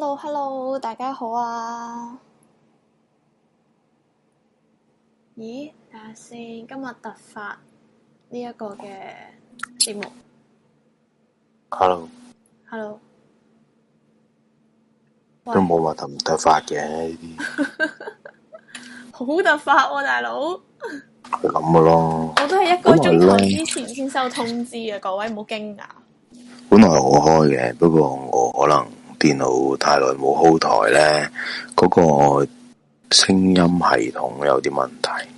Hello，Hello，Hello，大家好啊！咦，睇下先，今日突發呢一個嘅節目。Hello，Hello，都冇話突唔突發嘅，呢啲好突發喎，大佬。咁嘅咯。我都係一個鐘頭之前先收通知啊，各位唔好驚訝。本來我開嘅，不過我可能。電腦太耐冇開台咧，嗰、那個聲音系統有啲問題，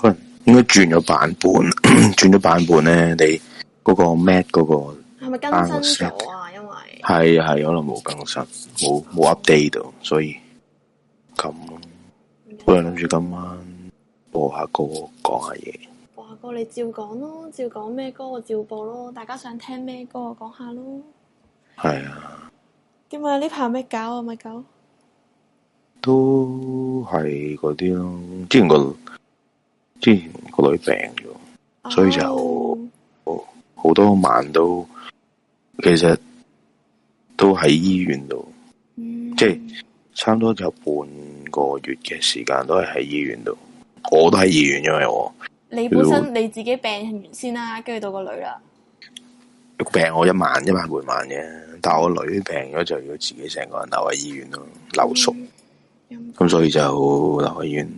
可能、哦、應該轉咗版本，轉咗 版本咧，你嗰個 Mac 嗰、那個係咪更新咗啊為？因為係係可能冇更新，冇冇 update 到，有 up date，所以咁可能諗住今晚播下歌，講下嘢。播下歌你照講咯，照講咩歌我照播咯，大家想聽咩歌我講下咯。係啊，點啊？呢排咩搞啊？咪搞？都係嗰啲咯。之前、個之前個女病咗，哎、所以就好多晚都其實都喺醫院度，即係、嗯、差唔多有半個月嘅時間都係喺醫院度。我都喺醫院，因為我你本身你自己病完先啦，跟住到個女啦，病我一晚一晚，每晚，半晚嘅。但我女病咗就要自己成個人留喺醫院咯，留宿。咁、嗯嗯、所以就留喺醫院，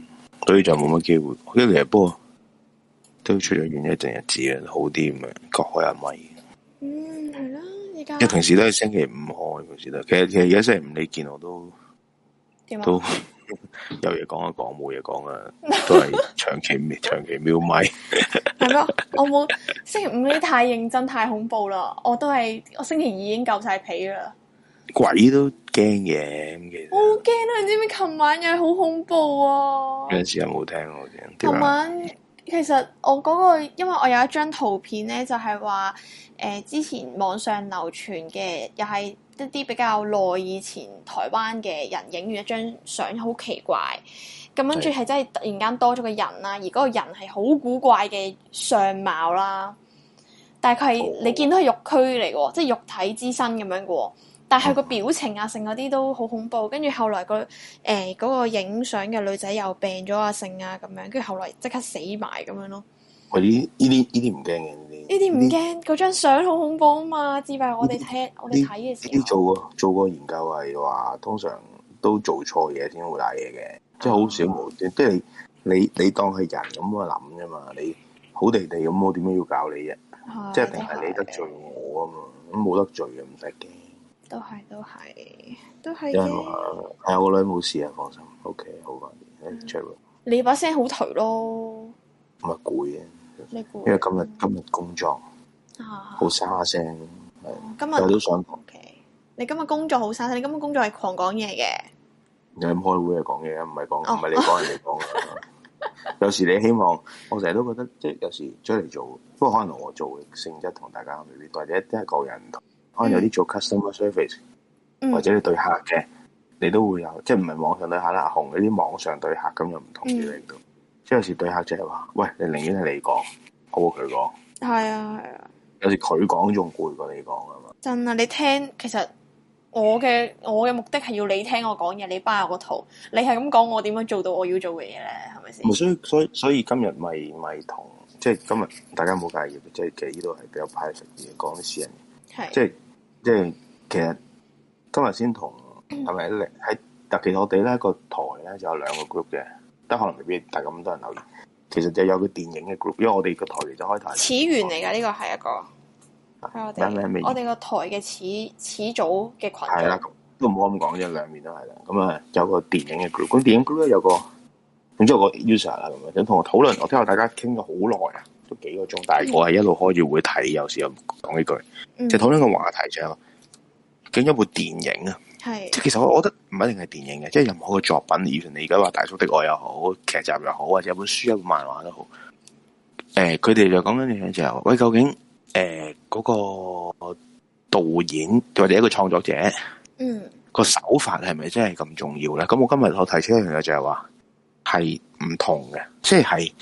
所以就冇乜機會。因為其實不過都出咗院了一陣日子啦，好啲咁樣，各開一、啊、米。嗯，係啦，而家。因平時都係星期五開，平時都。其實其實而家星期五你見我都點有嘢講呀，講，冇嘢講啊，都係長期、 長期瞄米。大哥，我冇星期五啲太認真，太恐怖啦！我都係我星期二已經夠晒皮㗎啦。鬼都驚嘅嘅。我好驚啊！你知唔知琴晚又係好恐怖啊？有陣時有冇聽，琴晚其實我嗰、嗰個，因為我有一張圖片咧，就係話誒，之前網上流傳嘅，又係。一啲比較耐以前台灣嘅人影完一張相好奇怪，咁跟住係真係突然間多咗個人啦，而嗰個人係好古怪嘅相貌啦。但係、oh. 你見到係肉軀嚟嘅，即係肉體之身咁樣嘅。但係個表情啊，剩嗰啲都好恐怖。跟住後，後來、嗰個誒嗰、呃嗰個影相嘅女仔又病咗啊，性啊咁樣。跟住後來即刻死埋咁樣咯。我呢啲呢啲唔驚嘅。呢啲唔驚，嗰張相好恐怖啊嘛！只係我哋睇，些我哋睇嘅時候。做過做過研究係話，通常都做錯嘢先會大嘢嘅，即係好少無端，即係、嗯、你你，你當係人咁去諗啫嘛，你好地地咁，我點樣要教你啫？是即係平係你得罪我啊嘛？咁冇的得罪啊，唔使驚。都係都係都係。有人係我女冇事啊，放心。OK，好嘛，嗯、你把聲好頹咯，唔係攰啊？因為今日今日工作，好、啊、沙聲、哦，今日我都上堂，Okay。你今日工作好沙聲，你今日工作係狂講嘢嘅，你喺開會係講嘢，唔係講，唔係你講人哋講。有時你希望，我成日都覺得，即係有時出嚟做，不過可能跟我做嘅性質同大家對比，或者一啲係個人唔同。可能有啲做 customer service、嗯、或者你對客嘅，你都會有，即係唔係網上對客啦，紅嗰啲網上對客咁又唔同嘅嚟到。嗯即係有時對客仔係話，喂，你寧願係你講，好過佢講。係啊係啊，啊有時佢講仲攰過你講啊嘛。真啊，你聽，其實我嘅我嘅目的係要你聽我講嘢，你包我個圖，你係咁講，我點樣做到我要做嘅嘢咧？係咪先？所以所以所以，所以今日咪咪同，即係今日大家唔好介意即係其實呢度係比較派實啲，講啲事係，即係即係其實今日先同係咪喺？但係、嗯、其實我哋咧、嗰個台咧就有兩個 group 嘅。得可能未必，大係咁多人留意。其實就是有個電影嘅 group，因為我哋、這個台嚟就開台。始源嚟噶呢個係一個，係我哋我哋個台嘅始始祖嘅群體。係啦，都唔好咁講啫，兩面都係啦。咁啊，有個電影嘅 group，咁電影 group 咧有個，總之有個 user 啦，想同我討論。我聽下大家傾咗好耐啊，都幾個鐘，但係我係一路開住會睇，有時又講呢句，嗯、就討論個話題啫。究竟一部電影啊！係即係其實我我覺得唔一定係電影嘅，即係任何嘅作品，以你而家話大叔的愛又好，劇集又好，或者有本書也一本漫畫都好。誒、欸，佢哋就講緊嘢，就係、是，喂，究竟誒嗰、欸那個導演或者一個創作者，嗯，個手法係咪真係咁重要咧？咁我今日我提出一樣嘢就係話係唔同嘅，即、就、係、是、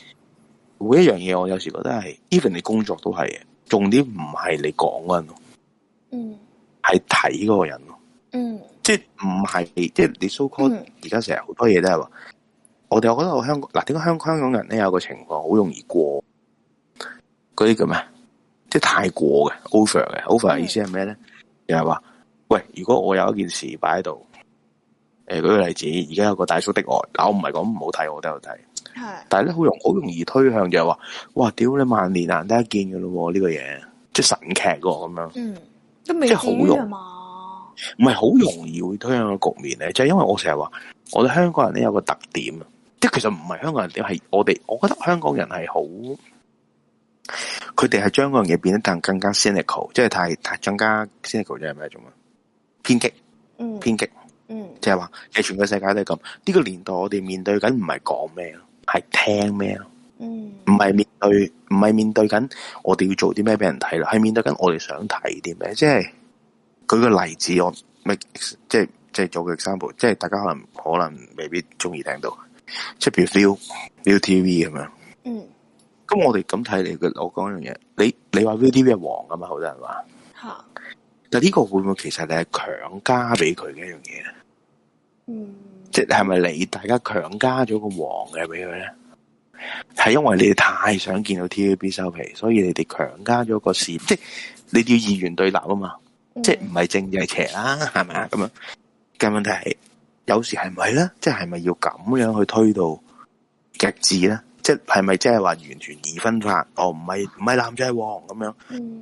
每一樣嘢我有時覺得係，even 你工作都係，重點唔係你講嗰人咯，嗯，係睇嗰個人咯，嗯。即係唔係，即係你 so call 而家成日好多嘢都係話，我哋我覺得我香嗱，點解香香港人咧有個情況好容易過，嗰啲叫咩？即係太過嘅 over 嘅 over 意思係咩咧？又係話，喂，如果我有一件事擺喺度，誒、欸，舉個例子，而家有個大叔的愛嗱，我唔係講唔好睇，我都有睇，係、mm.，但係咧，好容好容易推向就話、是，哇，屌你萬年難得一見嘅咯，呢、這個嘢即係神劇喎咁樣，嗯、mm.，都未即係好容易唔係好容易會推向個局面咧，就係、是、因為我成日話，我哋香港人咧有個特點啊，即係其實唔係香港人點，係我哋，我覺得香港人係好，佢哋係將嗰樣嘢變得更更加 cynical, 即是更加 cynical 即係太太更加 cynical 即係咩做啊？偏激，偏激，嗯，即係話，全個世界都係咁。呢、這個年代我哋面對緊唔係講咩，係聽咩啊？嗯，唔係面對，唔係面對緊，我哋要做啲咩俾人睇啦？係面對緊我哋想睇啲咩？即係。佢個例子我咩即係即 a 做 p l e 即係大家可能可能未必中意聽到出如 feel VTV 咁樣。V IL, v IL TV, 嗯。咁我哋咁睇你嘅，我講一樣嘢，你你話 VTV 係黃㗎嘛？好多人話。嚇好。但呢個會唔會其實你係強加俾佢嘅一樣嘢咧？嗯。即係咪你大家強加咗個黃嘅俾佢咧？係因為你哋太想見到 TVB 收皮，所以你哋強加咗個線，即係你要二元對立啊嘛？嗯、即係唔係正就係邪啦，係咪啊？咁樣嘅問題係，有時係咪咧？即係係咪要咁樣去推到極致咧？即係係咪即係話完全二分法？哦，唔係唔係男仔就係黃咁樣。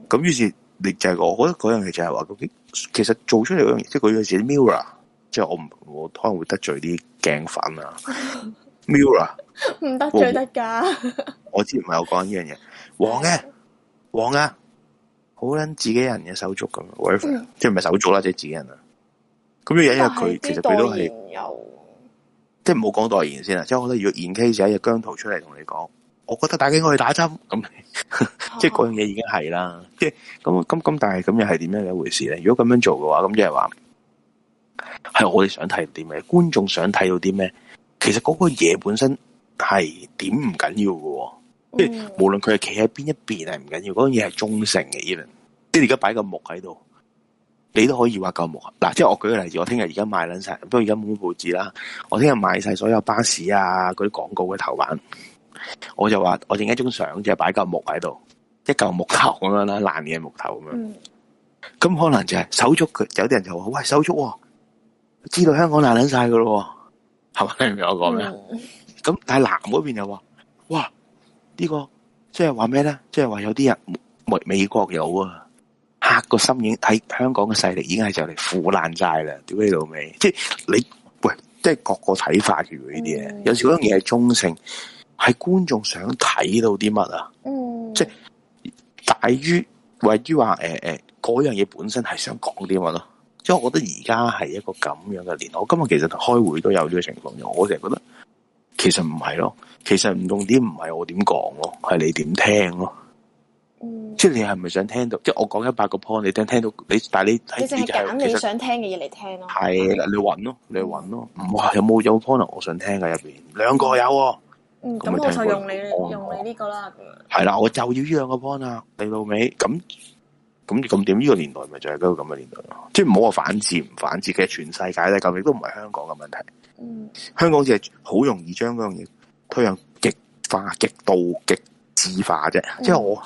咁于、嗯、是你就係我覺得嗰樣嘢就係話，其實做出嚟嗰，就是、樣即係嗰樣嘢，mirror 即係我唔我可能會得罪啲鏡粉啊。 mirror 唔得罪得噶 。我之前咪有講呢樣嘢，黃嘅，黃啊。王啊好捻自己人嘅手足咁，即係唔係手足啦，嗯、即係自己人啦。咁樣嘢因為佢其實佢都係，啊、有即係唔好講代言先啦。即係我覺得如果演 K 一嘅姜濤出嚟同你講，我覺得打機我去打針，咁、啊、 即係嗰樣嘢已經係啦。啊、即係咁咁咁，但係咁又係點樣一回事咧？如果咁樣做嘅話，咁即係話係我哋想睇啲咩？觀眾想睇到啲咩？其實嗰個嘢本身係點唔緊要喎。即係、嗯、無論佢係企喺邊一邊係唔緊要，嗰樣嘢係中性嘅。even 即係而家擺個木喺度，你都可以話舊木。嗱、啊，即係我舉個例子，我聽日而家賣捻晒，不過而家冇報紙啦。我聽日賣晒所有巴士啊，嗰啲廣告嘅頭版，我就話我整一張相，就擺、是、舊木喺度，一舊木頭咁樣啦，爛嘢木頭咁樣。咁、嗯、可能就係手足，有啲人就話喂手足、啊，知道香港爛捻晒噶咯，係咪？你明我講咩？咁、嗯、但係藍嗰邊又話。呢個即係話咩咧？即係話有啲人美美國有啊，黑個心影喺香港嘅勢力已經係就嚟腐爛曬啦，屌你老味！即係你喂，即係各個睇法嘅呢啲嘢，有時嗰樣嘢係中性，係觀眾想睇到啲乜啊？嗯，是是嗯即係大於為於話誒誒嗰樣嘢本身係想講啲乜咯？即係我覺得而家係一個咁樣嘅年，我今日其實開會都有呢個情況嘅，我成日覺得。其實唔係咯，其實唔重點唔係我點講咯，係你點聽咯。嗯、即係你係咪想聽到？即係我講一百個 point，你聽聽到你，但係你你淨係揀你想聽嘅嘢嚟聽咯。係啦，你揾咯，你揾咯。嗯、哇，有冇有 point 我想聽嘅入邊兩個有。嗯、咁、嗯、我就用你想用你呢個啦。係啦，我就要呢兩個 point 啊。你到尾咁咁咁點？呢、這個年代咪就係嗰個咁嘅年代咯。即係唔好話反智唔反智，嘅，全世界咧究竟都唔係香港嘅問題。嗯，香港只係好容易將嗰樣嘢推向極化、極度、極致化啫。即係我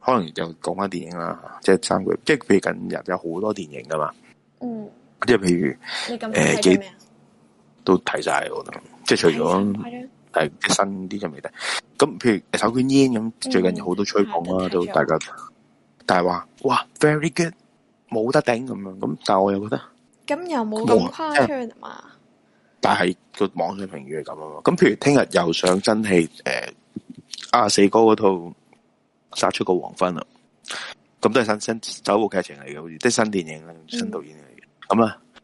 可能就講翻電影啦，即係三個月。即係譬如近日有好多電影噶嘛，嗯，即係譬如你咁都睇晒，我覺得，即係除咗係新啲就未睇。咁譬如手捲煙咁，最近有好多吹捧啦，都大家，但係話哇 very good，冇得頂咁樣咁，但係我又覺得咁又冇咁誇張啊嘛。但係個網上評語係咁啊嘛，咁譬如聽日又上真戲誒，阿、呃啊、四哥嗰套殺出個黃昏啦，咁都係新新一部劇情嚟嘅，好似即係新電影新導演嚟，咁啊、嗯、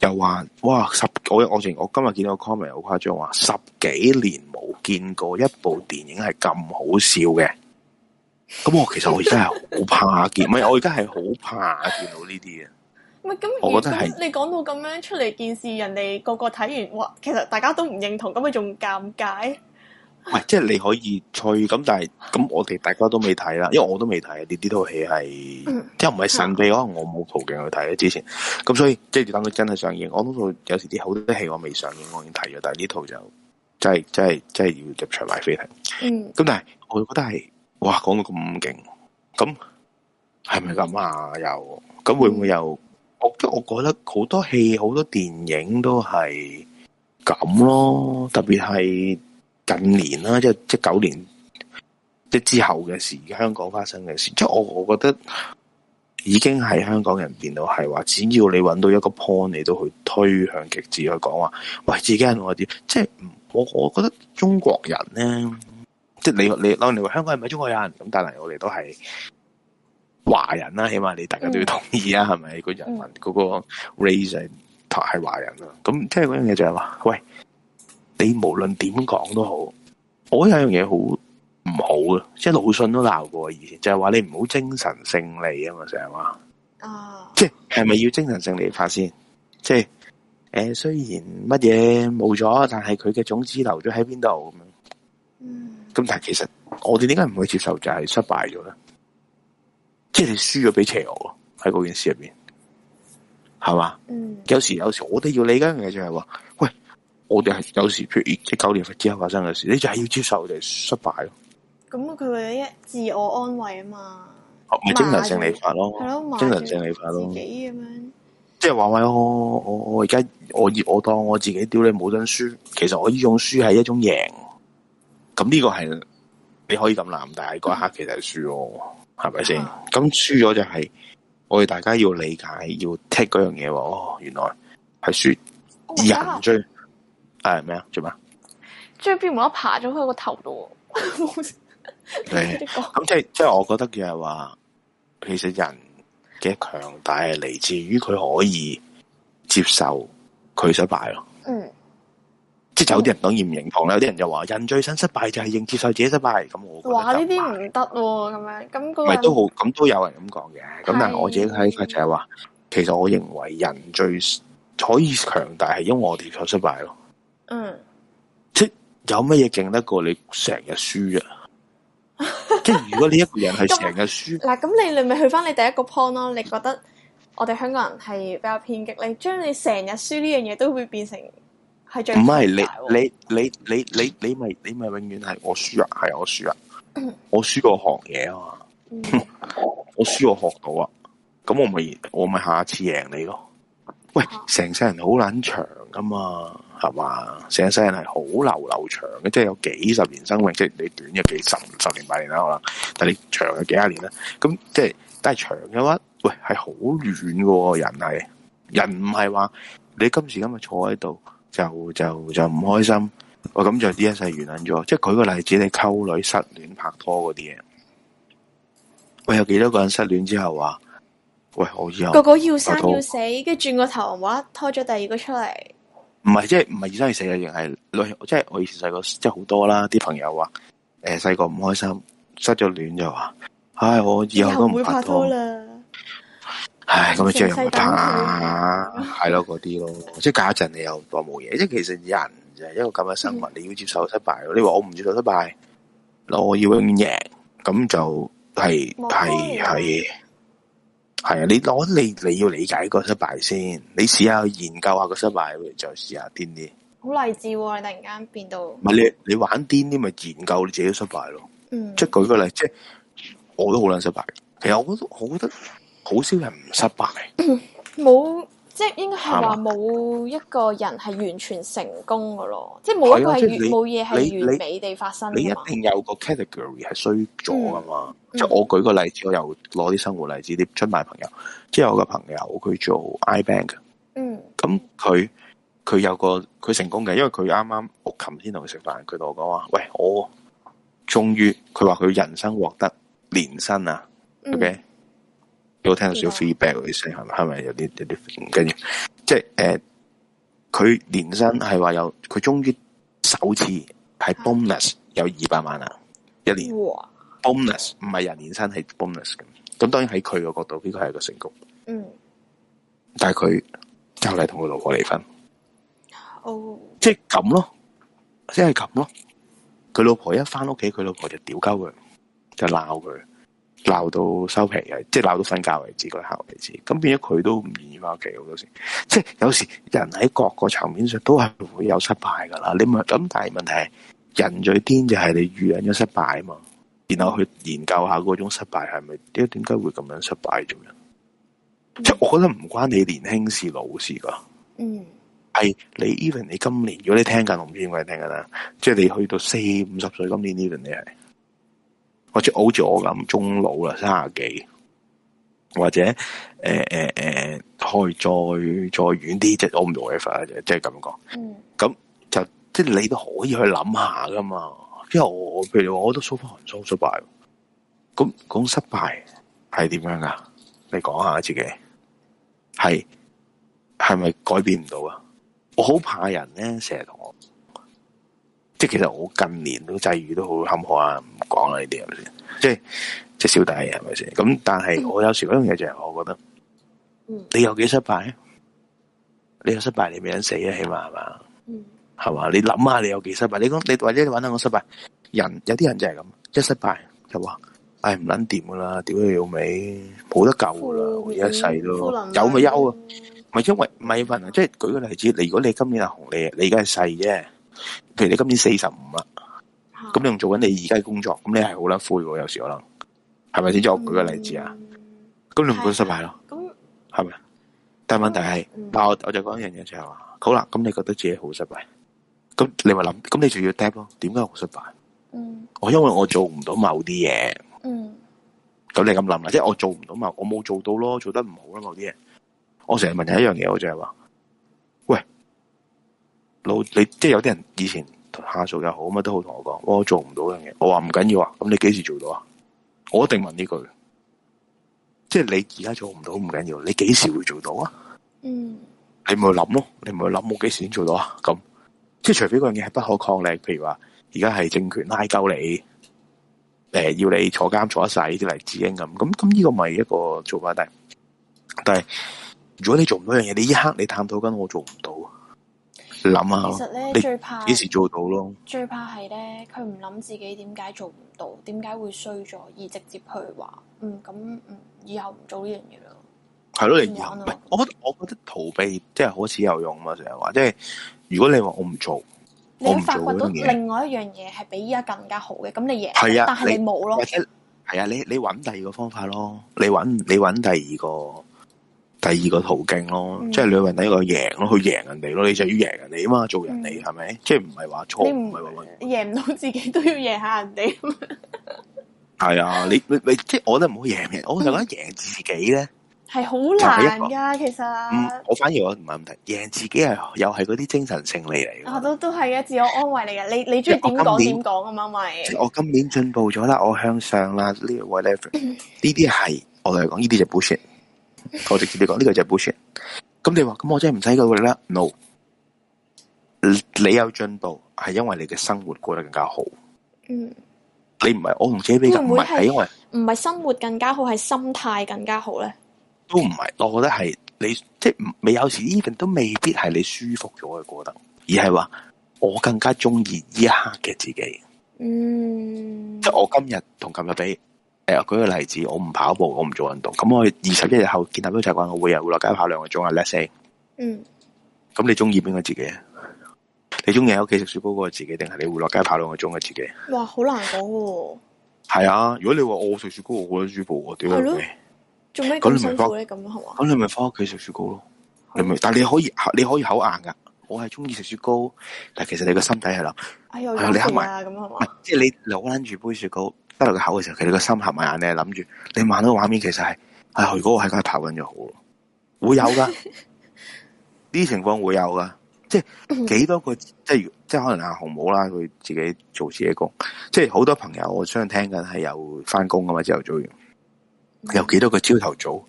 又話哇十我我前我，我今日見到個 comment 好誇張，話十幾年冇見過一部電影係咁好笑嘅，咁我其實我而家係好怕見，唔係 我而家係好怕見到呢啲咁，而你講到咁樣出嚟，件事，人哋個個睇完，哇！其實大家都唔認同，咁你仲尷尬？係，即係你可以吹，咁但係，咁我哋大家都未睇啦，因為我都未睇。你呢套戲係，嗯、即係唔係神秘，的可能我冇途徑去睇啊。之前，咁所以即係等佢真係上映，我都有時啲好多啲戲我未上映，我已經睇咗，但係呢套就真係真係真係要入場買飛睇。咁、嗯、但係，我覺得係，哇，講到咁勁，咁係咪咁啊？又咁會唔會又？嗯我即係我覺得好多戲、好多電影都係咁咯，特別係近年啦，即係即係九年即係之後嘅事，香港發生嘅事。即係我我覺得已經係香港人變到係話，只要你揾到一個 point，你都去推向極致去講話。喂，自己人我知，即係我我覺得中國人咧，即係你你你話香港人唔係中國人，咁但係我哋都係。華人啦、啊，起碼你大家都要同意啊，係咪？個人民嗰個 race 係係華人啊，咁即係嗰樣嘢就係、是、話，喂，你無論點講都好，我有一樣嘢好唔好嘅，即係魯迅都鬧過以前，就係、是、話你唔好精神勝利啊嘛，成日話，哦，即係係咪要精神勝利法、哦、先？即係誒，雖然乜嘢冇咗，但係佢嘅種子留咗喺邊度咁樣，嗯，咁但係其實我哋點解唔可以接受就係失敗咗咧？即係你輸咗俾邪惡咯，喺嗰件事入邊，係嘛？嗯有，有時有時我哋要理解嘅，就係，喂，我哋係有時譬如九年之後發生嘅事，你就係要接受就係失敗咯。咁佢會有一自我安慰啊嘛，唔係精神性理法咯，精神、嗯、性理法咯，嗯、法自己咁樣，即係話喂，我我我而家我以我當我自己屌你冇真輸，其實我呢種輸係一種贏，咁、嗯、呢個係你可以咁諗，但係嗰一刻其實係輸咯。係咪先？咁輸咗就係我哋大家要理解，要 take 嗰樣嘢。哦，原來係輸人追係咩啊？做咩的？追邊唔得爬咗去個頭度。你咁即係即係，我覺得嘅係話，其實人嘅強大係嚟自於佢可以接受佢失敗咯。嗯。嗯、即係有啲人講認唔認同啦，有啲人就話人最想失敗就係認接受自己失敗。咁我話呢啲唔得喎，咁、啊、樣咁個係都好，咁都有人咁講嘅。咁對但係我自己睇法就係話，其實我認為人最可以強大係因為我哋錯失敗咯。嗯，即係有乜嘢勁得過你成日輸啊？ 即係如果你一個人係成日輸，嗱咁 你那你咪去翻你第一個 point 咯。你覺得我哋香港人係比較偏激？你將你成日輸呢樣嘢都會變成。唔係、啊、你，你你你你你咪你咪永遠係我輸啊，係我輸啊， 我輸過學嘢啊嘛， 我輸我學到啊，咁我咪我咪下一次贏你咯、啊。喂，成世人好懶長噶嘛，係嘛？成世人係好流流長嘅，即係有幾十年生命，即係你短咗幾十十年八年啦，可能，但你長咗幾廿年啦，咁即係但係長嘅話，喂係好遠嘅、啊、人係人唔係話你今時今日坐喺度。就就就唔開心，我咁就呢一世完撚咗。即係舉個例子，你溝女失戀拍拖嗰啲嘢，我有幾多個人失戀之後話，喂，好，以後個個要生拖要死，跟住轉個頭話拖咗第二個出嚟。唔係即係唔係二生二死嘅，而係，喂，即係我以前細個即係好多啦，啲朋友話，誒、呃，細個唔開心，失咗戀就話，唉，我以後都唔會拍拖啦。唉，咁即係又打，係咯嗰啲咯，即係隔一陣你又當冇嘢。即係其實人就係一個咁嘅生物，嗯、你要接受失敗咯。你話我唔接受失敗，嗱，我要永遠贏，咁就係係係係啊！你攞你你要理解個失敗先，你試下研究下個失敗，再試下癲啲。好勵志，你突然間變到唔係你你玩癲啲咪研究你自己都失敗咯？即係、嗯、舉個例，即係我都好撚失敗。其實我都我覺得。好少人唔失敗，冇、嗯、即係應該係話冇一個人係完全成功噶咯吧、啊，即係冇一個係冇嘢係完美地發生你你。你一定有個 category 係衰咗噶嘛。嗯、即我舉個例子，我又攞啲生活例子，啲出賣朋友，嗯、即係我個朋友佢做 iBank，嗯，咁佢佢有個佢成功嘅，因為佢啱啱我琴天同佢食飯，佢同我講話，喂，我終於佢話佢人生獲得年薪啊、嗯、，OK。都聽到少 feedback 嗰啲聲係咪係咪有啲有啲唔即係誒，佢、呃、年薪係話有，佢終於首次係 bonus 有二百萬啦、啊，Yeah. 一年哇 bonus 唔係人年薪係 bonus 嘅，咁當然喺佢個角度呢、呢個係個成功，嗯，mm. 但係佢後嚟同佢老婆離婚，哦，oh. 即係咁咯，即係咁咯，佢老婆一翻屋企，佢老婆就屌鳩佢，就鬧佢。鬧到收皮嘅，即係鬧到瞓覺為止，跪下為止，咁變咗佢都唔願意翻屋企好多時。即係有時人喺各個層面上都係會有失敗噶啦。你問咁，但係問題係人最癲就係你預引咗失敗啊嘛。然後去研究下嗰種失敗係咪點解點解會咁樣失敗咁樣。嗯、即係我覺得唔關你年輕事老事噶。嗯，係你 even 你今年如果你聽緊我唔知點解你聽緊啦，即係你去到四五十歲今年 even 你係。或者好似我咁中老啦，卅幾，或者誒誒誒可以再再遠啲，即係我唔做呢份嘢，即係咁講。嗯，咁就即係你都可以去諗下噶嘛。因為我我譬如，我覺得蘇芬行失敗，咁講、嗰個、失敗係點樣噶？你講下自己係係咪改變唔到啊？我好怕人咧，成日同我。即係其實我近年都際遇都好坎坷啊，唔講啦，呢啲係咪先？即係即係小弟係咪先？咁但係我有時一樣嘢就係我覺得，你有幾失敗？你有失敗你未人死啊？起碼係嘛？係係嘛？你諗下你有幾失敗？你講你，你或者你搵到我失敗？人有啲人就係咁一失敗就話，唉唔卵掂噶啦，屌你老味，冇得救啦，一世都有咪憂啊？咪因為咪份啊？即係舉個例子，你如果你今年係紅嘅，你，你而家係細啫。譬如你今年四十五啦，咁、啊、你仲做緊你而家嘅工作，咁你係好甩灰喎？有時可能係咪先？即我舉個例子啊，咁、嗯、你咪覺得失敗咯？咁係咪？但係、嗯、問題係，嗱、嗯，我我就講一樣嘢就係話，好啦，咁你覺得自己好失敗，咁你咪諗，咁你就要 adapt 咯？點解好失敗？嗯，我、哦、因為我做唔到某啲嘢。嗯，咁你咁諗啦，即係我做唔到嘛，我冇做到咯，做得唔好咯，某啲嘢。我成日問就一樣嘢，我就係話。你即係有啲人以前下屬又好，乜都好，同我講，我做唔到樣嘢。我話唔緊要啊，咁你幾時做到啊？我一定問呢句，即係你而家做唔到唔緊要，你幾時會做到啊？嗯，你咪去諗咯，你咪去諗我幾時先做到啊？咁即係除非嗰樣嘢係不可抗力，譬如話而家係政權拉鳩你，誒、呃、要你坐監坐一世，啲黎智英咁，咁咁呢個咪一個做法但。但係如果你做唔到樣嘢，你一刻你探討緊我做唔到。諗其實咧最怕幾時做到咯？最怕係咧，佢唔諗自己點解做唔到，點解會衰咗，而直接去話，嗯咁、嗯，以後唔做呢樣嘢咯。係咯，你以後唔，我覺得我覺得逃避即係好似有用嘛，啊，成日話即係如果你話我唔做，你發掘到另外一樣嘢係比依家更加好嘅，咁你贏，啊，但係你冇咯。係啊，你你揾第二個方法咯，你搵你揾第二個。第二個途徑咯，即係你為第一個贏咯，去贏人哋咯。你就要贏人哋啊嘛，做人哋係咪？即係唔係話錯，唔係話贏唔到自己都要贏下人哋。係啊，你你即係我都唔好贏贏，我就覺得贏自己咧係好難噶。其實我反而我唔係咁睇，贏自己係又係嗰啲精神勝利嚟嘅。我都都係嘅，自我安慰嚟嘅。你你中意點講點講咁樣咪？我今年進步咗啦，我向上啦，呢 whatever 呢啲係我哋講，呢啲就 bullshit。 我直接你講呢個就係 bullshit。咁你話咁我真係唔使個佢啦。No，你有進步係因為你嘅生活過得更加好。嗯。你唔係我唔知你唔係，係因為唔係生活更加好，係心態更加好咧。都唔係，我覺得係你即係你有時 even 都未必係你舒服咗嘅過得，而係話我更加中意依一刻嘅自己。嗯。即係我今日同琴日比。舉個例子，我唔跑步，我唔做運動，咁我二十一日後建立咗習慣，我會啊會落街跑兩個鐘啊。Let's say， 嗯，咁你中意邊個自己？你中意喺屋企食雪糕嗰個自己，定係你會落街跑兩個鐘嘅自己？哇，好難講噶，哦。係啊，如果你話我食雪糕，我覺得舒服喎。屌，做咩咁辛苦咧？咁係嘛？咁你咪翻屋企食雪糕咯？嗎你咪，但你可以你可以口硬噶。我係中意食雪糕，但其實你個心底係諗，哎呀，啊、你黑埋咁係嘛？即係你攞攏住杯雪糕。得落個口嘅時候，其實你個心合埋眼咧，諗住你望到畫面，其實係，哎呀，如果我喺街跑緊就好，會有噶，呢 情況會有噶，即係幾多個，即係即係可能阿紅帽啦，佢自己做自己工，即係好多朋友，我最近聽緊係有翻工啊嘛，之後做完，有幾多個朝頭早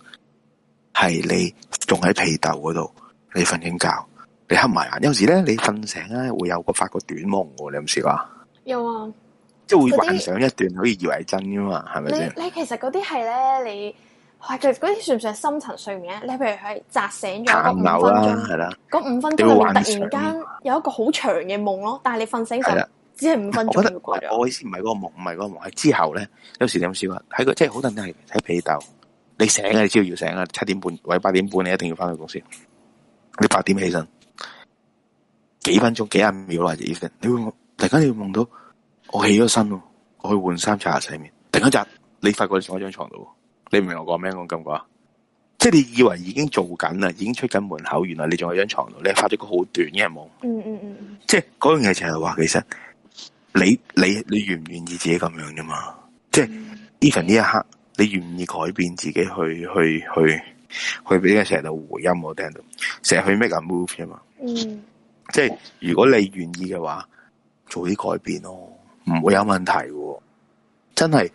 係你仲喺被竇嗰度，你瞓緊覺，你瞌埋眼，有時咧你瞓醒咧會有個發個短夢噶，你有冇試過啊？有啊。都會幻想一段，可以些以為真噶嘛？係咪先？你其實嗰啲係咧，你話嗰啲算唔算深層睡眠咧？你譬如喺扎醒咗嗰五分鐘係啦，嗰五分鐘你突然間有一個好長嘅夢咯，但係你瞓醒就的只係五分鐘。我覺得我意思唔係嗰個夢，唔係嗰個夢，係之後咧，有時點講啊？喺個即係好多人係喺被竇，你醒啊，你知道要醒啊，七點半或者八點半你一定要翻去公司。你八點起身，幾分鐘、幾十秒或者一分，你會大家你會夢到。我起咗身咯，我去換衫、刷下洗面。突然間，你發覺你坐喺張床度，你唔明我講咩？我感覺啊，即係你以為已經做緊啦，已經出緊門口，原來你仲喺張床度，你發咗個好短嘅夢，嗯。嗯嗯嗯。即係嗰樣嘢就係話，其實你你你願唔願意自己咁樣啫嘛？即係 even 呢一刻，你願意改變自己去去去去俾啲嘢成日度回音我聽到，成日去 make a move 啊嘛。嗯。即係如果你願意嘅話，做啲改變咯。唔會有問題喎。真係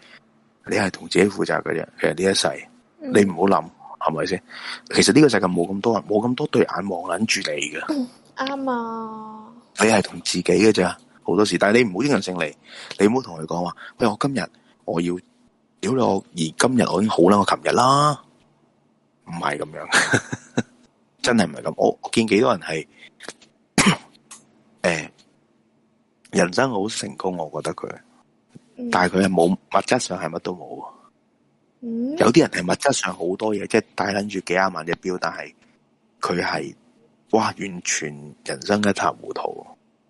你係同自己負責嘅啫。其實呢一世，嗯、你唔好諗，係咪先？其實呢個世界冇咁多人，冇咁多對眼望捻住你㗎。啱啊、嗯！你係同自己嘅咋，好多時。但係你唔好啲人性嚟，你唔好同佢講話。喂，我今日我要屌你，我而今日我已經好啦，我琴日啦，唔係咁樣， 真係唔係咁。我我見幾多人係。人生好成功，我覺得佢，但係佢係冇物質上係乜都冇，嗯、有啲人係物質上好多嘢，即係戴撚住幾廿萬隻表，但係佢係哇，完全人生一塌糊塗，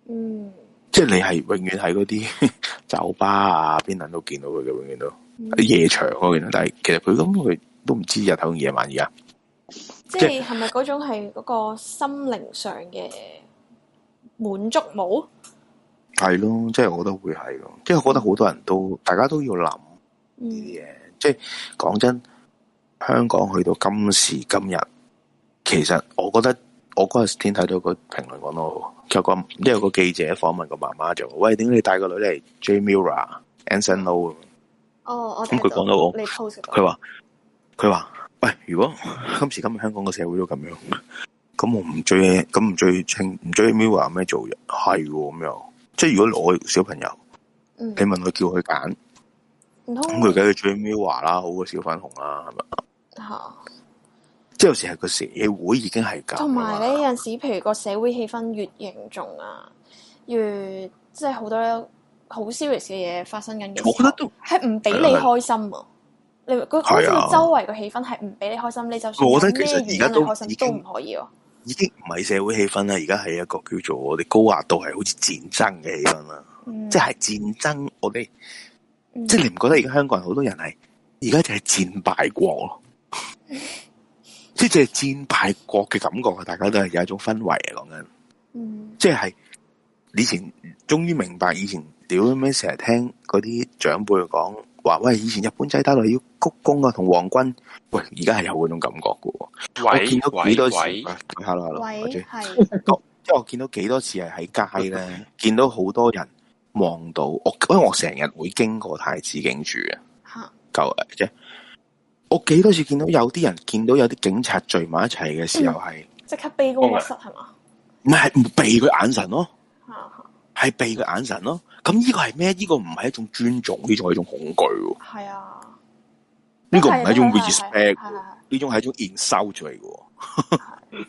嗯，即係你係永遠喺嗰啲酒吧啊邊，撚都見到佢嘅，永遠都喺、嗯、夜場、啊、但係其實佢咁佢都唔知日頭夜晚而家，即係係咪嗰種係嗰個心靈上嘅滿足冇？係咯，即係我都會係咯，即係我覺得好多人都大家都要諗呢啲嘢。嗯、即係講真，香港去到今時今日，其實我覺得我嗰日先睇到個評論講到，就個因有個記者訪問個媽媽就話，喂，點解你帶個女嚟？追 Mirror 啊，Anson Lo。Mira, An Lo 哦，咁佢講到我，佢話佢話喂，如果今時今日香港個社會都咁樣，咁我唔追咁唔追清唔追 Mirror 咩做人係咁樣。即係如果攞小朋友，你問佢、嗯、叫佢揀，咁佢梗係最 Mirror 啦，好過小粉紅啦，係咪吓！Oh. 即係有時係個社會已經係咁。同埋咧，有陣時譬如個社會氣氛越嚴重啊，越即係好多好 serious 嘅嘢發生緊嘅。我覺得都係唔俾你開心是啊！你、那個好似、啊、周圍個氣氛係唔俾你開心，你就算咩而家都都唔可以已經唔係社會氣氛啦，而家係一個叫做我哋高壓度，係好似戰爭嘅氣氛啦。嗯、即係戰爭，我哋、嗯、即係你唔覺得而家香港人好多人係，而家就係戰敗國咯， 即係戰敗國嘅感覺啊！大家都係有一種氛圍嚟講緊，嗯、即係以前終於明白以前屌咩，成日聽嗰啲長輩講。話喂，以前日本仔打落要鞠躬啊，同皇軍喂，而家係有嗰種感覺嘅。喂我見到幾多次，吓啦吓啦，係，因為我見到幾多次係喺街咧， 見到好多人望到我，因為我成日會經過太子警署啊。吓哈，舊嘅啫，我幾多次見到有啲人見到有啲警察聚埋一齊嘅時候是，係即、嗯、刻避嗰個眼神係嘛？唔係、嗯，避佢嗎眼神咯。係避嘅眼神咯，咁、嗯、呢、嗯、個係咩？呢、這個唔係一種尊重，呢種係一種恐懼。係啊，呢個唔係一種 respect，呢種係一種 insult 出嚟嘅，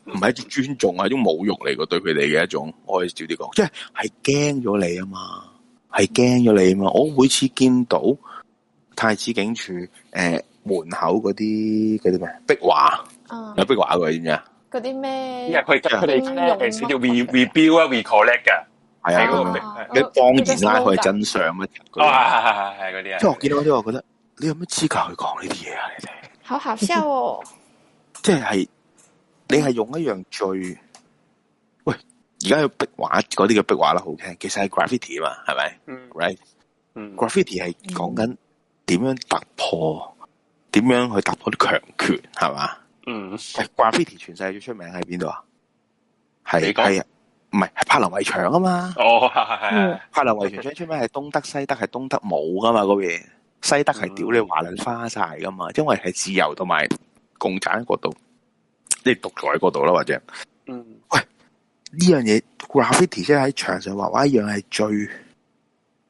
唔 係的一種尊重，係 一種侮辱嚟嘅，對佢哋嘅一種。我少啲講，即係係驚咗你啊嘛，係驚咗你啊嘛。嗯、我每次見到太子警署誒、呃、門口嗰啲嗰啲咩壁畫啊，壁畫嗰啲咩，嗰啲咩，佢哋佢哋咧係寫叫 re-rebuild 啊，recollect 嘅。係啊，你公然拉佢真相啊！哇，係係係啲啊！即係我見到啲，我覺得你有咩資格去講呢啲嘢啊？你哋好好笑！即係你係用一樣最喂而家有壁畫嗰啲嘅壁畫啦，好聽。其實係 graffiti 嘛，係咪？right，graffiti 係講緊點樣突破，點樣去突破啲強權，係嘛？嗯、哎、graffiti 全世界最出名喺邊度啊？係係。米哥唔係，係柏林圍牆啊嘛！哦，係係、嗯、柏林圍牆將出咩？係東德西德，係東德冇噶嘛？嗰邊西德係屌你華倫花晒噶嘛？嗯、因為係自由同埋共產的角度，即係獨裁角度啦，或者，嗯，喂，呢樣嘢，graffiti 即係喺牆上畫畫，一樣係最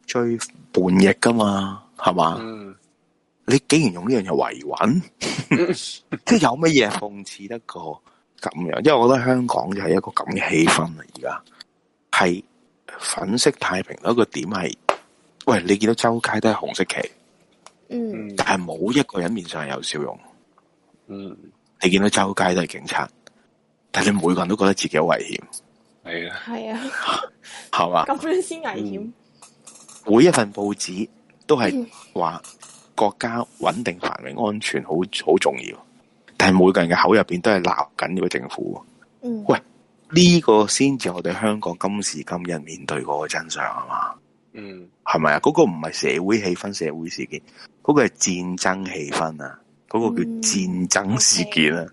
最叛逆噶嘛，係嘛？嗯，你竟然用呢樣嘢維穩，即 係 有乜嘢諷刺得過？咁樣，因為我覺得香港就係一個咁嘅氣氛啦。而家係粉飾太平，一個點係，喂，你見到周街都係紅色旗，嗯，但係冇一個人面上係有笑容，嗯，你見到周街都係警察，但係你每個人都覺得自己好危險，係啊，係啊 吧，係嘛，咁樣先危險。每一份報紙都係話國家穩定繁榮安全好好重要。但係每個人嘅口入邊都係鬧緊呢個政府，喂，呢個先至我哋香港今時今日面對嗰個真相啊嘛、嗯？嗯，係咪啊？嗰個唔係社會氣氛，社會事件，嗰個係戰爭氣氛啊！嗰個叫戰爭事件啊！嗯、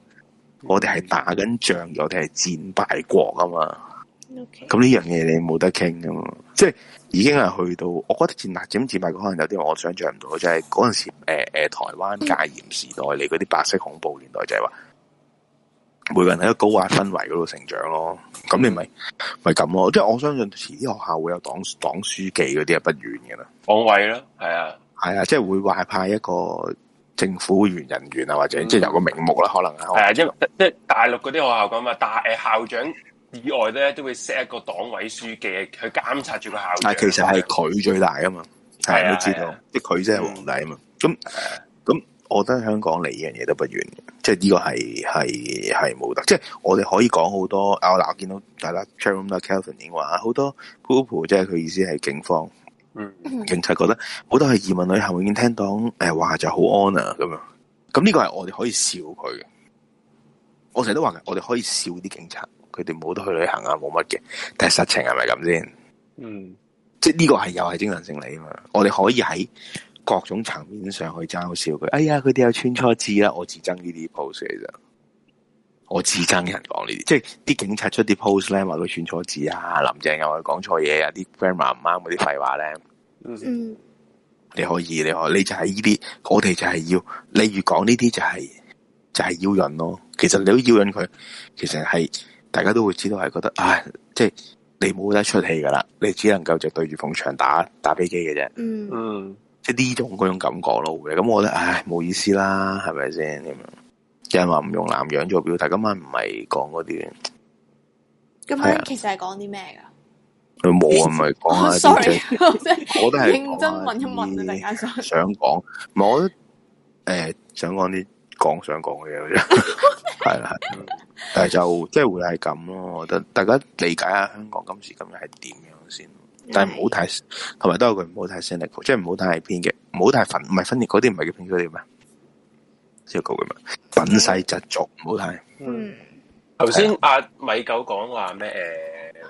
我哋係打緊仗，我哋係戰敗國啊嘛！咁呢樣嘢你冇得傾噶嘛？即係。已經係去到，我覺得戰立戰戰立可能有啲我想象唔到，就係嗰陣時誒誒、呃、台灣戒嚴時代嚟嗰啲白色恐怖年代，就係、是、話每個人喺一個高壓氛圍嗰度成長咯。咁你咪咪咁咯，即係我相信遲啲學校會有黨黨書記嗰啲啊，不遠嘅啦，崗位咯，係啊，係啊，即係會外派一個政府員人員啊，或者即係有個名目啦，可能係啊，即即係大陸嗰啲學校咁啊，大誒校長。以外咧，都會 set 一個黨委書記去監察住個校長。但係其實係佢最大啊嘛，係的的都知道，即佢即係皇帝啊嘛。咁咁，我覺得香港離呢樣嘢都不遠，即係依個係係係冇得。即係我哋可以講好多。啊、我嗱見到大家 Charles Kelvin 已經話好多 group 即係佢意思係警方、嗯、 警察覺得好多係移民旅行已經聽到誒話就好安啊咁樣。咁呢個係我哋可以笑佢。嘅。我成日都話嘅，我哋可以笑啲警察。佢哋冇得去旅行啊，冇乜嘅，但係實情係咪咁先？嗯，即係呢個係又係精神勝利啊嘛。我哋可以喺各種層面上去嘲笑佢。哎呀，佢哋有串錯字啦，我自憎呢啲 post 其實我自憎人講呢啲，即係啲警察出啲 post 咧，話佢串錯字啊，林鄭又係講錯嘢啊，啲 grammar 唔啱嗰啲廢話咧。話呢嗯你，你可以，你可你就係呢啲，我哋就係要你如講呢啲就係、是、就係、是、要人咯。其實你都要人佢，其實係。大家都會知道係覺得，唉，即係你冇得出氣噶啦，你只能夠就對住逢場打打飛機嘅啫。嗯，嗯，即係呢種嗰種感覺咯。咁我覺得，唉，冇意思啦，係咪先？咁有人話唔用男人做表，但今晚唔係講嗰啲，今晚不其實係講啲咩噶？佢冇啊，唔係講 sorry，我都係 認真問一問啊，大家想講，唔係我咧，誒，想講啲。講想講嘅嘢啫，係啦， 係，但係就即係、就是、會係咁咯。我覺得大家理解下香港今時今日係點樣先，但係唔好太，同埋都有句唔好太 political，即係唔好太偏激，唔好太分，唔係分裂嗰啲唔係叫偏衰點咩？要講嘅咩？粉細執着，唔好睇。嗯，頭先阿米九講話咩？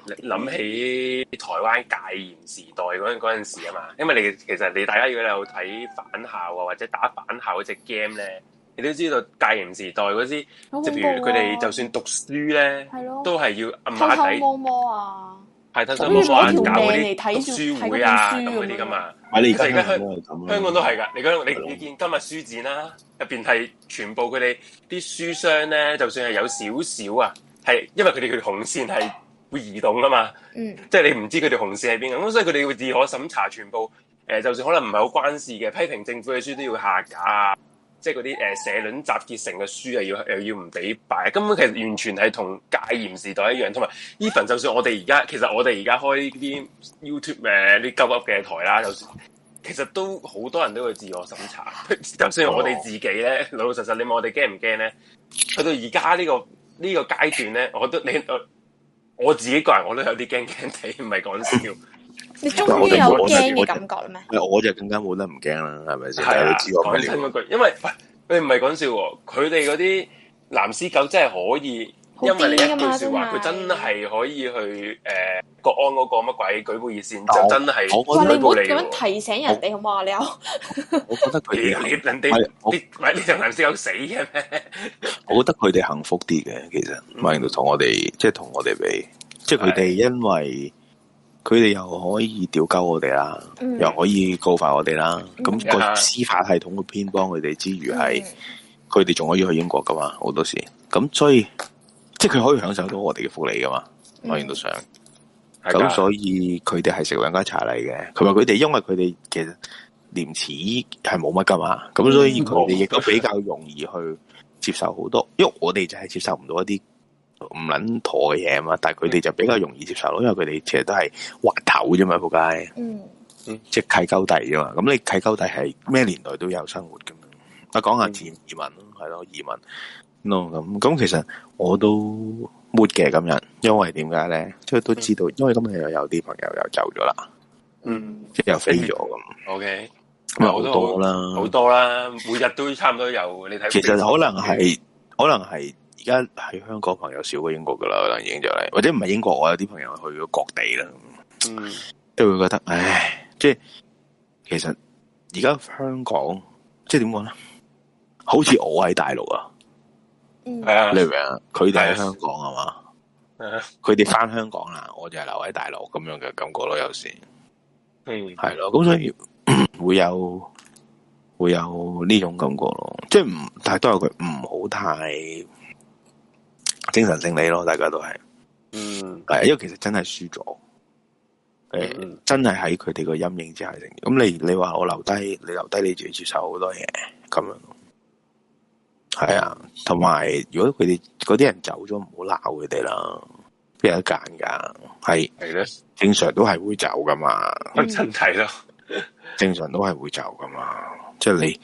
誒、呃，諗起台灣解嚴時代嗰陣嗰陣時啊嘛，因為你其實你大家如果有睇返校啊或者打返校嗰隻 game 咧。你都知道，戒嚴時代嗰啲，即係譬如佢哋就算讀書咧，的都係要暗啞底，偷偷摸摸啊，係偷偷摸摸搞嗰啲讀書會啊，咁嗰啲噶嘛。佢哋而家香香港都係噶，你講你了你見今日書展啦，啊，入邊係全部佢哋啲書商咧，就算係有少少啊，係因為佢哋佢紅線係會移動噶嘛，嗯，即係你唔知佢條紅線喺邊啊，咁所以佢哋會自我審查全部，誒、呃，就算可能唔係好關事嘅批評政府嘅書都要下架啊。即係嗰啲誒社論集結成嘅書啊，要又要唔俾擺，根本其實完全係同戒嚴時代一樣。同埋，even 就算我哋而家，其實我哋而家開啲 YouTube 誒啲鳩噏嘅台啦，其實都好多人都會自我審查。就算我哋自己咧，老老實實，你問我哋驚唔驚咧？去到而家呢個呢個階段咧，我都你我，我自己個人，我都有啲驚驚哋，唔係講笑。 你中意有驚嘅感覺咩？我就更加冇得唔驚啦，係咪先？係啊。講真嗰句，因為喂，你唔係講笑，佢哋嗰啲藍絲狗真係可以，因為你一句說話，佢真係可以去誒國安嗰個乜鬼舉報熱線，就真係我我都唔好咁樣提醒人哋好嘛？你又我覺得佢哋，喂喂，你條藍絲狗死嘅咩？我覺得佢哋幸福啲嘅，其實萬零度同我哋即係同我哋比，即係佢哋因為。佢哋又可以調鳩我哋啦，嗯、又可以告發我哋啦。咁、嗯、個司法系統嘅偏幫佢哋之餘，係佢哋仲可以去英國噶嘛？好多時咁，所以即係佢可以享受到我哋嘅福利噶嘛？我亦、嗯、都想。咁、嗯、所以佢哋係食兩家茶禮嘅。佢話佢哋因為佢哋其實廉恥係冇乜噶嘛，咁所以佢哋亦都比較容易去接受好多，因為我哋就係接受唔到一啲。唔捻妥嘅嘢啊嘛，但係佢哋就比較容易接受咯，嗯、因為佢哋其實都係滑頭啫嘛，仆街，嗯，即係契鳩弟啫嘛。咁你契鳩弟係咩年代都有生活咁嘛。啊，講下自移民咯，係咯、嗯，移民咁。咁、no, 其實我都沒嘅咁樣，因為點解咧？即係都知道，嗯、因為今日又有啲朋友又走咗啦，嗯，即係又飛咗咁。OK，咁啊好多啦，好多啦，每日都差唔多有。你睇，其實可能係，嗯、可能係。而家喺香港朋友少過英國噶啦，可能已經就係或者唔係英國，我有啲朋友去咗各地啦，嗯、都會覺得，唉，即係其實而家香港即係點講咧，好似我喺大陸啊，係啊，你明啊？佢哋喺香港啊嘛，佢哋翻香港啦，我就係留喺大陸咁樣嘅感覺咯，有時係咯，咁 所以 會有會有呢種感覺咯，即係唔，但係都係佢唔好太。精神勝利咯，大家都係，係、嗯、因為其實真係輸咗，誒，真係喺佢哋個陰影之下成。咁你你話我留低，你留低，你仲要接受好多嘢，咁樣。係啊，同埋如果佢哋嗰啲人走咗，唔好鬧佢哋啦。邊有得揀噶？係係咯，正常都係會走噶嘛，分身體咯。正常都係會走噶嘛， 嘛，即係你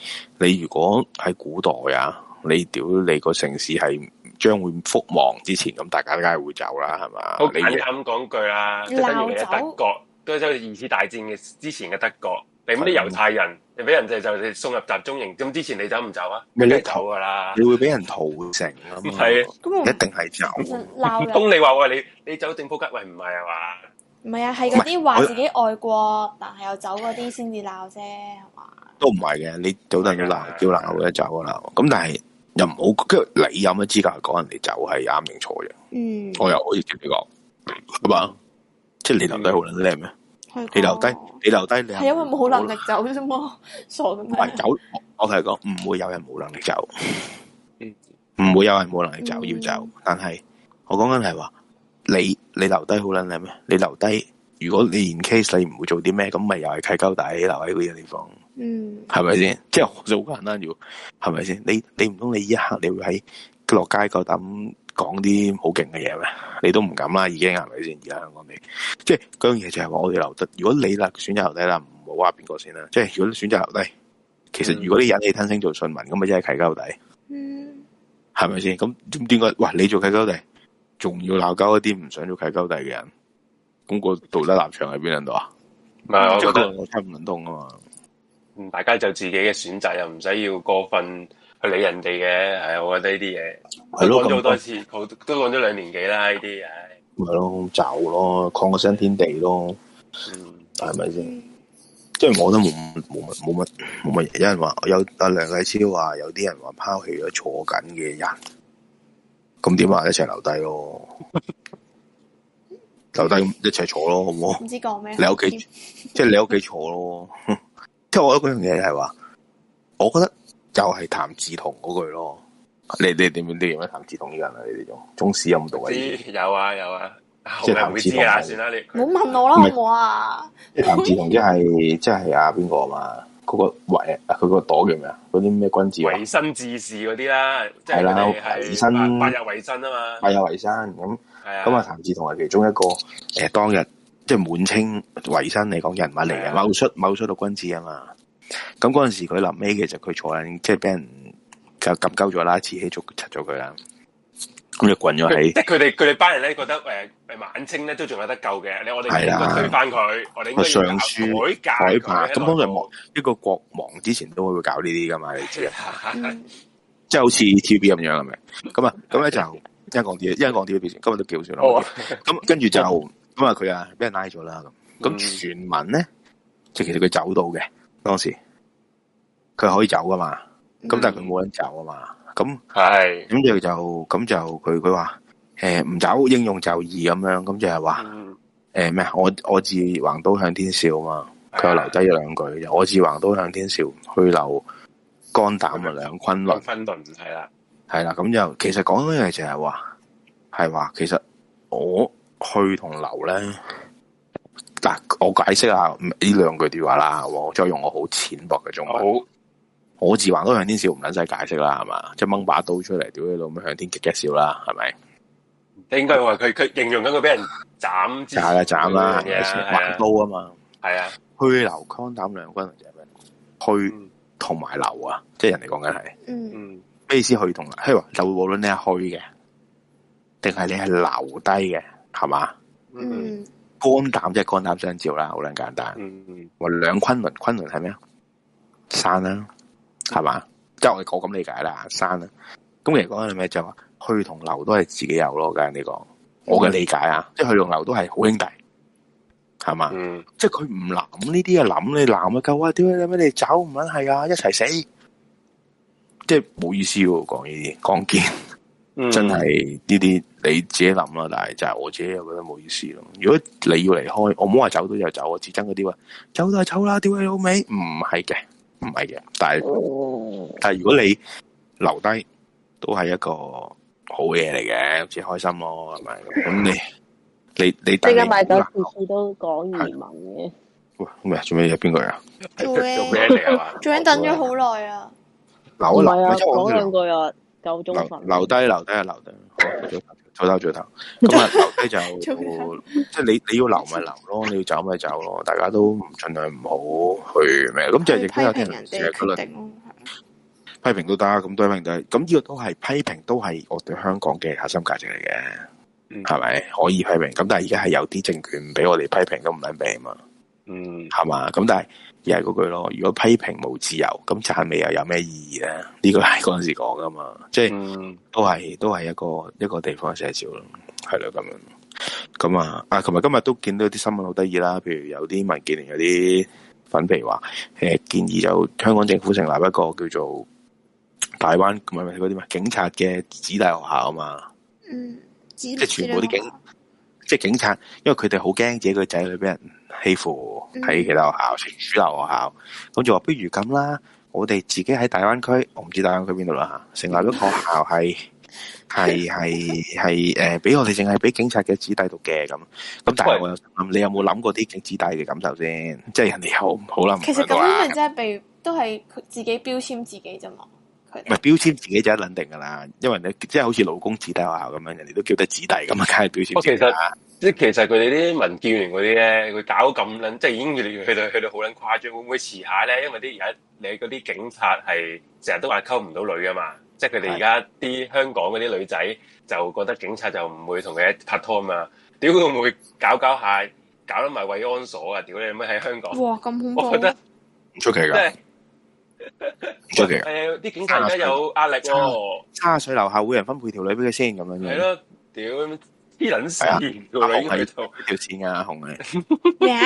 你如果喺古代啊，你屌你個城市係。將會覆亡之前，咁大家都梗係會走啦，係嘛？我簡簡講句啦，等於你德國，都係二次大戰嘅之前嘅德國，俾啲猶太人，你俾人就就送入集中營。咁之前你走唔走啊？你都走噶啦，你會俾人屠城，係啊，一定係走。鬧你話喂你你走定撲街喂，唔係啊？嘛？唔係啊，係嗰啲話自己愛國，但係又走嗰啲先至鬧啫，係嘛？都唔係嘅，你早定要鬧，叫鬧嘅走噶啦。咁但係。又唔好，跟住你有乜資格講人哋走係啱定錯嘅？嗯，我又可以接你講，係嘛？即係你留低好撚靚咩？你留低，你留低你係因為冇能力走啫嘛？傻咁咩？唔係走，我同講唔會有人冇能力走。唔會有人冇能力走要走，但係我講緊係話，你你留低好撚靚咩？你留低，如果你唔 case，你唔會做啲咩，咁咪又係契鳩底，留喺呢個地方。嗯，係咪先？即係我就好簡單要，係咪先？你你唔通你依一刻你會喺落街夠膽講啲好勁嘅嘢咩？你都唔敢啦，已經係咪先？而家香港未，即係嗰樣嘢就係話我哋留低。如果你啦選擇留低啦，唔好話邊個先啦。即係如果你選擇留低，其實如果你忍氣吞聲做順民，咁咪即係契鳩底，嗯，係咪先？咁點點解？哇！你做契鳩底，仲要鬧交一啲唔想做契鳩底嘅人，咁個道德立場喺邊度啊？即係我聽唔通啊嘛～大家就自己嘅選擇，又唔使要過分去理人哋嘅，係啊，我覺得呢啲嘢，講咗好多次，都講咗兩年幾啦呢啲，嘢，咪咯走咯，換個新天地咯，係咪先？即係我都冇冇冇乜冇乜，有，有人話有阿梁繼超話有啲人話拋棄咗坐緊嘅人，咁點啊？一齊留低咯， 留低一齊坐咯，好唔好？唔知講咩？你屋企 即係你屋企坐咯。 即係我覺得嗰樣嘢係話，我覺得就係譚志同嗰句咯。你哋你點點認為譚志同呢個人啊？你哋用中史有冇讀啊？有啊有啊，即係譚志同算啦。你唔好問我啦好冇啊？譚志同即係即係啊，邊個啊嘛？嗰個維佢個朵叫咩啊？嗰啲咩君子維新志士嗰啲啦，係啦，維新，百日維新啊嘛，百日維新。咁。咁啊，譚志同係其中一個誒、呃、當日。即係滿清維新嚟講，人物嚟嘅，某的出某出到君子啊嘛。咁嗰陣時佢臨尾，其實佢坐緊即係俾人就撳鳩咗啦，慈禧捉拆咗佢啦，咁就滾咗喺。即係佢哋佢哋班人咧覺得誒、呃，晚清咧都仲有得救嘅。你我哋應該推翻佢，的我哋應該應書改。咁通常呢一個國王之前都會搞呢啲噶嘛，即係即係好似 TV 咁樣，係咪？咁啊咁咧就一講啲一講啲嘅事，TV, TV, 今日都幾好笑咁跟住就。 咁啊，佢啊，俾人拉咗啦咁。咁傳聞咧，即其實佢走到嘅，當時佢可以走噶嘛。咁、嗯、但係佢冇人走啊嘛。咁係，咁的就就咁就佢佢話誒唔走，應用就義咁樣。咁就係話誒咩啊？我我自橫刀向天笑啊嘛。佢又的留低咗兩句，我自橫刀向天笑，去留肝膽啊兩昆崙。昆崙唔係啦，係啦。咁就其實講嗰樣嘢就係、是、話，係話其實我。去同留咧，嗱、啊，我解釋下呢兩句啲話啦，我再用我好淺薄嘅中文。我、oh. 自橫刀向天笑，唔捻使解釋啦，係嘛？即係掹把刀出嚟，屌你老母向天吉一笑啦，係咪？應該話佢佢形容緊佢俾人斬，係啦斬啦，掹刀啊嘛，係啊，去留康膽兩軍就係咩？去同埋留啊，即係人哋講緊係，嗯，咩意思去同留？譬如話就無論你係去嘅，定係你係留低嘅。係嘛？肝膽、嗯、即係肝膽相照啦，好兩簡單。話兩崑崙，崑崙係咩啊？山啦，係嘛、嗯？即係我哋講咁理解啦，山啦、啊。咁其實講緊係咩就話、是，去同留都係自己有咯，梗係你講，我嘅理解啊，嗯、即係去同留都係好兄弟，係嘛？嗯、即係佢唔諗呢啲嘢諗，你諗啊夠啊？點解你俾你走唔肯係啊？一齊死，即係冇意思喎，講呢啲講堅。講嗯、真係呢啲你自己諗啦，但係就係我自己，又覺得冇意思咯。如果你要離開，我唔好話走咗就走啊。至憎嗰啲話走就走啦，屌你老味，唔係嘅，唔係嘅。但係但係如果你留低，都係一個好嘢嚟嘅，自己開心咯，係咪？咁你你你即刻買狗，次次都講移民嘅。喂，做咩有邊個呀？做咩嚟啊？做緊等咗好耐啊！留一留，講兩個月。留低，留低，留低好，留定，早唞早唞咁啊！留低就 即係你你要留咪留咯，你要走咪走咯，大家都唔盡量唔好去咩咁，就亦都有啲人嘅評論咯。批評都得，咁批評得，咁呢個都係批評，都係我哋香港嘅核心價值嚟嘅，係咪、嗯、可以批評？咁但係而家係有啲政權俾我哋批評都唔允許啊嘛，嗯，係嘛，咁但係。又係嗰句咯，如果批評冇自由，咁讚美又有咩意義咧？呢、這個係嗰陣時講㗎嘛，即、就、係、是、都係都係一個一個地方嘅寫照咯，係啦咁樣。咁、嗯、啊啊，琴日今日都見到啲新聞好得意啦，譬如有啲民建聯，有啲粉絲話、呃、建議就香港政府成立一個叫做大灣，唔係唔係嗰啲咩警察嘅子弟學校啊嘛，嗯，子弟弟即係全部啲警，即係警察，因為佢哋好驚自己個仔女俾人。欺負喺其他學校，成主流學校，咁就話，不如咁啦。我哋自己喺大灣區，我唔知大灣區邊度啦吓，成立咗學校係係係係誒，俾、 呃、我哋淨係俾警察嘅子弟讀嘅咁。咁但係我有諗，你有冇諗過啲警子弟嘅感受先？即係人哋好唔好啦？其實咁樣咪真係被都係自己標籤自己啫嘛。唔係標籤自己就一定噶啦，因為你即係好似勞工子弟學校咁樣，人哋都叫得子弟，咁啊梗係標籤自己即係其實佢哋啲民建聯嗰啲咧，佢搞咁撚，即係已經越嚟越去到去到好撚誇張，會唔會遲下咧？因為啲而家你嗰啲警察係成日都話溝唔到女啊嘛，即係佢哋而家啲香港嗰啲女仔就覺得警察就唔會同佢拍拖啊嘛，屌會唔會搞搞下搞得埋慰安所啊？屌你乜喺香港？哇咁我覺得唔出奇㗎，是唔出奇㗎。啲、呃、警察而家有壓力喎、哦，卅歲樓下會有人分配條女俾佢先咁樣嘅。係咯，屌！啲卵事啊！喺度條線啱紅嘅咩？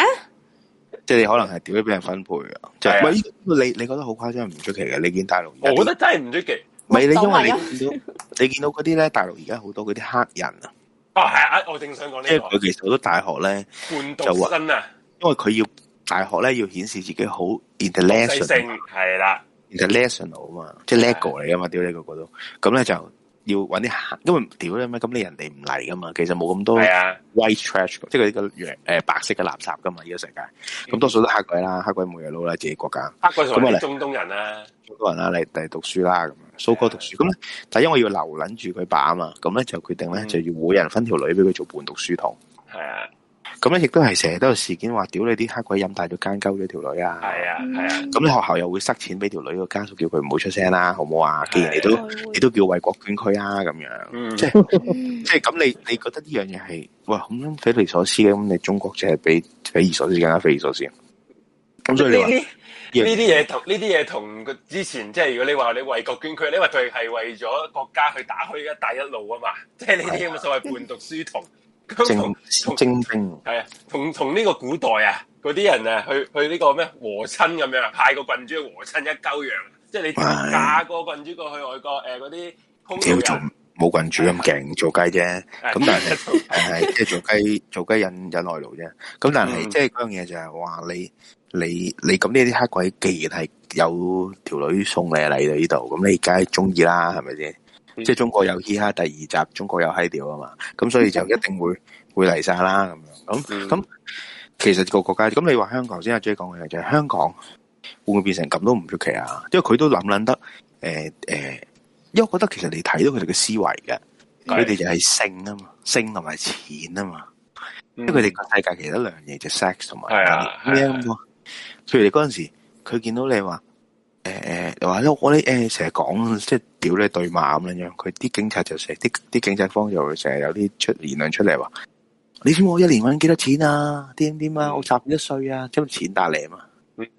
即係你可能係點樣俾人分配嘅？就係唔係？你你覺得好誇張唔出奇嘅？你見大陸，我覺得真係唔出奇。唔係你因為你你見到嗰啲咧，大陸而家好多嗰啲黑人啊！哦，係啊！我正想講呢，即佢其實好多大學咧，半獨身啊，因為佢要大學咧要顯示自己好 international 係啦 international 啊嘛，即係 legal 嚟噶嘛，屌你個個都咁咧就。要揾啲客，因為屌你咩，咁你人哋唔嚟噶嘛，其實冇咁多係啊，white trash，即係佢啲個誒白色嘅垃圾噶嘛，呢、這個世界，咁、嗯、多數都黑鬼啦，黑鬼無聊佬啦，自己國家，黑鬼就嚟中東人啦、啊，中東人啦嚟嚟讀書啦咁，蘇哥、啊、讀書咁咧、啊，但係因為要留撚住佢爸啊嘛，咁咧就決定咧、嗯、就要每人分條女俾佢做伴讀書堂，係啊。咁咧，亦都係成日都有事件話，屌你啲黑鬼飲大咗奸鳩咗條女啊！係啊，係啊！咁、嗯、你學校又會塞錢俾條女個家屬，叫佢唔好出聲啦、啊，好唔好啊？既然你都、啊、你都叫為國捐軀啊，咁樣，嗯、即係 即咁，你你覺得呢樣嘢係哇咁樣匪夷所思嘅咁？你中國就係比匪夷所思更加匪夷所思。咁所以你話呢啲嘢同呢啲嘢同之前，即係如果你話你為國捐軀，你話佢係為咗國家去打開一帶一路啊嘛，即係呢啲咁嘅所謂叛讀書同。精精兵係啊，同同呢個古代啊，嗰啲人誒，去去呢個咩和親咁樣，派個郡主去和親一鳩羊，即係你嫁個郡主過去外國誒，嗰啲，叫做冇郡主咁勁，做雞啫，咁但係誒即係做雞做雞引引外勞啫，咁但係即係嗰樣嘢就係話你你你咁呢啲黑鬼既然係有條女送你嚟到呢度，咁你梗係中意啦，係咪先？即係中國有《嘻哈》第二集，中國有 high 掉啊嘛，咁所以就一定會 會嚟晒啦咁樣，咁咁、嗯、其實個國家，咁你話香港，先阿 J 講嘅就係、是、香港會唔會變成咁都唔出奇啊？因為佢都諗諗得，誒、欸、誒、欸，因為我覺得其實你睇到佢哋嘅思維嘅，佢哋的就係性啊嘛，性同埋錢啊嘛，嗯、因為佢哋個世界其實兩樣嘢就 sex 同埋咩啊嘛，譬如嗰陣時佢見到你話。誒誒，又話咧我哋誒成日講，即係屌你對罵咁樣，佢啲警察就成日啲啲警察方就成日有啲出言論出嚟，話，你知我一年搵幾多錢啊？點點啊？我集幾多稅啊？將錢打嚟嘛？欸、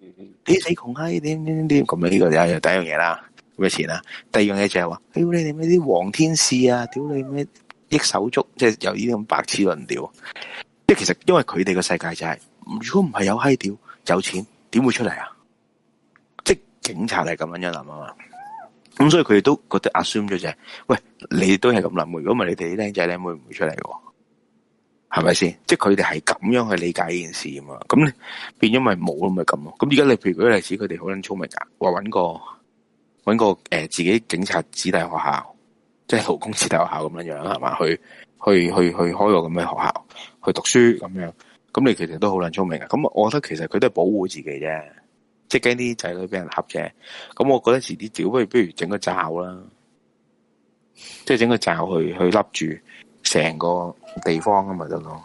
你死窮閪？點點點咁呢個第一樣嘢啦，咩錢啊？第二樣嘢就係話，屌你哋咩啲黃天使啊？屌你咩益手足？即係有呢啲咁白痴論調。即係其實因為佢哋個世界就係，如果唔係有閪屌有錢，點會出嚟啊？警察係咁樣樣諗啊嘛，咁所以佢哋都覺得 assume 咗就係，喂，你都係咁諗，如果唔係你哋啲僆仔咧會唔會出嚟喎，係咪先？即係佢哋係咁樣去理解呢件事啊嘛。咁變咗咪冇咪咁咯。咁而家你譬如舉個例子，佢哋好捻聰明啊，話揾個揾個誒自己警察子弟學校，即係勞工子弟學校咁樣樣係嘛？去去去去開個咁嘅學校去讀書咁樣，咁你其實都好捻聰明啊。咁我覺得其實佢都係保護自己啫。即係驚啲仔女俾人恰嘅。咁我覺得遲啲，屌，不如不如整個罩啦，即係整個罩去去笠住成個地方咁咪得咯。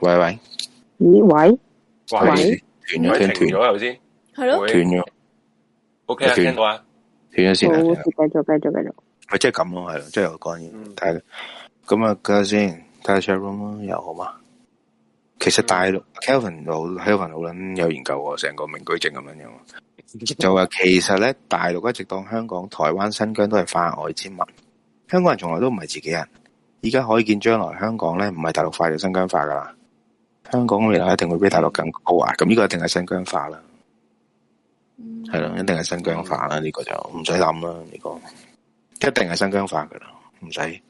喂喂，咦？喂，喂，斷咗喂，停斷咗又先係咯，斷咗。O K，斷咗先。斷咗先。我繼續繼續繼續。喂，即係咁咯，係咯喂，即係我講嘢，咁啊，睇下先，睇下 chat room 又好嘛？其實大陸 Kelvin 好，Kelvin 好撚有研究喎，成個名居證咁樣樣， 就話其實咧，大陸一直當香港、台灣、新疆都係化外之物。香港人從來都唔係自己人。而家可以見將來香港咧唔係大陸化，就是新疆化噶啦。香港未來一定會比大陸更高啊！咁呢個一定係新疆化啦，係啦、mm hmm. 一定係新疆化啦，呢、這個就唔使諗啦，呢、這個一定係新疆化噶啦，唔使。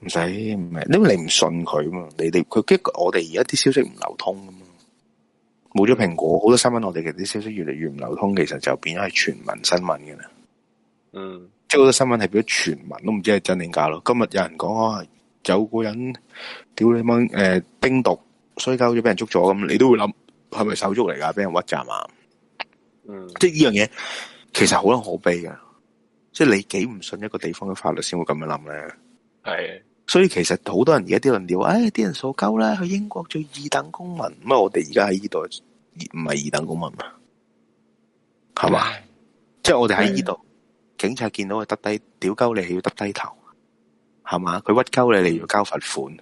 唔使，因為你唔信佢嘛，你哋，佢即我哋而家啲消息唔流通啊嘛，冇咗蘋果好多新聞，我哋其啲消息越嚟越唔流通，其實就變咗係全民新聞嘅啦。嗯，即係好多新聞係變咗全民，都唔知係真定假咯。今日有人講話有個人，屌你媽誒、呃，冰毒衰鳩咗，俾人捉咗咁，你都會諗係咪手足嚟噶，俾人屈咋嘛？嗯，即係呢樣嘢其實好可悲㗎。即係你幾唔信一個地方嘅法律先會咁樣諗咧。係。所以其實好多人而家啲論調話，誒、哎、啲人傻鳩啦，去英國做二等公民，咪我哋而家喺呢度，唔係二等公民嘛，係嘛？嗯、即係我哋喺呢度，嗯、警察，見到佢耷低屌鳩你，係要耷低頭，係嘛？佢屈鳩你，你要交罰款，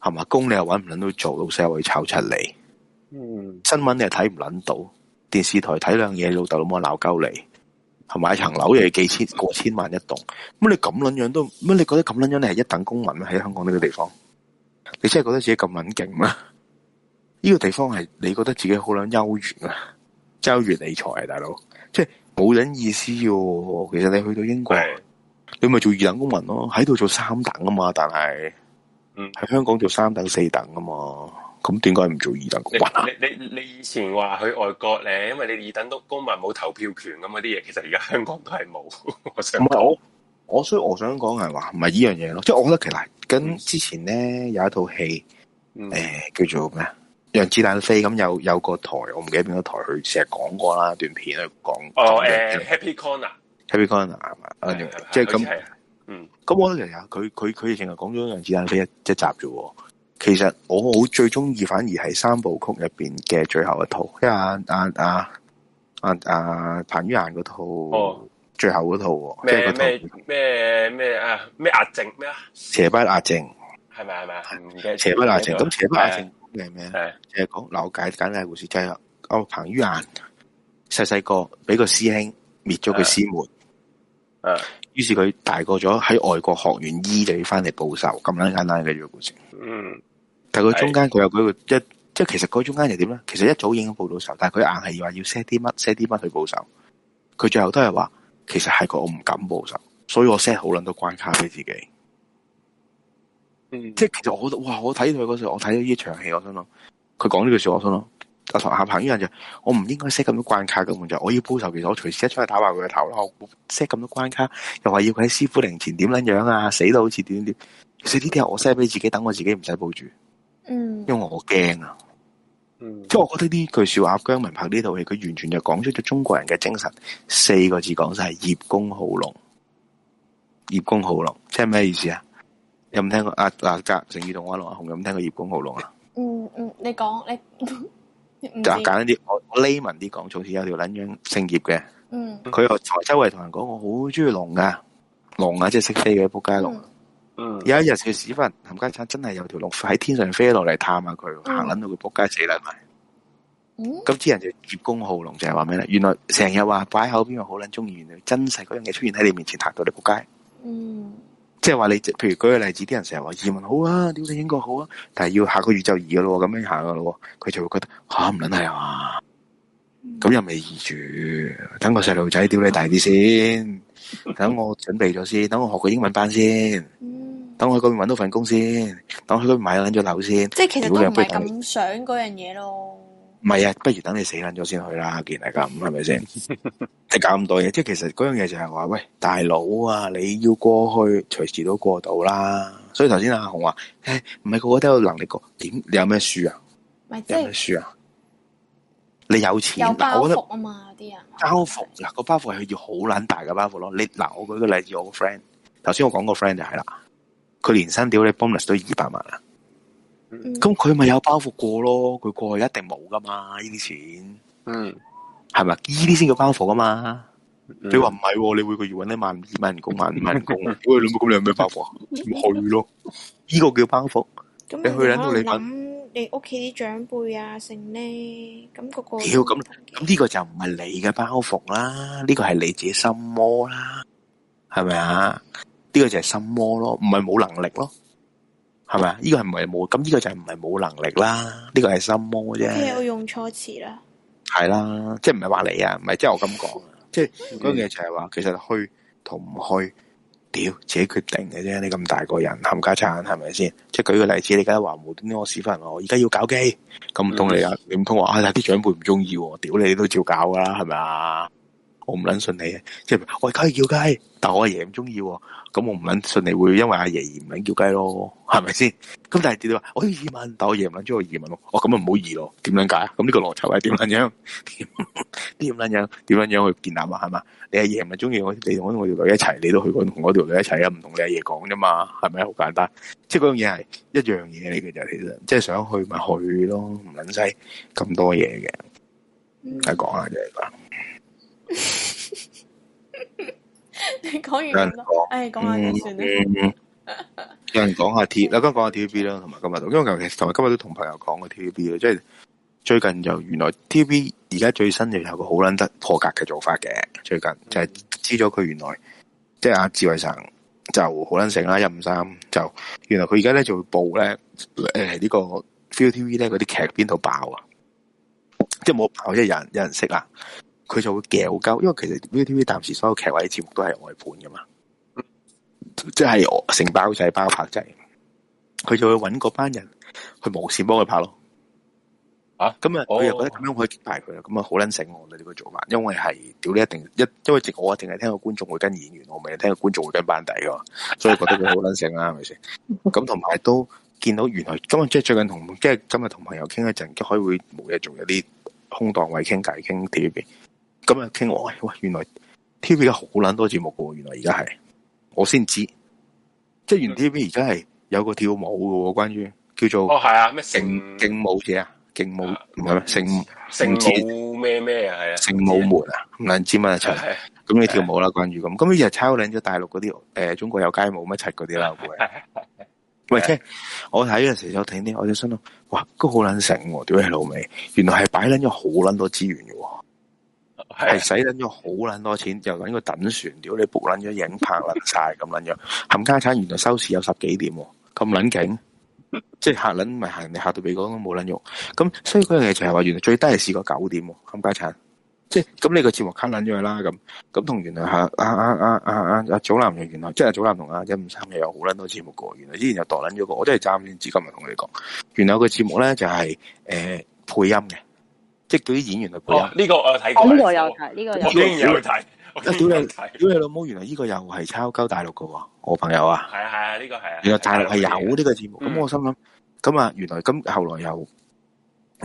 係嘛？工你又搵唔捻到做，老細又會炒出嚟，嗯，新聞你又睇唔捻到，電視台睇兩嘢，老豆老母鬧鳩你。同埋一層樓又要幾千過千萬一棟，咁你咁撚樣都乜？咁你覺得咁撚樣你係一等公民咩？喺香港呢個地方，你真係覺得自己咁撚勁啊？呢、呢個地方係你覺得自己好撚優越啊？優越理財啊，大佬，即係冇撚意思喎、啊。其實你去到英國，你咪做二等公民咯、啊，喺度做三等啊嘛，但係，嗯，喺香港做三等四等啊嘛。咁點解唔做二等公民啊？你你你以前話去外國咧，因為你二等公民冇投票權咁嗰啲嘢，其實而家香港都係冇。我想講，我所以我想講係話，唔係呢樣嘢咯。即係我覺得其實跟之前咧有一套戲，誒叫做咩啊？《讓子彈飛》咁有有個台，我唔記得邊個台，佢成日講過啦，段片喺度講。哦，誒，Happy Corner，Happy Corner 係嘛，跟住即係咁，嗯，咁我覺得其實佢佢佢成日講咗《讓子彈飛》一一集啫。其實我好最中意，反而係三部曲入邊嘅最後一套，即啊啊啊啊阿彭于晏嗰套，最後嗰套，即係嗰套咩咩咩咩阿靜咩啊？邪不壓正係咪係咪？邪不壓正，咁邪不壓正嘅咩？就係講嗱，我解簡單嘅故事就係阿彭于晏細細個俾個師兄滅咗佢師門，誒，於是佢大個咗喺外國學完醫就要翻嚟報仇，咁簡單嘅一個故事。嗯。但佢中間佢的有佢一即係其實嗰中間就點咧？其實一早已經報到仇，但係佢硬係要話要 set 啲乜 set 啲乜去報仇。佢最後都係話，其實係佢，我唔敢報仇，所以我 set 好撚多關卡俾自己。嗯，即係其實我哇，我睇到佢嗰時，我睇到呢場戲，我心諗，佢講呢句說話，我心諗，阿陳阿彭呢人就我唔應該 set 咁多關卡嘅，就我要報仇，其實我隨時一出去打爆佢個頭啦，我 set 咁多關卡，又話要佢喺師傅靈前點撚樣樣啊，死到好似點點，所以呢啲係我 set 俾自己，等我自己唔使報仇。嗯，因為我驚啊，嗯，即係我覺得呢句說話姜文拍呢套戲，佢完全就講出咗中國人嘅精神，四個字講晒，葉公好龍，葉公好龍，即係咩意思啊？有冇聽過啊？嗱、啊，成宇同我阿龍阿雄有冇聽過葉公好龍啊？嗯嗯，你講你， 你像就簡單啲，我匿文啲講，從前有條撚樣姓葉嘅，嗯，佢又周圍同人講，我好中意龍噶，龍啊，即係識飛嘅扑街龍。.有一日去屎忽，冚、嗯、家鏟真係有條龍喺天上飛落嚟探下佢，行捻到佢仆街死啦，係咪、嗯？咁啲人就葉公好龍，就係話咩咧？原來成日話擺口邊話好捻中意，原來真實嗰樣嘢出現喺你面前，嚇到你仆街。嗯，即係話你，譬如舉個例子，啲人成日話移民好啊，點解英國好啊？但係要下個月就移噶咯，咁樣行噶咯，佢就會覺得吓唔捻係嘛？咁又未移住，等個細路仔屌你大啲先。等我準備咗先，等我學個英文班先，等、嗯、我去嗰邊搵到份工先，等我去嗰邊買撚咗樓先。即係其實唔係咁想嗰樣嘢咯。唔係啊，不如等你死撚咗先去啦。既然係咁，係咪先？你搞咁多嘢，即係其實嗰樣嘢就係、是、話，喂，大佬啊，你要過去，隨時都過到啦。所以頭先阿紅話，唔、欸、係個個都有能力過，點？你有咩書啊？是就是、有咩書啊？你有錢，有包袱啊嘛。包袱嗱，個包袱係要好捻大嘅包袱咯。你嗱，我舉個例子，剛才我個 friend，頭先我講個 friend 就係、是、啦，佢連身屌你 bonus 都二百萬啦，咁佢咪有包袱過咯？佢過去一定冇噶嘛？呢啲錢，嗯，係咪？呢啲先叫包袱噶嘛？嗯、你話唔係？你每個月搵一萬二萬人工、萬五萬人工，喂， 咁你有咩包袱？ 去咯，呢、呢個叫包袱，嗯、你去搵到你搵。你屋企啲長輩啊，剩咧咁嗰個，屌咁咁呢個就唔係你嘅包袱啦，呢個係你自己心魔啦，係咪啊？呢個就係心魔咯，唔係冇能力咯，係咪啊？呢個係唔係冇，咁呢個就係唔係冇能力啦，呢個係心魔啫。我用錯詞啦，係啦，即係唔係話你啊？唔係，即係我咁講，即係嗰樣嘢就係話，其實去同唔去。自己決定嘅啫，你咁大個人冚家鏟，係咪先？即係舉個例子，你而家話冇端端屎忽我，而家要搞基，咁唔通你啊？你唔通話啊啲長輩唔中意喎？我屌你，你都照搞噶啦，係咪啊？我唔撚信你，即係我而家要搞。但我阿爺唔中意喎，咁我唔撚信你會因為阿爺而唔撚叫雞咯，係咪先？咁 但係點點話？我要移民，但係我爺唔撚中意移民喎，哦，我咁咪唔好移咯？點樣解啊？咁呢個邏輯係點撚樣？點撚樣？點樣樣去建立啊？係嘛？你阿爺唔係中意我，你同我條女一齊，你都去過同我條女一齊啊？唔同你阿爺講啫嘛，係咪好簡單？即係嗰樣嘢係一樣嘢嚟嘅啫，其實，即係想去咪去咯，唔撚使咁多嘢嘅。嚟講下啫。你講完啦，誒、嗯，講、哎、下就算嗯，嗯 TV, 有人講下 T，嗱，咁講下 T V B 啦，同埋今日，因為其同埋今日都同朋友講過 T V B 啦，即係最近就原來 T V B 而家最新就有個好捻得破格嘅做法嘅，最近就係、是、知咗佢原來即係阿志偉成就好捻醒啦，一五三就原來佢而家咧就會報咧誒呢，呢、呃這個 ViuTV 咧嗰啲劇邊度爆啊，即係冇爆即係有人有人識啦。佢就會叫交，因為其實 ViuTV 暫時所有劇或者節目都係外判嘅嘛，即係成包制、包拍制。佢就會揾嗰班人去無線幫佢拍咯。啊，咁啊，佢又覺得咁樣可以擊敗佢啦，咁啊好撚醒我哋呢個做法，因為係屌你一定一，因為直我一定係聽個觀眾會跟演員，我咪係聽個觀眾會跟班底嘅嘛，所以覺得佢好撚醒啦，係咪先？咁同埋都見到原來咁啊，即係最近同即係今日同朋友傾一陣，可以會冇嘢做，有啲空檔位傾偈傾 TVB。咁啊，傾我喂，原來 T V B 好捻多節目噶，原來而家係我先知，即係原 T V B 而家係有個跳舞噶，關於叫做哦係啊，咩成勁舞者啊，勁舞唔係咩成成舞咩咩啊，係啊，聖舞門啊，唔係知乜柒，咁你跳舞啦，關於咁，咁而家抄捻咗大陸嗰啲誒，中國有街舞乜柒嗰啲啦，喂，喂，即我睇嗰陣時有啲，我就想諗，哇，都好捻成，屌你老味，原來係擺捻咗好捻多資源噶。係使緊咗好卵多錢，就揾個等船屌你仆卵咗影拍爛晒咁卵樣。冚家產原來收視有十幾點，咁卵勁， 即係吓卵咪吓人哋吓到畀講都冇卵用。咁所以佢樣嘢就係、是、話原來最低係試過九點。冚家產即係咁你個節目卡卵咗啦咁，咁同原來啊啊啊啊阿祖藍嘅原來、啊啊啊啊啊啊、早原來即係祖藍同阿一五三嘅有好卵多節目過。原來之前又度卵咗個，我真係爭先知今日同你講。原來個節目咧就係、是、誒、呃、配音嘅。即係叫啲演員嚟表演呢個我有睇過，咁我有睇，呢個有。你入去睇，我屌你，屌你老母！原來呢個又係抄鳩大陸嘅，我朋友啊。係啊，係啊，呢個係啊。原來大陸係有呢個節目，咁我心諗，咁啊原來咁後來又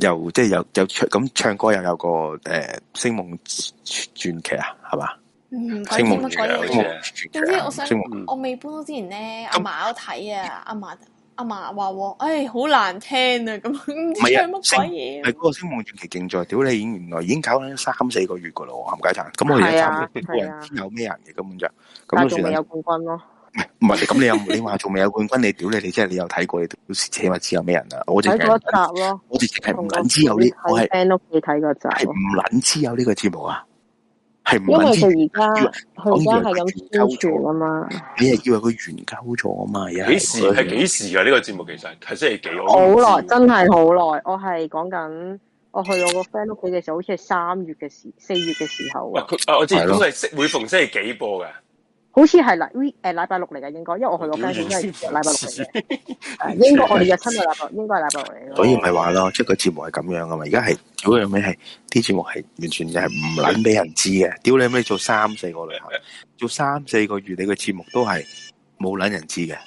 又即係又又唱咁唱歌又有個誒《聲夢傳奇》啊，係嘛？唔怪之我，唔怪之我，唔怪之我。聲夢，我未搬之前咧，阿嫲都睇啊，阿嫲。阿嫲話：，誒、哎，好難聽啊！咁唔知乜鬼嘢。係嗰、啊啊那個《星夢傳奇》競賽，屌你，原來已經搞緊三四個月噶咯，冚家鏟。咁我哋有參與，有咩人嘅根本就咁、是。但仲未有冠軍咯。唔係，唔係，咁你有你話仲未有冠軍？ 你屌你，你即係你有睇過？你請問知有咩人啊？我睇過一集咯。我係唔撚知有呢？我系屋企睇個唔撚知有呢個節目啊？因為佢而家佢而家係咁專注啊嘛，你係叫佢個研究組啊嘛，幾時係幾時啊？呢、這個節目其實係星期幾？好耐，真係好耐。我係講緊，我去我個 friend 屋企嘅時候，好似係三月嘅時，四月嘅時候。佢啊，我知都係每逢星期幾播噶。好似係啦，We 誒禮拜六嚟噶，應該，因為我去過街，應該禮拜六嚟嘅。誒，應該我哋約親嘅禮拜，應該係禮拜六嚟嘅。所以唔係話咯，即係個節目係咁樣噶嘛。而家係屌你咩，係啲節目係完全就係唔捻俾人知嘅。屌你咩，做三四個旅行，做三四個月，你個節目都係冇捻人知嘅。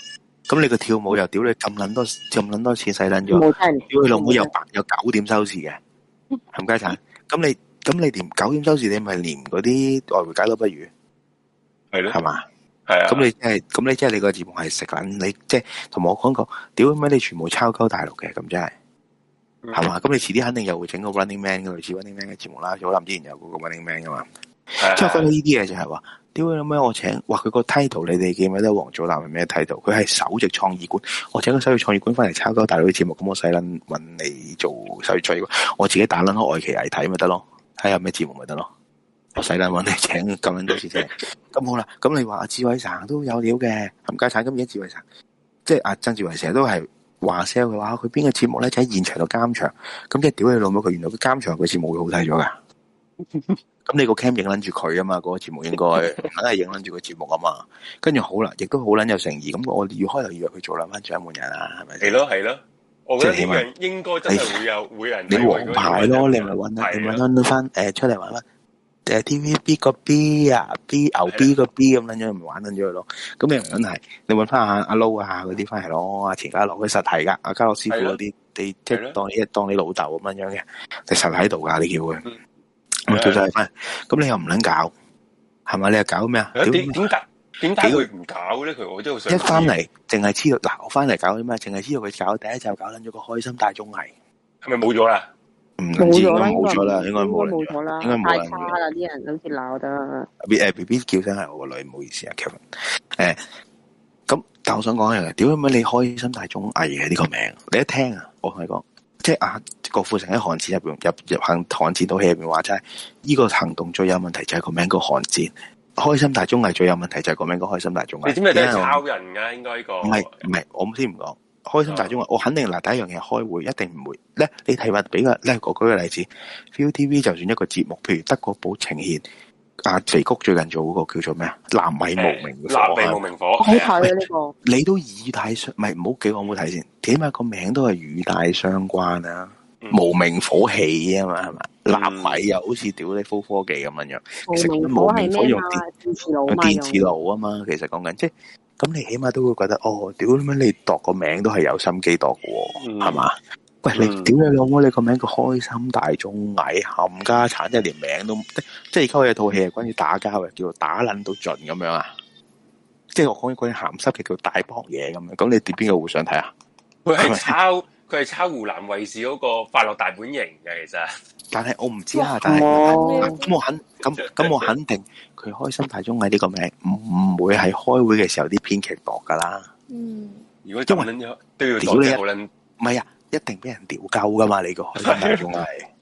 咁你個跳舞又屌你咁捻多，咁捻多錢使捻咗？老母又白，有九點收視嘅，冚家鏟。咁你咁你連九點收視，你咪連嗰啲外匯街都不如。係嘛？係啊！咁的你即係咁你即係你個節目係食緊，你即係同我講過，屌乜你全部抄鳩大陸嘅，咁真係，係嘛、嗯？咁你遲啲肯定又會整個 Running Man 嘅類似 Running Man 嘅節目啦。祖藍之前有嗰個 Running Man 噶嘛？即係講到呢啲嘢，就係話，屌咩我請，哇！佢個 title 你哋記唔記得？黃祖藍係咩 title？佢係首席創意官，我請個首席創意官翻嚟抄鳩大陸嘅節目，咁我使卵揾你做首席創意，我自己打卵開愛奇藝睇咪得咯？睇下咩節目咪得咯？我使捻揾你請咁樣多錢啫，咁、 嗯、好啦。咁、嗯、你話阿志偉成都有料嘅，冚家產咁而家志偉成，即係阿曾志偉成日都係話 sell 佢話佢邊個節目咧就喺現場度監場，咁即係屌你老母佢原來佢監場節目會、 嗯、個節目好睇咗噶，咁你個 cam 影捻住佢啊嘛，嗰個節目應該梗係影捻住個節目啊嘛，跟住好啦，亦都好捻有誠意，咁、嗯、我要開頭約佢做兩番掌門人啊，係咪？係咯係咯，即係應該真係會有唉會人，你王牌咯，你咪揾你揾翻誒出嚟揾啦。誒，TVB 個 B 啊 B,，B 牛 B 個 B 咁樣的樣，唔玩緊咗佢咯。咁你唔搵係，你問翻阿阿 Low 啊，嗰啲翻嚟咯。阿錢嘉樂佢實係噶，阿嘉樂師傅嗰啲，你的即係當你的當你老豆咁樣樣嘅，實喺度噶，你叫佢，咁的、嗯、你又唔撚搞，係咪？你又搞咩啊？點解點解佢唔搞咧？佢我真係一翻嚟，淨係知道嗱，我翻嚟搞啲咩？淨係知道佢搞第一集，搞緊咗個開心大綜藝，係咪冇咗啦？唔知，應該冇錯啦，應該冇錯啦，應該冇錯啦。太差啦，啲人好似鬧得。B b 叫聲係我個女，唔好意思啊，Kevin。誒、欸，咁但我想講一樣嘢，屌你你開心大綜藝嘅呢個名，你一聽啊，我同你講，即係啊，郭富城喺寒戰面入邊入入行寒戰套戲入邊話齋，呢、這個行動最有問題就係個名叫寒戰，開心大綜藝最有問題就係個名叫開心大綜藝。你點解要抄人噶？這個、應該、這個唔係唔係，我先唔講。開心大中啊！嗯、我肯定嗱第一樣嘢開會一定唔會咧。你睇法俾個咧，我舉個例子，ViuTV 就算一個節目，譬如德國寶呈獻阿肥谷最近做嗰個叫做咩啊？納米無名火，納、欸、米無名火，吧哦、好睇啊呢個。你都以大相，唔係唔好幾好冇睇先。起碼個名都係語帶相關啊、嗯、無名火起啊嘛，係咪？納米又好似屌啲高科技咁樣樣，其實無名火係咩啊？電磁爐啊嘛，其實講緊即係。咁你起碼都會覺得哦，屌你咩？你度個名都係有心機度嘅喎，係嘛？喂，你屌你老母，你個名叫開心大綜藝冚家產？即係連名都即係而家有套戲係關於打交嘅，叫做打撚到盡咁樣啊！即係我講啲關於鹹濕劇叫大搏嘢咁樣。咁你點邊個會想睇啊？佢係抄佢係 抄湖南衛視嗰個快樂大本營嘅其實。但係我唔知啊，哦、但係咁我肯咁咁我肯定佢開心大綜藝呢個名唔唔會係開會嘅時候啲編劇度噶啦。嗯，如果，都要屌、啊、你無論唔係啊，一定俾人屌鳩噶嘛你個開心大綜藝。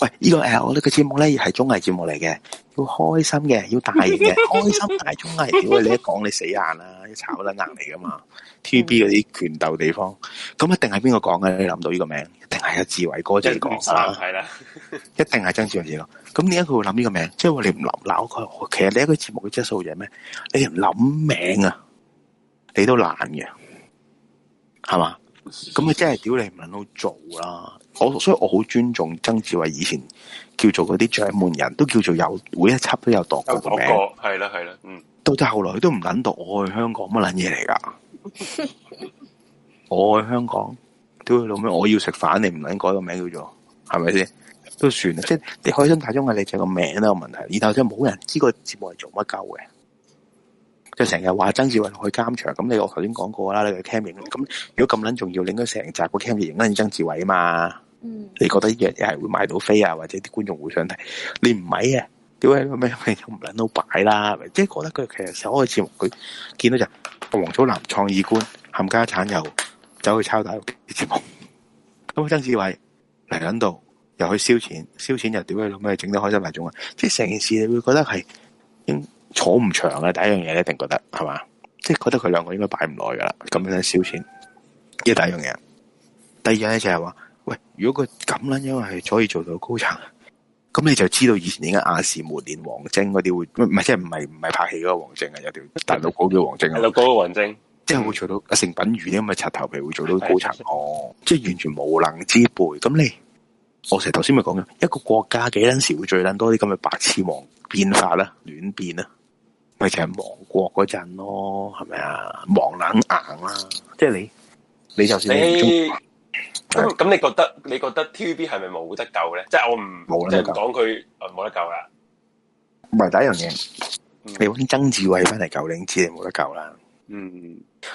喂，這個、L 呢個誒，我呢個節目咧係綜藝節目嚟嘅，要開心嘅，要大型嘅， 開心大綜藝。如屌你一講你死硬啦，一炒得硬嚟噶嘛。TVB 嗰啲拳鬥地方，咁一定係邊個講嘅？你諗到呢個名，一定係阿志偉哥仔係講係啦， 一定係曾志偉講。咁點解佢會諗呢個名？即係話你唔諗，嗱，我其實你一個節目嘅質素嘢咩？你唔諗名啊，你都懶嘅，係嘛？咁佢真係屌你唔諗到做啦。我所以，我好尊重曾志偉以前叫做嗰啲掌門人，都叫做有每一輯都有奪過個名字，係啦係啦，嗯，到咗後來佢都唔捻奪。我愛香港乜撚嘢嚟㗎？我愛香港，屌你老咩？我要食飯，你唔捻改個名字叫做係咪先？都算啦， 即係你開心大綜藝，你就個名都有、那個、問題。然後就冇人知道個節目係做乜鳩嘅，就成日話曾志偉去監場。咁你我頭先講過啦，你去 cam 影咁，那如果咁撚重要，你應該成集個 cam 影都係曾志偉嘛？嗯、你覺得一樣嘢係會買到飛啊？或者啲觀眾會想睇？你唔係啊？屌你老咩又唔捻到擺啦，即係覺得佢其實首個節目佢見到就王祖藍創意觀冚家產又走去抄底啲節目，咁曾志偉嚟捻度又去燒錢，燒錢又屌你老味，整得開心埋種啊！即係成件事你會覺得係坐唔長嘅第一樣嘢，一定覺得係嘛？即係覺得佢兩個應該擺唔耐㗎喇，咁樣燒錢，呢第一樣嘢，第二樣嘢就係話。喂，如果佢咁捻，因為係可以做到高層，咁你就知道以前點解亞視、無線、是是王晶嗰啲會唔係即係唔係唔係拍戲嗰個王晶啊。有條大陸哥叫王晶啊，大陸個王晶，即係會做到成品魚，因為擦頭皮會做到高層哦，即係完全無能之輩。咁你，我成日頭先咪講嘅，一個國家幾陣時會最捻多啲咁嘅白痴王變化啦、亂變啦，咪就係亡國嗰陣咯，係咪啊？亡冷硬啦、啊，即係你，你就算你你。你咁你覺得你覺得 TVB 係咪冇得救咧？即係我唔即係講佢誒冇得救啦。唔係第一樣嘢，你搵曾志偉翻嚟救你，知你冇得救啦。嗯，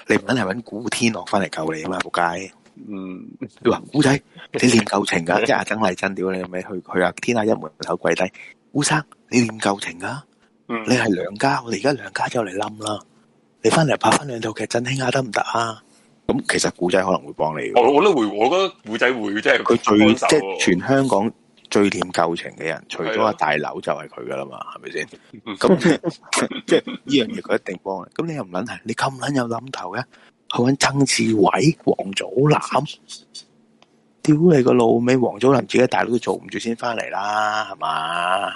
你唔搵係搵古天樂翻嚟救你啊嘛仆街。嗯，你話古仔，你練舊情噶即係阿曾麗珍屌你咪去去阿天下一門口跪低，烏生你練舊情噶你係梁家，我哋而家梁家就嚟冧啦，你翻嚟拍翻兩套劇振興下得唔得啊？咁其實古仔可能會幫你，我我覺得會，我覺得古仔會即係佢最即係全香港最念舊情嘅人，除咗阿大樓就係佢噶啦嘛，係咪先？咁即係呢樣嘢佢一定幫啊！咁你又唔捻係？你咁捻有諗頭嘅，去搵曾志偉、王祖藍，屌你個老味！王祖藍自己大陸都做唔住先翻嚟啦，係嘛？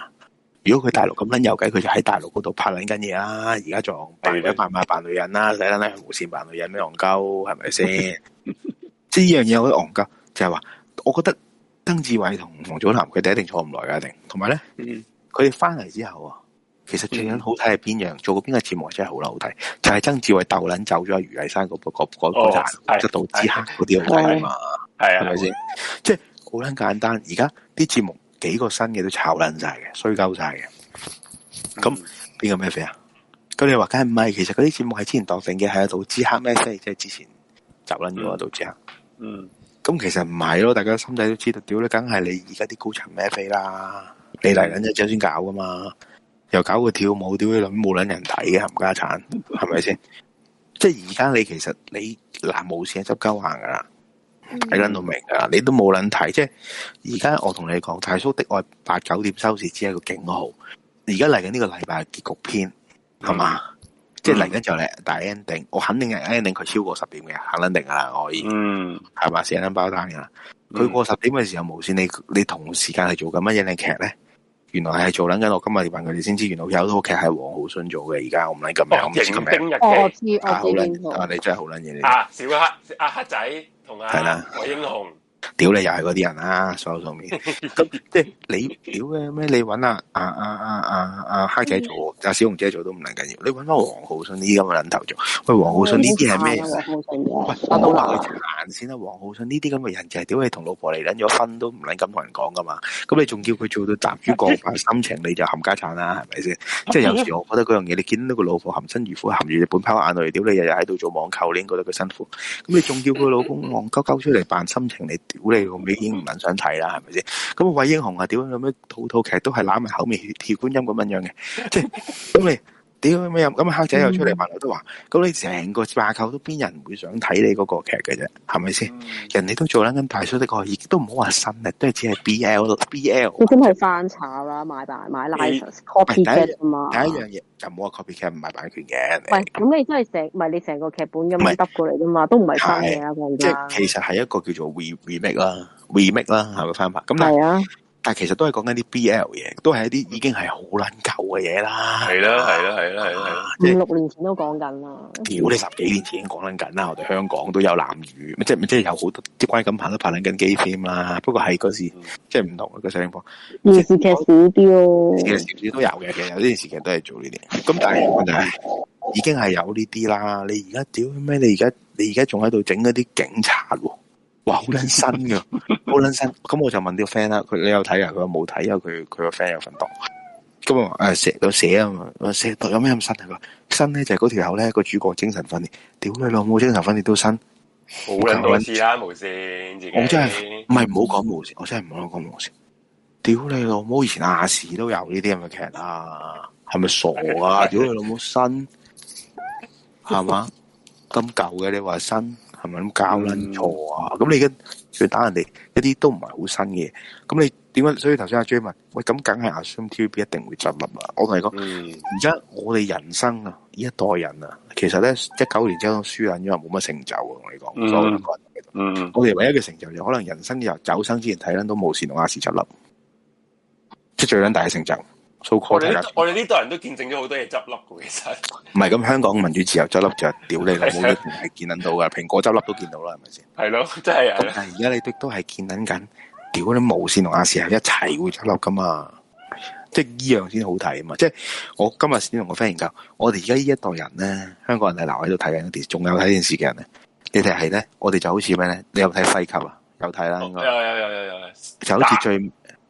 如果佢大陸咁撚有計，佢就喺大陸嗰度拍撚緊嘢啦。而家仲扮鬼扮馬扮女人啦，啊，使撚咧無線扮女人咩戇鳩？係咪先？是是呢 即係依樣嘢，我覺得戇鳩就係話，我覺得曾志偉同王祖藍佢哋一定坐唔耐㗎，一定。同埋咧，佢哋翻嚟之後啊，其實最撚好睇係邊樣？嗯、做過邊個節目真係好撚好睇？就係、是、曾志偉鬥撚走咗余麗珊嗰、嗰個嗰嗰嗰集得之下嗰啲好睇啊嘛。係咪先？即係好撚簡單。而家啲節目。幾個新嘅都炒爛晒嘅，衰鳩晒嘅。咁邊個咩飛啊？佢哋話梗係唔係，其實嗰啲節目係之前定嘅喺度，知黑咩飛，即係之前集撚咗啊，喺度知黑啊。嗯，咁其實唔係咯，大家心底都知道，屌你，梗係你而家啲高層咩飛啦，你嚟緊一朝先搞噶嘛，又搞個跳舞，屌你諗冇撚人睇嘅冚家鏟，係咪先？ 即係而家你其實你嗱無綫執鳩行噶啦。睇捻到明啊！你都冇捻睇，即係而家我同你講，泰叔的愛八九點收視只係個警號，而家嚟緊呢個禮拜嘅結局篇，係嘛、嗯？即係嚟緊就嚟大 ending，我肯定係 ending，佢超過十點嘅，肯定定噶啦，我已經可以，嗯，係嘛？寫撚包單噶啦，佢過十點嘅時候無綫，你你同時間係做緊乜嘢劇咧？原來係做捻緊，我今日問佢哋先知，原來有套劇係黃浩信做嘅，而家我唔捻咁明，我知名。明日劇，好啦，你真係好捻嘢，啊小黑，阿黑、啊、黑仔。係啦，啊、是的我英雄。屌你又係嗰啲人啦，所有上面咁即係你屌嘅咩？你揾啊啊啊啊阿黑仔做，阿小紅姐做都唔撚緊要。你揾翻黃浩信呢啲咁嘅撚頭做，喂，黃浩信呢啲係咩？喂，我好難去彈先啦。黃浩信呢啲咁嘅人就係屌你同老婆離撚咗婚，都唔撚敢同人講噶嘛。咁你仲叫佢做到男主角扮心情，你就冚家鏟啦，係咪先？即係有時我覺得嗰樣嘢，你見到個老婆含辛茹苦含住本拋眼淚，屌你日日喺度做網購，你應該覺得佢辛苦。咁你仲叫佢老公戇鳩鳩出嚟扮心情，你？古你我已經唔想睇啦，係咪先？咁啊，魏英雄啊，點樣咁樣套套劇實都係攬埋口面，鐵觀音咁樣樣嘅，即係咁你。咁黑仔又出嚟問我都話，咁你成個架構都邊人會想睇你嗰個劇嘅啫，係咪先？人哋都做緊大叔的個，亦都唔好話新嘅，都係只係 BL BL。佢梗係翻炒啦，買版買 license copycat 嘛。第一樣嘢就冇話 copycat 唔買版權嘅。喂，咁你真係成，唔係你成個劇本咁樣得過嚟噶嘛？都唔係新嘢啊，即係其實係一個叫做 remake 啦，remake 啦，係咪翻拍？咁啊？但係其實都係講緊啲 BL 嘢，都係一啲已經係好捻舊嘅嘢啦。係啦，係啦，係啦，係啦，五六年前都講緊啦。屌你十幾年前已經講捻緊啦，我哋香港都有藍魚，即係即係有好多啲係關於咁拍都拍捻緊機添啦。不過係嗰時即係唔同嘅聲波，電視劇少啲咯。電視劇都有嘅，其實有啲電視劇都係做呢啲。咁但係問題係已經係有呢啲啦。你而家屌咩？你而家你而家仲喺度整一啲警察喎，哦？哇，好捻新噶！ 好卵新，咁、嗯嗯、我就問啲 friend 啦。佢你有睇啊？佢話冇睇，因為佢佢個 friend 有份讀。咁啊，誒寫到寫啊嘛。寫到有咩咁新啊？新咧就係嗰條友咧個主角精神分裂，屌你老母，精神分裂都新。冇人多事啦，無線我真係唔係唔好講無線，我真係唔好講無線。屌你老母，以前亞視都有呢啲咁嘅劇啊，係咪傻啊？屌 你老母新，係嘛咁舊嘅？你話新係咪咁搞卵錯啊？咁、嗯、你嘅？最打人哋一啲都唔係好新嘅，咁你點樣？所以頭先阿 j a m i 問，喂咁梗係亞視、TVB 一定會執笠啦！我同你講，而家、嗯、我哋人生啊，呢一代人啊，其實咧一九年之後都輸緊，因為冇乜成就啊！我同你講，所我哋、嗯嗯、唯一嘅成就就係、可能人生之後走生之前睇呢，都冇線同亞視執笠，即係最撚大嘅成就。看看我哋呢代人都見證咗好多嘢執笠嘅，其實唔係咁，香港民主自由執笠就係屌你啦，冇嘢係見捻到嘅，蘋 果執笠都見到啦，係咪先？係咯，真係啊！但係而家你都都係見捻緊，屌啲毛線同阿 s i 一齊會執笠噶嘛？即係呢樣先好睇啊嘛！即係我今日先同個 friend 研究，我哋而家呢一代人咧，香港人係留喺度睇緊電視，仲有睇電視嘅人咧，你哋係咧？我哋就好似咩咧？你有睇《細球》打啊？有睇啦，應有有有有有，就好似最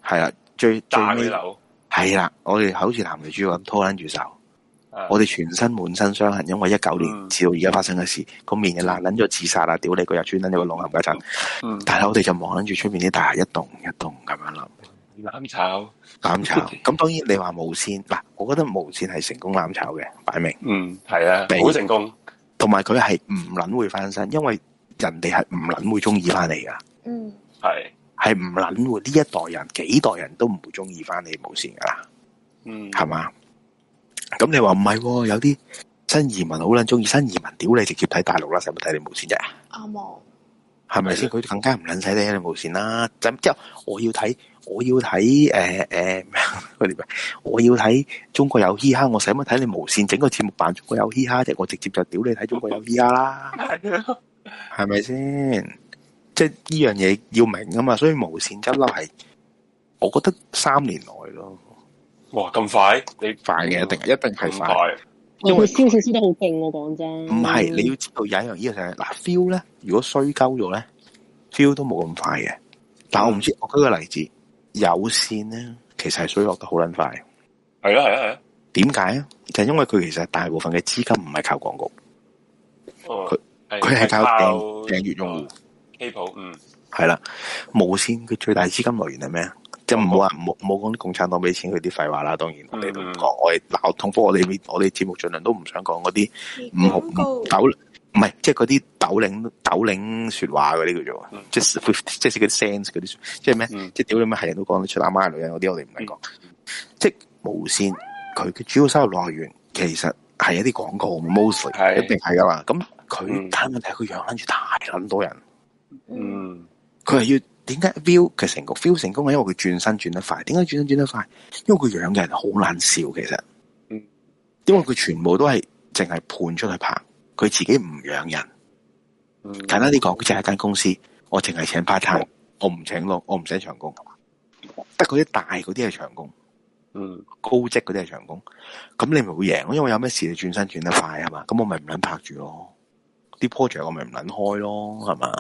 係啊最最尾樓。係啦，我哋好似南肥豬咁拖撚住手，的我哋全身滿身傷痕，因為一九年至、嗯、到而家發生嘅事，爛爛個蟾蟾、嗯、就面嘅啦，撚咗自殺啦，屌你個又村，撚，你個樓唔該陳，但係我哋就望撚住出面啲大廈一棟一棟咁樣諗，攬炒，攬炒，咁 當然你話無線嗱，我覺得無線係成功攬炒嘅，擺明，嗯，係啊，好病成功，同埋佢係唔撚會翻身，因為人哋係唔撚會中意翻你噶，嗯，係。係唔捻？呢一代人幾代人都唔會中意翻你無線噶啦，嗯，係嘛？咁你話唔係？有啲新移民好捻中意新移民，屌你！直接睇大陸啦，使使睇你無線啫？啱喎、嗯吧，係咪先？佢更加唔捻使睇你無線啦。就即係我要睇，我要睇誒誒，嗰我要睇、呃呃、中國有嘻哈，我使乜睇你無線？整個節目辦中國有嘻哈啫，我直接就屌你睇中國有嘻 r 啦，係咪先？ 即係呢樣嘢要明啊嘛，所以無線執笠係，我覺得三年內咯。哇咁快，你快嘅一定係一定係快，因為佢銷售得好勁。我講真，唔係是、嗯、你要知道有一樣這個事情呢嘢就係嗱，feel 咧，如果衰鳩咗咧，feel 都冇咁快嘅。但我唔知，我舉個例子，有線咧其實係衰落得好撚快。係啊係啊係啊，點解啊？就係、是、因為佢其實大部分嘅資金唔係靠廣告，佢佢係靠訂訂閱用戶。靠基 嗯，係啦，無線佢最大資金來源係咩？嗯、即就唔好話唔冇講啲共產黨俾錢佢啲廢話啦。當然、嗯、我哋都唔講，我哋鬧痛風，同我哋、嗯、我哋節目盡量都唔想講嗰啲五好斗，唔係即係嗰啲斗領斗領說話嗰啲叫做，即係、嗯、即係啲 sense 啲，即係咩？即係屌你媽，係人都講得出，阿媽係女人，嗰啲我哋唔係講，即係無線佢嘅主要收入來源其實係一啲廣告，mostly 是一定係噶啦。咁佢但係問題係佢養翻住太捻多人。嗯，佢係要點解 view 嘅成功？feel 成功係因為佢轉身轉得快。點解轉身轉得快？因為佢養嘅人好難笑，其實。嗯，因為佢全部都係淨係判出去拍，佢自己唔養人。嗯、簡單啲講，佢就係一間公司，我淨係請 part time、嗯、我唔請咯，我唔請長工，得嗰啲大嗰啲係長工。嗯，高職嗰啲係長工，咁你咪會贏咯，因為有咩事你轉身轉得快係嘛？咁我咪唔捻拍住咯，啲 project 我咪唔捻開咯，係嘛？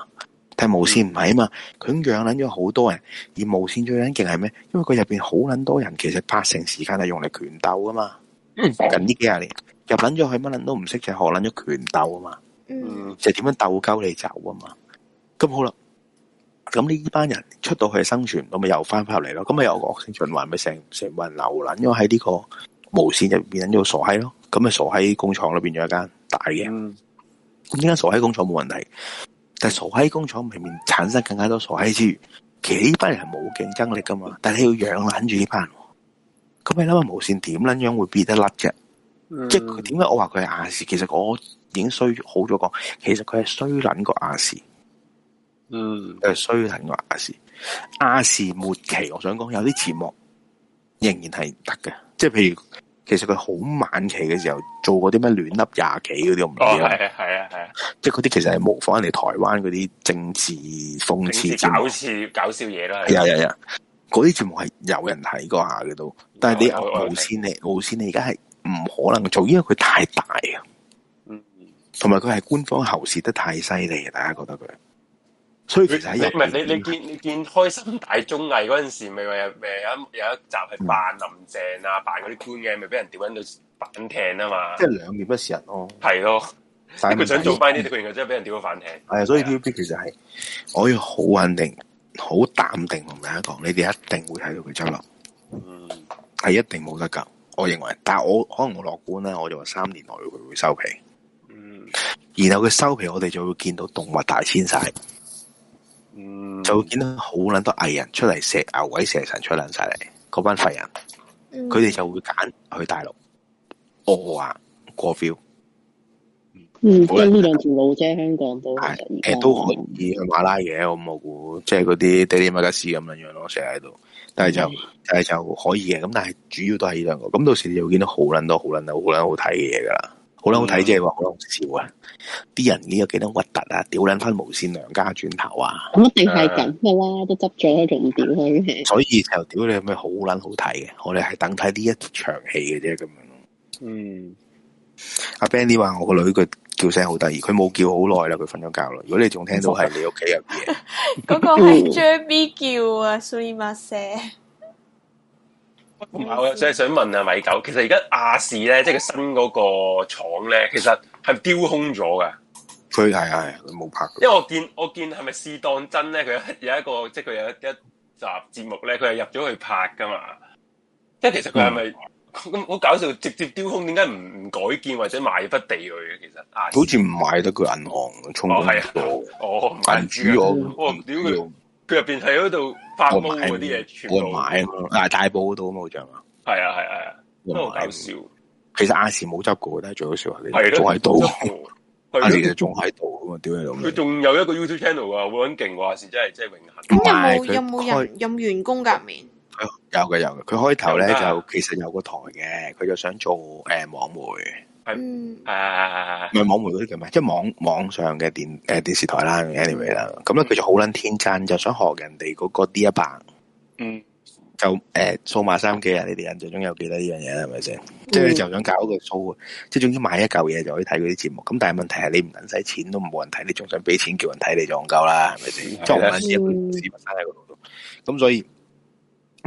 但係無線唔係啊嘛，佢養捻咗好多人，而無線最捻勁係咩？因為佢入邊好捻多人，其實八成時間係用嚟拳鬥噶嘛，嘛。嗯，近呢幾廿年入捻咗，係乜捻都唔識，就學捻咗拳鬥啊嘛。嗯，就點樣鬥鳩你走啊嘛。咁好啦，咁呢班人出到去生存，咁咪又翻翻入嚟咯。咁咪又惡性循環，咪成成萬人流捻，咗因為喺呢個無線入邊捻咗傻閪咯。咁咪傻閪工廠裏面有一間大嘅。咁呢間傻閪工廠冇問題。但係傻閪工廠，明明產生更加多傻閪之餘，呢班人冇競爭力噶嘛？但係你要養捻住呢班人，人咁你諗下無線點捻樣，樣會變得甩啫？嗯、即係點解我話佢係亞視？其實我已經衰好咗個，其實佢係衰捻過亞視。嗯，係、呃、衰捻過亞視。亞視末期，我想講有啲節目仍然係得嘅，即係譬如。其實佢好晚期嘅時候做嗰啲咩亂噏廿幾嗰啲我唔知、哦、啊，係啊係啊係啊，啊即係嗰啲其實係模仿人哋台灣嗰啲政治諷刺節目，搞笑搞笑嘢都係有有有！嗰啲節目係有人睇過下嘅都，但係你無線你無線你而家係唔可能做，因為佢太大啊，嗯，同埋佢係官方喉舌得太犀利，大家覺得佢。所以其實你你你見你見開心大綜藝嗰陣時，咪咪有有一集係扮林鄭啊？嗯、扮嗰啲官嘅，咪俾、啊、了人吊喺度反艇啊嘛！即係兩面不時人咯，係咯，咁佢想做翻呢啲，佢真係俾人吊到反艇。係啊，所以、啊、TVB 其實係我要好穩定、好淡定同大家講，你哋一定會睇到佢收落，係、嗯、一定冇得救。我認為，但我可能我樂觀咧，我就話三年內佢會收皮。嗯，然後佢收皮，我哋就會見到動物大遷徙。就見到好捻多藝人出嚟，石牛鬼蛇神出捻晒嚟，嗰班廢人，佢哋就會揀去大陸，我話過標。嗯，即係呢兩條路啫，香港都係，誒都可以去馬拉嘢，我冇估，即係嗰啲迪里馬吉斯咁樣樣咯，成日喺度，但係就但係就可以嘅，咁但係主要都係呢兩個，咁到時就會見到好捻多好捻好好捻好睇嘅嘢噶啦。好捻好睇即係話好捻好笑啊！啲人呢個幾多核突啊？屌捻翻無線娘家轉頭啊！咁一定係咁嘅啦，嗯、都執咗仲唔屌佢嘅。所以就屌你咩好捻好睇嘅？我哋係等睇呢一場戲嘅啫，咁樣。嗯，阿 Benny 話我個女佢叫聲好得意，佢冇叫好耐啦，佢瞓咗覺啦。如果你仲聽到係 你屋企入邊，嗰個係 J B 叫啊 Three Musketeer 我真係想問啊，米九，其實而家亞視咧，即係新嗰個廠咧，其實係丟空咗㗎？佢係係冇拍過。因為我見我見係咪試當真咧？佢有一個即係佢有一一集節目咧，佢係入咗去拍噶嘛。即係其實佢係咪咁好搞笑？直接丟空，點解唔唔改建或者買筆地去？其實啊，好似唔買得佢銀行，充唔到、哦啊。我唔關屌佢。佢入邊喺嗰度發夢嗰啲嘢，全部買啊大埔嗰度啊嘛，好啊，係啊係啊，咁都搞笑。其實亞視冇執過，但係最好笑係你仲喺度，亞視仲喺度啊嘛，屌你老母！佢仲有一個 YouTube channel 啊，好勁喎，亞視真係真係永恆。咁有冇有冇人任員工入面？有有嘅有嘅，佢開頭咧就其實有個台嘅，佢就想做誒網媒。係啊，咪網媒嗰啲叫咩？即係網網上嘅電誒電視台啦，anyway 啦，咁咧佢就好撚天真，就想學人哋嗰個 D100，嗯，就誒數碼三 G 啊，你哋印象中有幾多呢樣嘢咧？係咪先？即係就想搞一個數，即係總之買一嚿嘢就可以睇嗰啲節目。咁但係問題係你唔撚使錢都冇人睇，你仲想俾錢叫人睇你就唔夠啦，係咪先？將啲嘢全部屎忽塞喺個腦度，咁所以。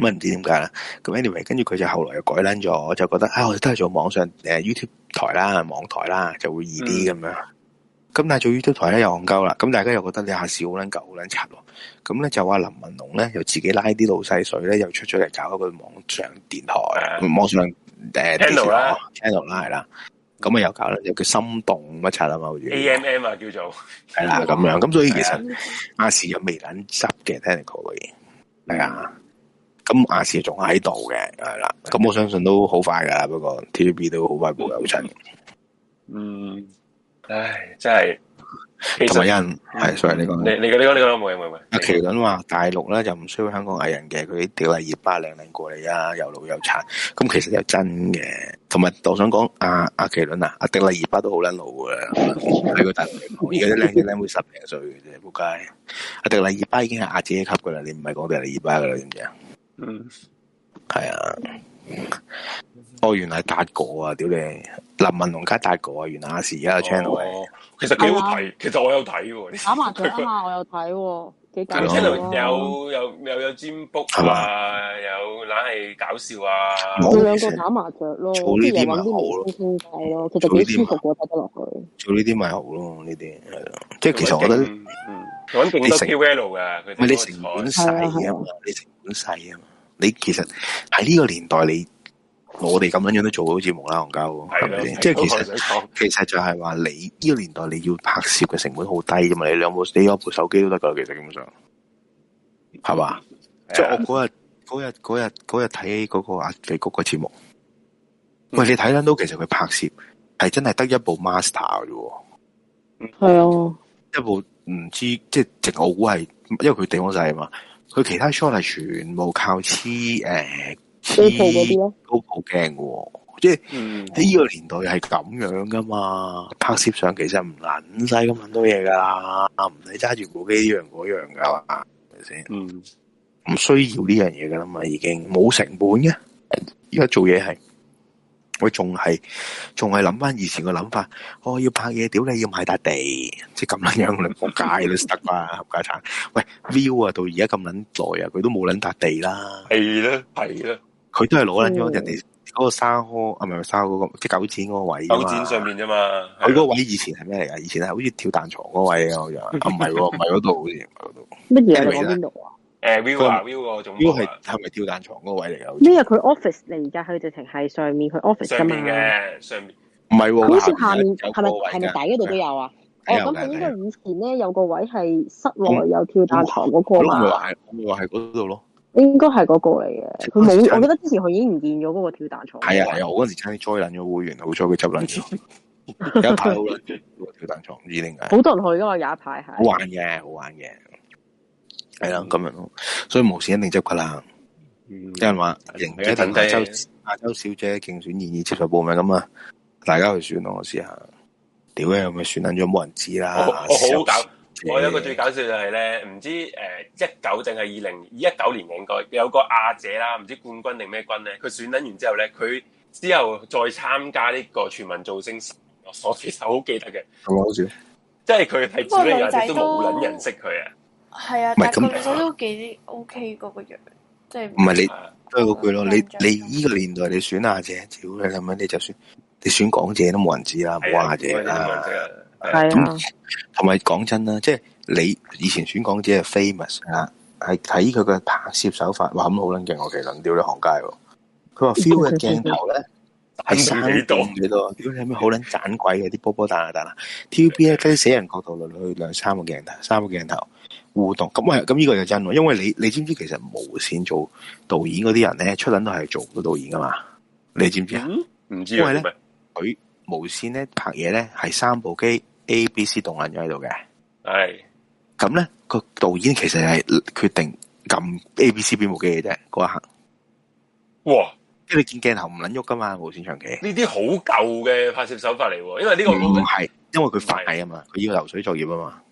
咁唔知點解啦。咁 anyway，跟住佢就後來又改撚咗，就覺得啊、哎，我哋都係做網上誒 YouTube 台啦、網台啦，就會易啲咁樣。咁、嗯、但係做 YouTube 台咧又戇鳩啦。咁大家又覺得你亞視好撚舊、好撚柒喎。咁咧就話林文龍咧又自己拉啲老細水咧，又出咗嚟搞一個網上電台、嗯、網上誒、嗯 uh, channel 啦、哦，channel 啦係啦。咁啊又搞啦，又叫心動乜柒啊嘛，好似 AMM 啊叫做。係啦，咁樣咁所以其實亞視又未撚執嘅，technical 嘅嘢啊。嗯咁亞視仲喺度嘅，係啦。咁我相信都好快㗎啦。不過 TVB 都好快步有進。嗯，唉，真係。同埋有人係，所以你講你你講你講，你冇阿奇倫話大陸咧就唔需要香港藝人嘅，佢啲迪麗熱巴靚靚過嚟啊，又老又殘。咁其實又真嘅。同埋我想講阿阿奇倫啊，阿迪麗熱巴都好撚老嘅喺個大陸，而家啲靚靚妹十零歲嘅啫，仆街。阿迪麗熱巴已經係亞姐級㗎啦，你唔係講迪麗熱巴㗎啦，知唔知啊？嗯，係啊，哦，原來達哥啊，屌你，林文龍家達哥啊，原來阿時而家 channel，其實幾好睇，其實我有睇喎，你打麻雀啊嘛，我有睇喎，幾勁啊，有有又有占卜係嘛，有硬係搞笑啊，佢兩個打麻雀咯，呢啲咪好咯，做呢啲舒服過睇得落去，做呢啲咪好咯，呢啲係咯，即係其實我覺得，嗯，勁你成本細啊你成本細啊你其實喺呢個年代你，你我哋咁樣樣都做好似無啦啦，戇鳩吧，係咪先？即係其實，說其實就係話你呢個年代，你要拍攝嘅成本好低噶嘛？你兩部，你攞部手機都得噶，其實基本上係嘛？即係我嗰日嗰日嗰日日睇嗰個阿肥菊個節目，喂，嗯、你睇到其實佢拍攝係真係得一部 Master 啫，係是啊、嗯，一部唔知即係，我估係因為佢地方細啊嘛。佢其他 shop 係全部靠黐誒黐都好驚嘅，即係喺呢個年代係咁樣噶嘛。拍攝相其實唔撚使咁樣多嘢㗎，唔使揸住部機呢樣嗰樣㗎，係咪先？唔需要呢樣嘢㗎啦嘛，已經冇成本嘅。而家做嘢係。我仲係仲係諗翻以前嘅諗法，我要拍嘢，屌你，要買笪地，即係咁捻樣我哋仆街都得啦，冚家鏟。喂，view 啊，到而家咁捻耐啊，佢都冇捻笪地啦。係啦，係啦，佢都係攞捻咗人哋嗰個沙河啊，咪沙河嗰個，即係九展嗰個位。九展上面啫嘛，佢嗰個位以前係咩嚟啊？以前係好似跳彈床嗰位啊，又啊唔係，唔係嗰度，好似唔係嗰度。乜嘢啊？邊度啊？誒 v i 個係係咪跳彈床嗰個位嚟，有呢啊？佢、啊啊、office 嚟，而佢直情喺上面佢 office 噶嘛？嘅，上面唔係，好似、啊、下面係咪係咪底嗰度都有啊？是有哦，咁係應該以前咧有個位係室內有跳彈床嗰個嘛？係、嗯，我係嗰度咯。應該係嗰個嚟嘅，佢冇，我記得之前佢已經唔見咗嗰個跳彈床。係啊係、嗯、啊，我嗰時候差啲 join 咗會員，了 好彩佢執笠咗，有一排好啦，跳彈床唔知點解。好多人去噶嘛，有一排係。好玩嘅，好玩嘅。係啦，咁樣咯，所以無綫一定執嘅啦。有人話等姐亞洲亞洲小姐競選二二接受報名咁啊，大家去選咯，我試下。屌，有冇選捻咗？冇人知啦。我好搞，小小我有個最搞笑就係咧，唔知誒、呃、一九定係二零二一九年應該有個亞姐啦，唔知冠軍定咩軍咧？佢選捻完之後咧，佢之後再參加呢、這個全民造星，我其實好記得嘅，係咪好似？即係佢係主流亞姐都冇捻人認識佢啊！係啊，但係個女仔都幾 O K 嗰個樣，即係唔係你都係嗰句咯。你你呢個年代你選阿姐，屌你係咪？你就算你選港姐都冇人知啦，冇阿姐啦。係啊，同埋講真啦，即係你以前選港姐係 famous 啊，係睇佢嘅拍攝手法哇，咁好撚勁，我其能屌你行街。佢話 feel 嘅鏡頭咧係三度幾多屌你係咪好撚盞鬼嘅啲波波彈啊彈啊 T V B 咧嗰啲死人角度嚟嚟去兩三個鏡頭，三個鏡頭。互動咁係，咁呢個就真喎，因為你你知唔知其實無線做導演嗰啲人咧，出捻都係做個導演噶嘛？你知唔知啊？唔、嗯、知啊？因為咧，佢無線咧拍嘢咧係三部機 A、B、C 動運咗喺度嘅，係咁咧個導演其實係決定撳 A、B、C 邊部機嘅啫，嗰一刻。哇！因為你見鏡頭唔捻喐噶嘛，無線長期！呢啲好舊嘅拍攝手法嚟，因為呢個唔係，因為佢快啊嘛，佢是要流水作業啊嘛。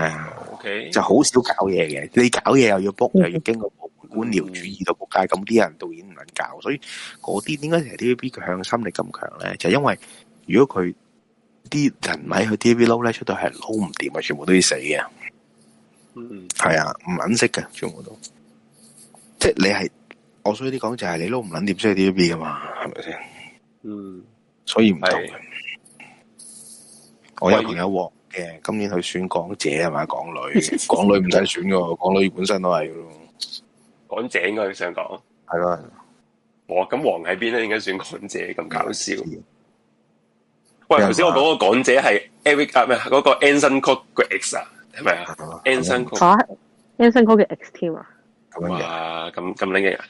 係啊，OK，就好少搞嘢嘅。你搞嘢又要 book，、嗯、又要經過部門官僚主義到仆街，咁啲、嗯、人導演唔肯搞，所以嗰啲點解 T V B 佢向心力咁強咧？就是、因為如果佢啲人喺去 T V B 撈咧，出到係撈唔掂啊，全部都要死嘅。嗯，係啊，唔肯識嘅，全部都。即係你係，我、就是是是嗯、所以啲講就係你撈唔穩掂先係 T V B 噶嘛，係咪先？嗯，所以唔同我有朋友喂。誒，今年佢選港姐係咪？港女，港女唔使選噶，港女本身都係咯。港姐應該你想講係咯，我咁的、哦、王喺邊咧？應該選港姐咁搞笑。喂，頭先我講個港姐係 Eric 是嗎啊，咩、那、嗰個 Anson Cook 嘅 ex 啊，係咪啊？Anson Cook 啊，Anson Cook 嘅 ex 添啊？咁啊，咁咁靚嘅人，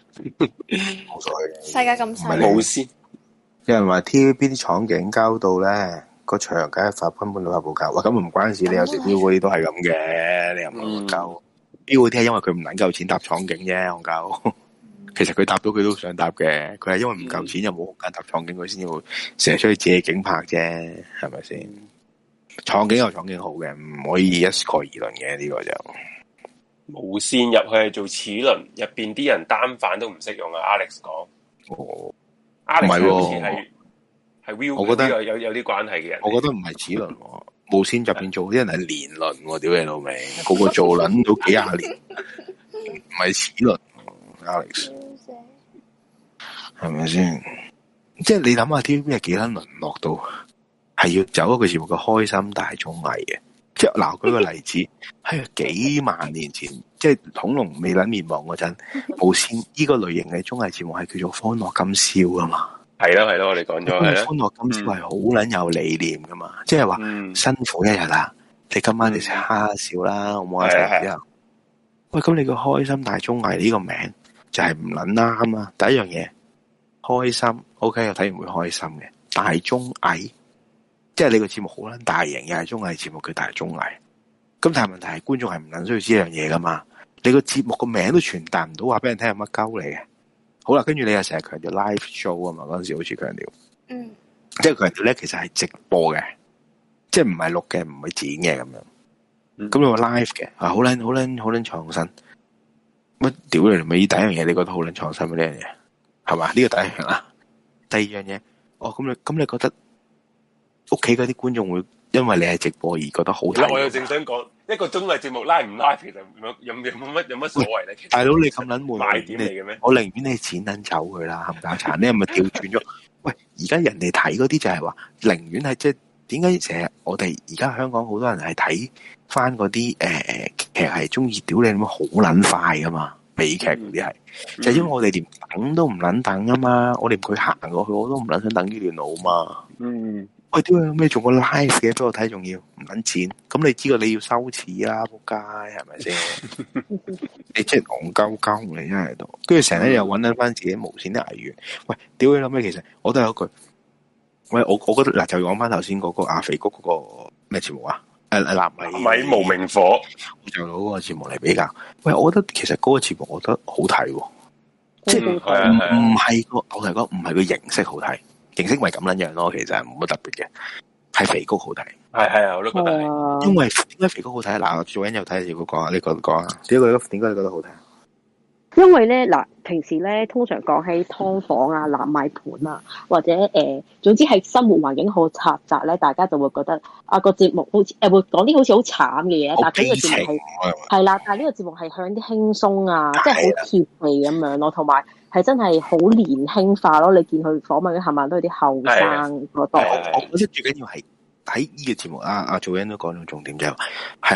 冇所謂嘅。世界咁細，冇事、這個。有人話 TVB 啲廠景交到咧。個場梗係發，根本都發唔夠，咁又唔關事。你有時飆嗰啲都係咁嘅，你又唔夠啲，聽、嗯，因為佢唔能夠錢搭廠景啫，我夠。其實佢搭到佢都想搭嘅，佢係因為唔夠錢、嗯、又冇空間搭廠景，佢先至會成日出去借景拍啫，係咪先？廠、嗯、景有廠景好嘅，唔可以一概而論嘅，呢、這個就無線入去做齒輪，入邊啲人單反都唔識用啊。Alex 講唔 Alex 係。是 view，我覺得有有有啲關係嘅人，我覺得唔係齒輪， 無綫入邊做啲人係年輪，屌你老味，個個做捻到幾廿年，唔係齒輪，Alex，係咪先？即係你諗下 TVB 係幾捻淪落到係要走一個節目嘅開心大綜藝嘅？即係嗱，舉、舉個例子，喺 幾萬年前，即係恐龍未捻滅亡嗰陣，無綫呢個類型嘅綜藝節目係叫做歡樂今宵㗎嘛。係啦係咯，我哋講咗係咧。歡樂今宵係好捻有理念噶嘛，即係話、嗯、辛苦一日啦，你今晚你食蝦餃啦，我冇話食屎啊！喂，咁你個開心大綜藝呢個名就係唔捻啱啊！第一樣嘢開心，OK，我睇完會開心嘅。大綜藝即係你個節目好捻大型，又係綜藝節目叫大綜藝。咁但係問題係觀眾係唔捻需要呢樣嘢噶嘛？你個節目個名都傳達唔到，話俾人聽乜鳩嚟嘅？好啦，跟住你又成日強調 live show 啊嘛，嗰陣時好似強調，嗯，即係強調咧其實係直播嘅，即係唔係錄嘅，唔係剪嘅咁樣，咁、嗯、又 live 嘅，啊好捻好捻好捻創新，乜屌你咪第一樣嘢你覺得好捻創新乜呢樣嘢，係嘛？呢個第一樣啦，第二樣嘢，哦咁你咁你覺得屋企嗰啲觀眾會？因為你係直播而覺得好睇，我又正想講一個綜藝節目拉唔拉，其實有冇乜有乜所謂咧。大佬，你咁撚悶賣點嚟嘅咩？我寧願你錢撚走佢啦，冚家鏟！你係咪調轉咗？ 喂，而家人哋睇嗰啲就係話，寧願係即係點解成日我哋而家香港好多人係睇翻嗰啲誒劇，係中意屌你咁樣好撚快噶嘛？美劇嗰啲係就因為我哋連等都唔撚等啊嘛，我連佢行過去我都唔撚想等依段路嘛。嗯。喂，屌你有咩？做個 live 嘢俾我睇，仲要唔揾錢？咁你知道你要羞恥啦，仆街係咪先？你真係戇鳩鳩你真喺度。跟住成日又搵得翻自己無線啲藝員。喂，屌你諗咩？其實我都有一句。喂，我我覺得嗱、呃，就要講翻頭先嗰個阿、啊、肥谷嗰、嗰個咩節目啊？誒、呃、誒，納米藍米無名火就攞嗰個節目嚟比較。喂，我覺得其實嗰個節目我覺得好睇、哦，即係唔唔係個，我係講唔係個形式好睇。形式咪咁樣樣咯，其實冇好特別嘅，係肥菊好睇，係係啊，我都覺得的因為點解肥菊好睇嗱，我做緊又睇住佢講啊，你講講下呢個點解你覺得好睇？因為咧嗱，平時咧通常講起劏房啊、爛尾盤啊，或者誒、呃，總之係生活環境好雜雜咧，大家就會覺得啊、這個節目好似誒會講啲好似好慘嘅嘢，但係呢個節目係係啦，但係呢個節目係向啲輕鬆啊，的即係好調皮咁樣咯，同埋。係真係好年輕化咯！你見佢訪問嘅冚唪唥都係啲後生嗰代。我覺得最緊要係喺呢個節目，阿阿 Joey 都講到重點就係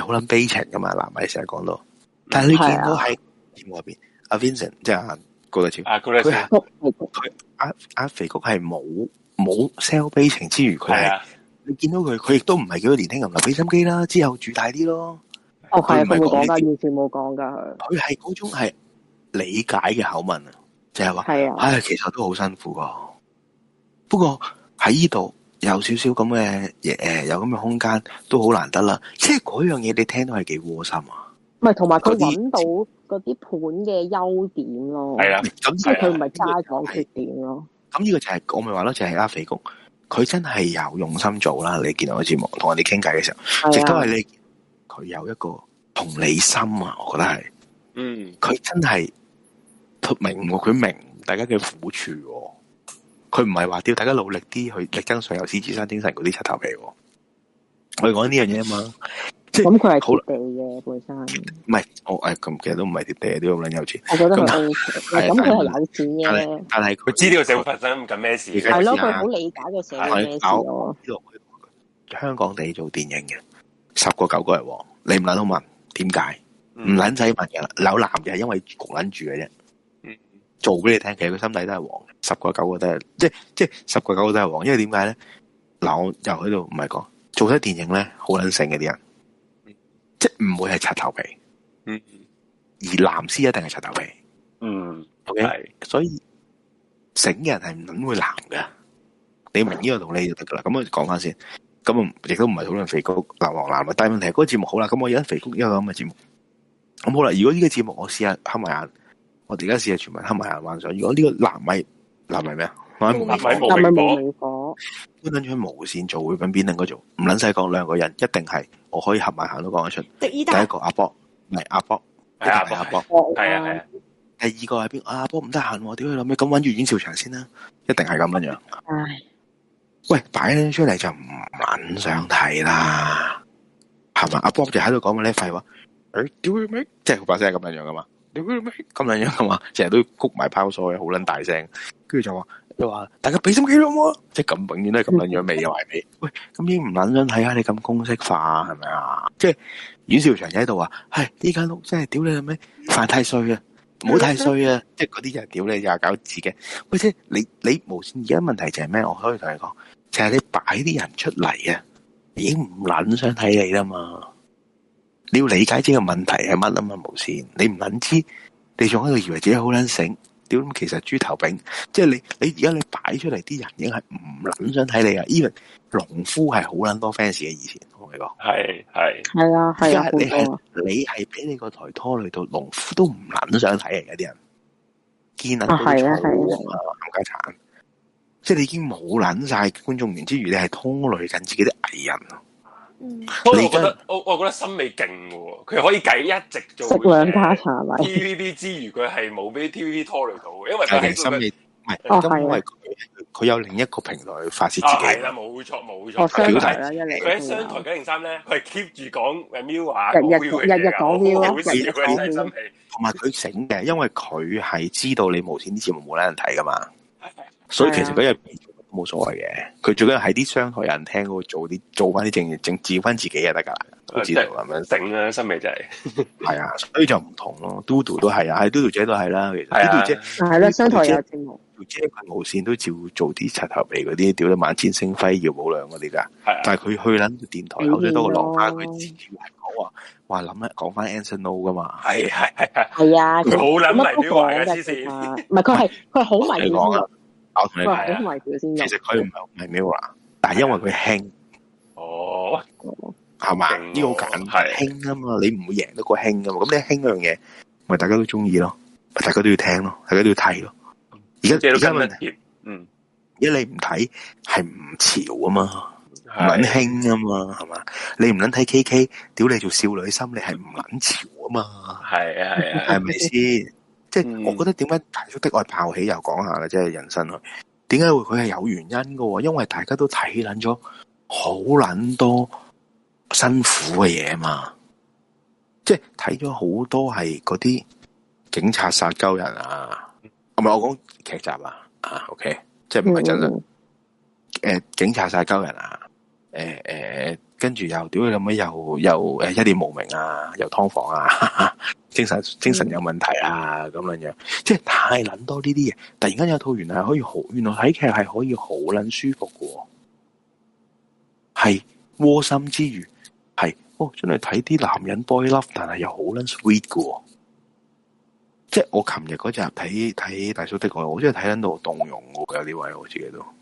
好撚悲情噶嘛。嗱，咪成日講到，但係你見到喺節目入面，阿的 Vincent 即係、啊、高德超，佢阿阿肥菊係冇冇 sell 悲情之餘，佢係的你見到佢，佢亦都唔係幾多年輕人，人留悲俾心機啦，之後主大啲咯。哦，係佢冇講㗎，完全冇講㗎，佢係係嗰種係理解嘅口吻啊。就係話，唉、啊哎，其實都好辛苦噶。不過喺呢度有少少咁嘅嘢，誒、呃，有咁嘅空間都好難得啦。即係嗰樣嘢，你聽到係幾窩心啊？唔係，同埋佢搵到嗰啲盤嘅優點咯。係啊，咁即係佢唔係齋講缺點咯。咁呢個就係、是、我咪話咯，就係阿肥公，佢真係有用心做啦。你見到我節目同我哋傾偈嘅時候，亦都係你佢有一個同理心啊。我覺得係，嗯，佢真係。明喎，佢明大家嘅苦處、哦，佢唔係話要大家努力啲去力爭上游，獅子山精神嗰啲七頭皮、哦。我哋講呢樣嘢啊嘛，即係咁佢係好地嘅背山，唔係我誒咁，其實都唔係啲地都好捻有錢。我覺得佢係咁，佢係捻錢嘅。但係佢知呢個社會發生唔緊咩事，係咯，佢好理解個社會香港地做電影嘅，十個九個人，你唔諗都問點解唔捻仔問嘅。有男嘅係因為焗捻住嘅啫。做俾你聽，其實佢心底都係黃，十個九個都係，即係即係十個九個都係黃，因為點解咧？嗱，我又喺度唔係講，做咗電影咧好捻醒嘅啲人，即係唔會係擦頭皮，嗯、mm，hmm. 而藍絲一定係擦頭皮，嗯，OK，係，所以醒嘅人係唔會藍嘅，你明呢個道理就得噶啦。咁啊，講翻先，咁亦都唔係討論肥谷嗱黃藍啊，但係問題嗰、那個節目好啦，咁我而家肥谷一個咁嘅節目，咁好啦，如果呢個節目我試下黑埋眼。我哋而家試下全民合埋行幻想，如果呢個男米男米咩啊？難米冇。明火，難米無明火。搬緊出去無線做會品編，應該做唔撚使講，兩個人一定係我可以合埋行都講得出。第,第一個阿波，咪、啊、阿波，阿阿阿波，係啊係啊。啊第二個係邊？阿、啊、波唔得閒，我屌佢老尾，咁揾住袁紹祥先啦，一定係咁樣樣。哎、喂，擺出嚟就唔撚想睇啦，係埋阿波就喺度講緊呢廢話，屌、哎、即係佢把聲係咁樣樣噶嘛？咁兩樣噶嘛，成日都谷埋拋腮嘅，好捻大聲，跟住就話，就話大家俾心機咯，即係咁永遠都係咁兩樣味啊，係咪？喂，咁已經唔捻想睇下你咁公式化係咪啊？即係阮兆祥喺度話，係呢間屋真係屌你咩，犯太歲啊，唔好太衰啊，即係嗰啲就係屌你又搞自己嘅，喂，即係你你無綫而家問題就係咩？我可以同你講，就係你擺啲人出嚟啊，已經唔捻想睇你啦嘛。你要理解呢個問題係乜啊嘛，無線，你唔撚知，你仲喺度以為自己好捻醒，屌咁其實豬頭餅，即係你你而家你擺出嚟啲人已經係唔撚想睇你啊！even 農夫係好捻多 fans 嘅以前，同你講係係係啊係啊，你係你係俾你個台拖累到農夫都唔撚想睇嘅，有啲人見捻到彩虹啊，咁鬼慘，即係你已經冇撚晒觀眾，然之如你係拖累緊自己啲藝人。所以我覺得，我我覺得森美勁喎，佢可以計一直做。食兩家茶位。T V B 之餘，佢係冇俾 T V B 拖累到，因為佢嘅森美。唔因為佢有另一個平台發泄自己。係啦，冇錯，冇錯。我佢喺商台九零三呢，佢 keep 住講阿 Miu 日日日講 m i m i 同埋佢醒嘅，因為佢係知道你無線啲節目冇得人睇㗎嘛，所以其實佢入冇所謂嘅，佢最緊要喺啲商台人聽嗰度做啲做翻啲正整自翻自己就得噶啦，知道咁樣整啦、啊，心味真係係啊，所以就唔同咯。Dodo oo 都係啊，喺、哎、Dodo 姐都係啦，其實係啊，係咯、啊，商台有節目，做車軌無線都照做啲七頭鼻嗰啲，屌到萬千星輝耀保良嗰啲噶，但係佢去捻電台口水多過浪花，佢自己係講啊，話諗一講翻 Anson Lo 噶、e、嘛，係係係係，啊，佢、啊、好諗嚟唔係佢係佢係好迷我同你睇，其實佢唔係 Mirror，但係因為佢輕，哦，係嘛？呢個好簡單，輕啊嘛，你唔會贏得過輕噶嘛。咁呢輕嗰樣嘢，咪大家都中意咯，大家都要聽咯，大家都要睇咯。而家而家問題，嗯，因為你唔睇係唔潮啊嘛，唔興啊嘛，係嘛？你唔捻睇 KK，屌你做少女心，你係唔捻潮啊嘛？係啊，係啊，係咪先？即係我覺得點解提出的愛炮起又講下啦，即係人生去點解會佢係有原因噶？因為大家都睇捻咗好捻多辛苦嘅嘢嘛，即係睇咗好多係嗰啲警察殺鳩人啊，係咪？我講劇集啊，啊，OK，即係唔係真實，誒、嗯呃，警察殺鳩人啊，誒、呃、誒。呃跟住又屌佢咁樣，又又誒一念無名啊，又劏房啊，哈哈精神精神有問題啊，咁樣樣，即係太捻多呢啲嘢。突然間有套原來可以好，原來睇劇係可以好捻舒服喎，係窩心之餘，係哦，真係睇啲男人 boy love，但係又好捻 sweet 喎。即係我琴日嗰集睇睇大叔的愛，我真係睇到動容，我有啲位我自己都。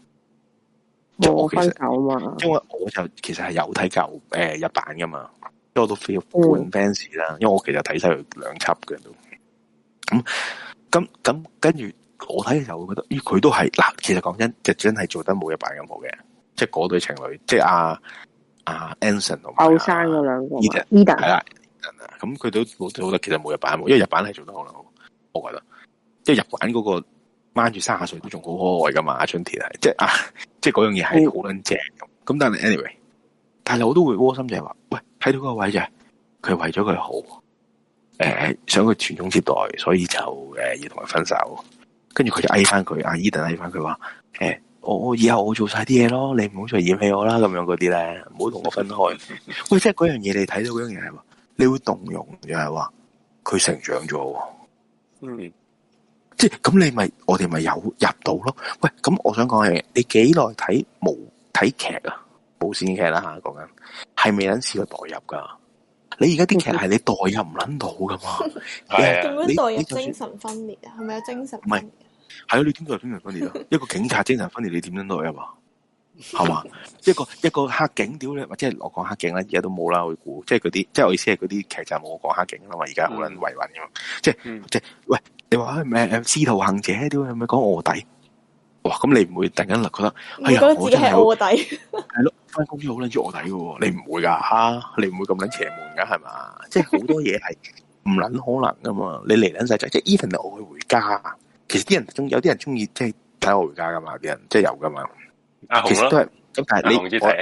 我睇舊啊嘛，因為我就其實係有睇舊誒日版噶嘛，因為我都 feel 半 fans 啦。因為我其實睇晒佢兩輯嘅都，咁咁咁跟住我睇嘅時候，覺得咦，佢都係嗱，其實講真，就真係做得冇日版咁好嘅，即係嗰對情侶，即係阿阿 Anson 同歐生嗰兩個。Edan 係啦，咁佢、e、dan 都冇冇得，其實冇日版好，因為日版係做得好啦，我覺得，即係日版嗰、那個。掹住三下歲都仲好可愛噶嘛？阿春田係即係啊，即係嗰樣嘢係好撚正咁。Oh. 但係 anyway，但係我都會窩心就係話，喂，睇到個位啫，佢為咗佢好，誒、呃，想佢傳宗接代，所以就誒、呃、要同佢分手。跟住佢就嗌翻佢，阿伊頓嗌翻佢話，誒、欸，我我以後我做晒啲嘢咯，你唔好再嫌棄我啦，咁樣嗰啲咧，唔好同我分開。 喂，即係嗰樣嘢你睇到嗰樣嘢係話，你會動容，又係話佢成長咗。嗯。Hmm. 即係咁，你咪我哋咪有入到咯？喂，咁我想講嘅嘢，你幾耐睇無睇劇啊？無線劇啦吓，講緊係咪有試過代入噶？你而家啲劇係你代入唔捻到噶嘛？你代入精神分裂啊？係咪、就是、 有精神分裂？係啊，你點解有精神分裂？ 一個警察精神分裂，你點捻到入啊？係嘛？ 一個一個黑警屌你，或者係我講黑警啦，而家都冇啦，我估、就是就是。即係嗰啲，即係我意思係嗰啲劇就冇講黑警啦嘛。而家好捻維穩噶嘛？即係即係喂。你話誒誒，司徒行者，你話咪講臥底？哇！咁你唔會突然間立覺得，係啊，自己係臥底。係咯，翻公司好捻住臥底噶，你唔會噶，吓你唔會咁捻邪門噶，係嘛？即係好多嘢係唔捻可能噶嘛？你嚟捻晒就即係，even 愛回家，其實啲人中，有啲人中意即係睇我回家噶嘛？啲人即係、就是、有噶嘛？啊，其實都係，咁但係你、啊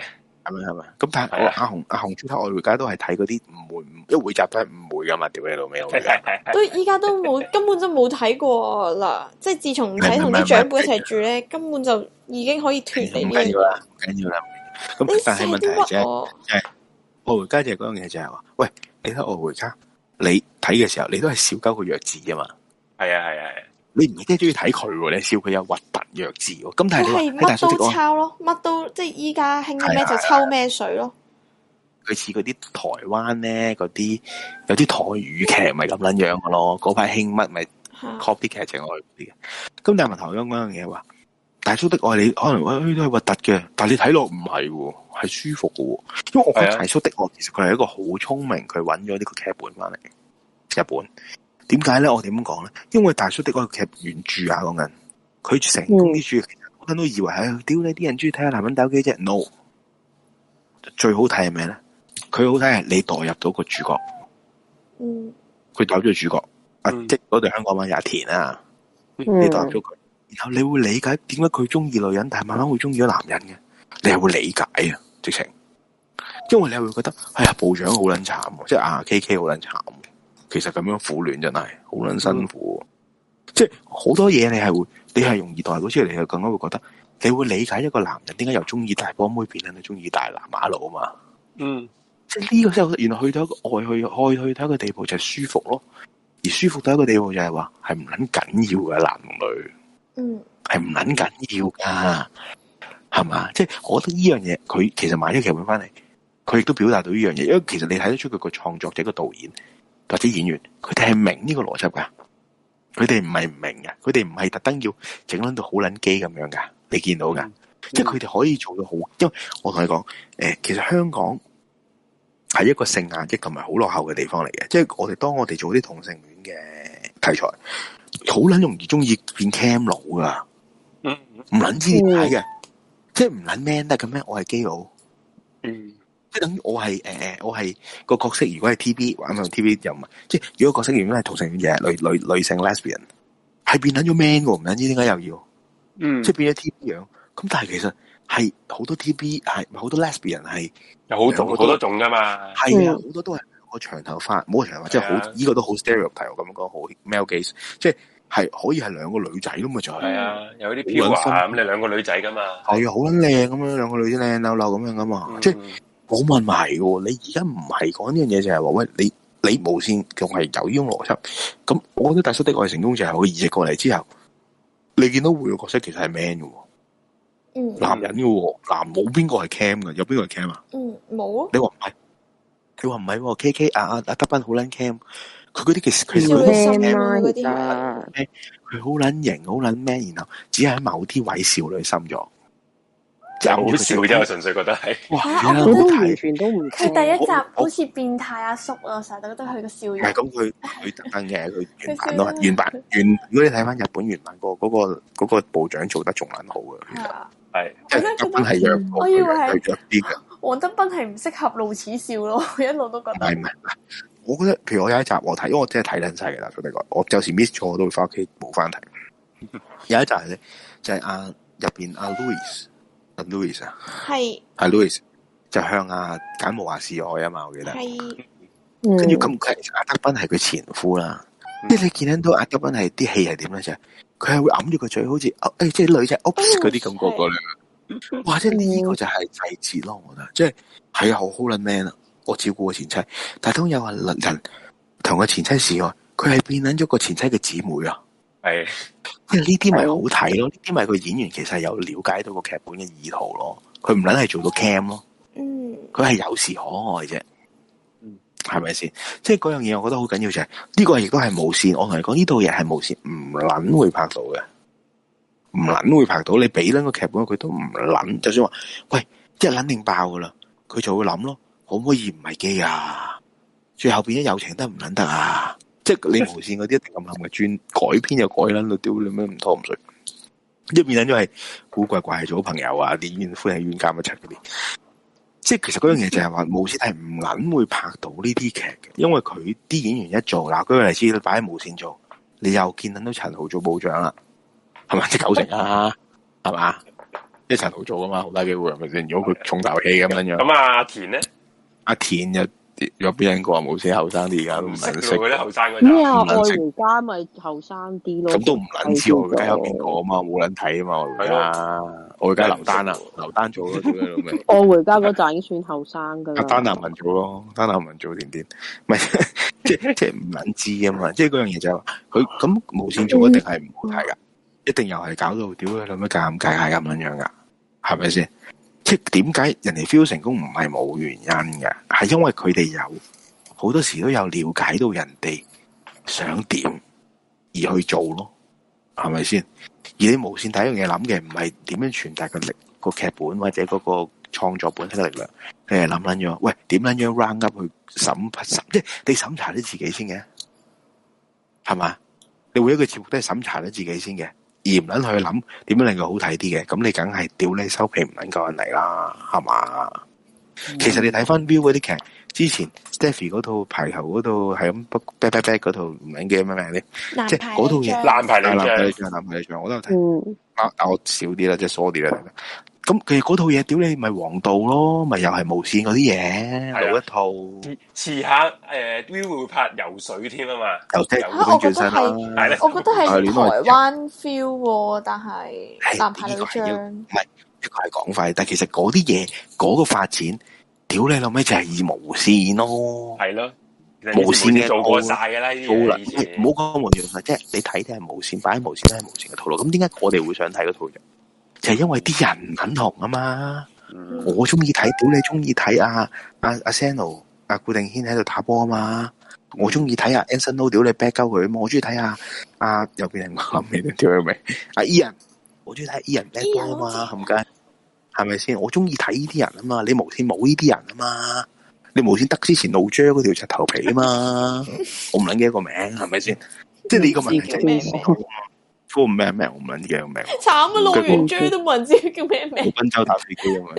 咁樣係咪？咁但係阿紅阿紅主頭，愛回家都係睇嗰啲唔會，一會集都係唔會噶嘛，屌你老味。 都依家都冇，根本就冇睇過啦。即係自從唔使同啲長輩一齊住咧，根本就已經可以脱離唔緊要啦，唔緊要啦。咁、啊啊啊啊啊、但係問題麼就係、是，愛回家就係嗰樣嘢就係、是、話，喂，你睇愛回家，你睇嘅時候，你都係少交個弱智啊嘛。係啊，係啊。你唔係幾中意睇佢喎？你笑佢有核突弱智喎？咁但係佢係乜都抄咯，乜說都，都即係依家興啲咩就抽咩水咯。佢似嗰啲台灣咧，嗰啲有啲台語劇咪咁樣樣嘅咯。嗰排興乜咪 copy 劇情外嗰啲嘅。咁但阿文頭講嗰樣嘢話，大叔的愛你可能、哎、都係核突嘅，但係你睇落唔係喎，係舒服嘅。因為我覺得大叔的愛其實佢係一個好聰明，佢揾咗呢個劇本翻嚟，日本。點解咧？我點樣講咧？因為大叔的嗰個劇原著啊，講緊佢成功啲住，嗯、我人都以為係，屌你啲人中意睇下男人打機啫。No，最好睇係咩咧？佢好睇係你代入到個主角。嗯。佢代咗個主角、嗯、啊，即係我哋香港版廿田啊，嗯、你代入咗佢，然後你會理解點解佢中意女人，但係慢慢會中意咗男人嘅，你係會理解啊，直情，因為你會覺得，哎呀，部長好撚慘，即係阿 K K 好撚慘。其實咁樣苦戀真係好卵辛苦，即係好多嘢，你係會，你係容易代到出嚟，你就更加會覺得，你會理解一個男人點解又中意大波妹變翻你中意大男馬路啊嘛。嗯，即係呢個時候原來去到一個愛去愛去，去到一個地步就係舒服咯，而舒服到一個地步就係話係唔卵緊要嘅男女，嗯，係唔卵緊要噶，係嘛，嗯？即係、就是、我覺得呢樣嘢，佢其實買咗劇本翻嚟，佢亦都表達到呢樣嘢，因為其實你睇得出佢個創作者個導演。或者演員，佢哋係明呢個邏輯噶，佢哋唔係唔明嘅，佢哋唔係特登要整卵到好卵機咁樣噶，你見到噶，嗯嗯、即係佢哋可以做到好。因為我同你講，誒，其實香港係一個性壓抑同埋好落後嘅地方嚟嘅，即係我哋當我哋做啲同性戀嘅題材，好卵容易中意變 cam 佬噶，唔卵知點解嘅，嗯、即係唔卵 man 得咁樣？我係基佬，嗯。即係等於我係誒誒，我係個角色。如果係 TB 玩上 TB 又唔係。即係如果角色原本係同性嘅，女女女性 Lesbian，係變捻咗 man 唔捻知點解又要？嗯，即係變咗 TB 樣。咁但係其實係好多 TB 係，好多 Lesbian 係有好多好多種噶嘛。係啊，好多都係兩個長頭髮，冇長頭髮即係好。呢個都好 stereotype，我咁樣講好 male gaze，即係係可以係兩個女仔咁嘛，就係啊，有啲飄啊咁，你兩個女仔噶嘛，係啊，好靚咁樣，兩個女仔靚溜溜咁樣噶嘛，即係。冇問埋嘅，你而家唔係講呢樣嘢，就係話喂，你你無線仲係有呢種邏輯。咁我覺得大叔的愛成功就係我移植過嚟之後，你見到每個角色其實係 man 嘅，嗯、mm.，男人嘅，男冇邊個係 cam 嘅，有邊個係 cam 啊？嗯、mm,，冇啊。你話唔係？佢話唔係？K K 啊，啊阿德斌好撚 cam，佢嗰啲其實佢實好多 cam 嗰啲、啊，佢好撚型，好撚 man，然後只係喺某啲位少女心咗。有笑啫，我純粹覺得係。哇，好多完全都唔。佢第一集好似變態阿叔啊，成日都覺得佢個笑容。係咁，佢佢特登嘅佢原版咯原版。原如果你睇翻日本原版，個嗰個嗰個部長做得仲搵好嘅。係。即係德斌係弱過佢，係弱啲嘅。黃德斌係唔適合露齒笑咯，一路都覺得。係咪？我覺得譬如我有一集我睇，因為我真係睇靚晒嘅啦，佢哋講。我就時 miss 咗，我都翻屋企補翻睇。有一集咧，就係阿入邊阿 Louis。Louis 啊，係係是 Louis 就向阿、啊、簡慕華示愛啊嘛，我記得。跟住咁佢阿德斌係佢前夫啦，即係、嗯、你見到阿德斌係啲戲係點咧，就係佢係會揞住個嘴，好似誒即係女仔 oops 嗰啲感覺嗰兩，哇！即係呢個就係細節咯，嗯、我覺得即係係好好啦，man 啊，我照顧我前妻，但係當有話人同個前妻示愛，佢係變緊咗個前妻嘅姊妹啊。係，即係呢啲咪好睇咯？呢啲咪佢演員其實有了解到個劇本嘅意圖咯。佢唔捻係做到 cam 咯，嗯，佢係有時可愛啫，嗯，係咪先？即係嗰樣嘢，我覺得好緊要就係呢個亦都係無線。我同你講呢套嘢係無線，唔捻會拍到嘅，唔捻會拍到。你俾捻個劇本，佢都唔捻。就算話喂，一係捻定爆噶啦，佢就會諗咯，可唔可以唔係機啊？最後邊啲友情得唔捻得啊？ 即係你無線嗰啲一啲咁冧嘅專改編又改捻到屌你咩唔拖唔水，一邊捻咗係古怪怪係做好朋友啊，啲演員歡喜冤家咪出嗰邊。即係其實嗰樣嘢就係話無線係唔捻會拍到呢啲劇嘅，因為佢啲演員一做嗱，舉個例子，你擺喺無線做，你又見到陳豪做保障啦，係咪即係九成啊？係 嘛，一係陳豪做噶嘛，好大機會係咪先？如果佢重頭戲咁樣樣咁 啊，田咧，阿田就。有邊一個話？冇錢後生啲，而家都唔係。咩啊？我回家咪後生啲咯。咁都唔撚知我而家有邊個啊嘛？冇卵睇啊嘛！我回家，我而家留單啊，留單做咯，做咩老味？我回家嗰陣已經算後生噶。阿單男文做咯，單男文做點點？唔係即即唔卵知啊嘛！即嗰樣嘢就係話佢咁冇錢做一定係唔好睇噶，一定又係搞到屌佢，諗乜尷尬係咁樣樣噶，係咪先？即點解人哋 feel 成功唔係冇原因嘅，係因為佢哋有好多時都有了解到人哋想點而去做咯，係咪先？而你無線第一樣嘢，諗嘅唔係點樣傳達個力、個劇本或者嗰個創作本身的力量，誒諗捻咗，喂，點捻樣 round up 去審審，即係你審查你自己先嘅，係嘛？你每一個節目都係審查咗自己先嘅。.而唔撚去諗點樣令佢好睇啲嘅，咁你梗係屌你收皮唔撚個人嚟啦，係嘛？嗯、其實你睇翻 view 嗰啲劇，之前 Stephy 嗰套排球嗰套係咁，bad bad bad 嗰套唔撚嘅咩名咧，即係嗰套嘢爛排仗，爛排仗，爛排仗，我都有睇。嗯、啊，我少啲啦，即係疏啲啦。咁其實嗰套嘢屌你，咪黃道咯，咪又係無線嗰啲嘢，老一套，遲下誒 Will 會拍游水添啊嘛，又聽戀愛轉身啦，係咧，我覺得係台灣 feel 喎，但係男拍女漿，唔係一個係港費，但係其實嗰啲嘢嗰個發展，屌你諗屘就係以無線咯，係咯，無線嘅做過晒噶啦呢啲嘢，唔好講無線啦，即係你睇睇係無線，擺喺無線都係無線嘅套路，咁點解我哋會想睇嗰套嘢？就係因為啲人唔肯紅啊嘛，我中意睇，屌你中意睇啊啊阿、啊、s a n o 啊顧定軒喺度打波啊嘛，我中意睇啊 Anson，屌你 back 勾佢，我中意睇啊啊有邊係咪？你咩？屌佢咪？啊 Ian，媽媽啊、an, 我中意睇 Ian back 勾啊嘛，咁咪？係咪先？我中意睇呢啲人啊嘛，你無天冇呢啲人啊嘛，你無天、啊、得之前老張嗰條柒頭皮啊嘛， 我唔捻起一個名，係咪先？ 即係你呢個問題、就係。 咩咩我唔記得個名，慘啊！錄完追都冇人知叫咩名。廣州打飛機啊嘛，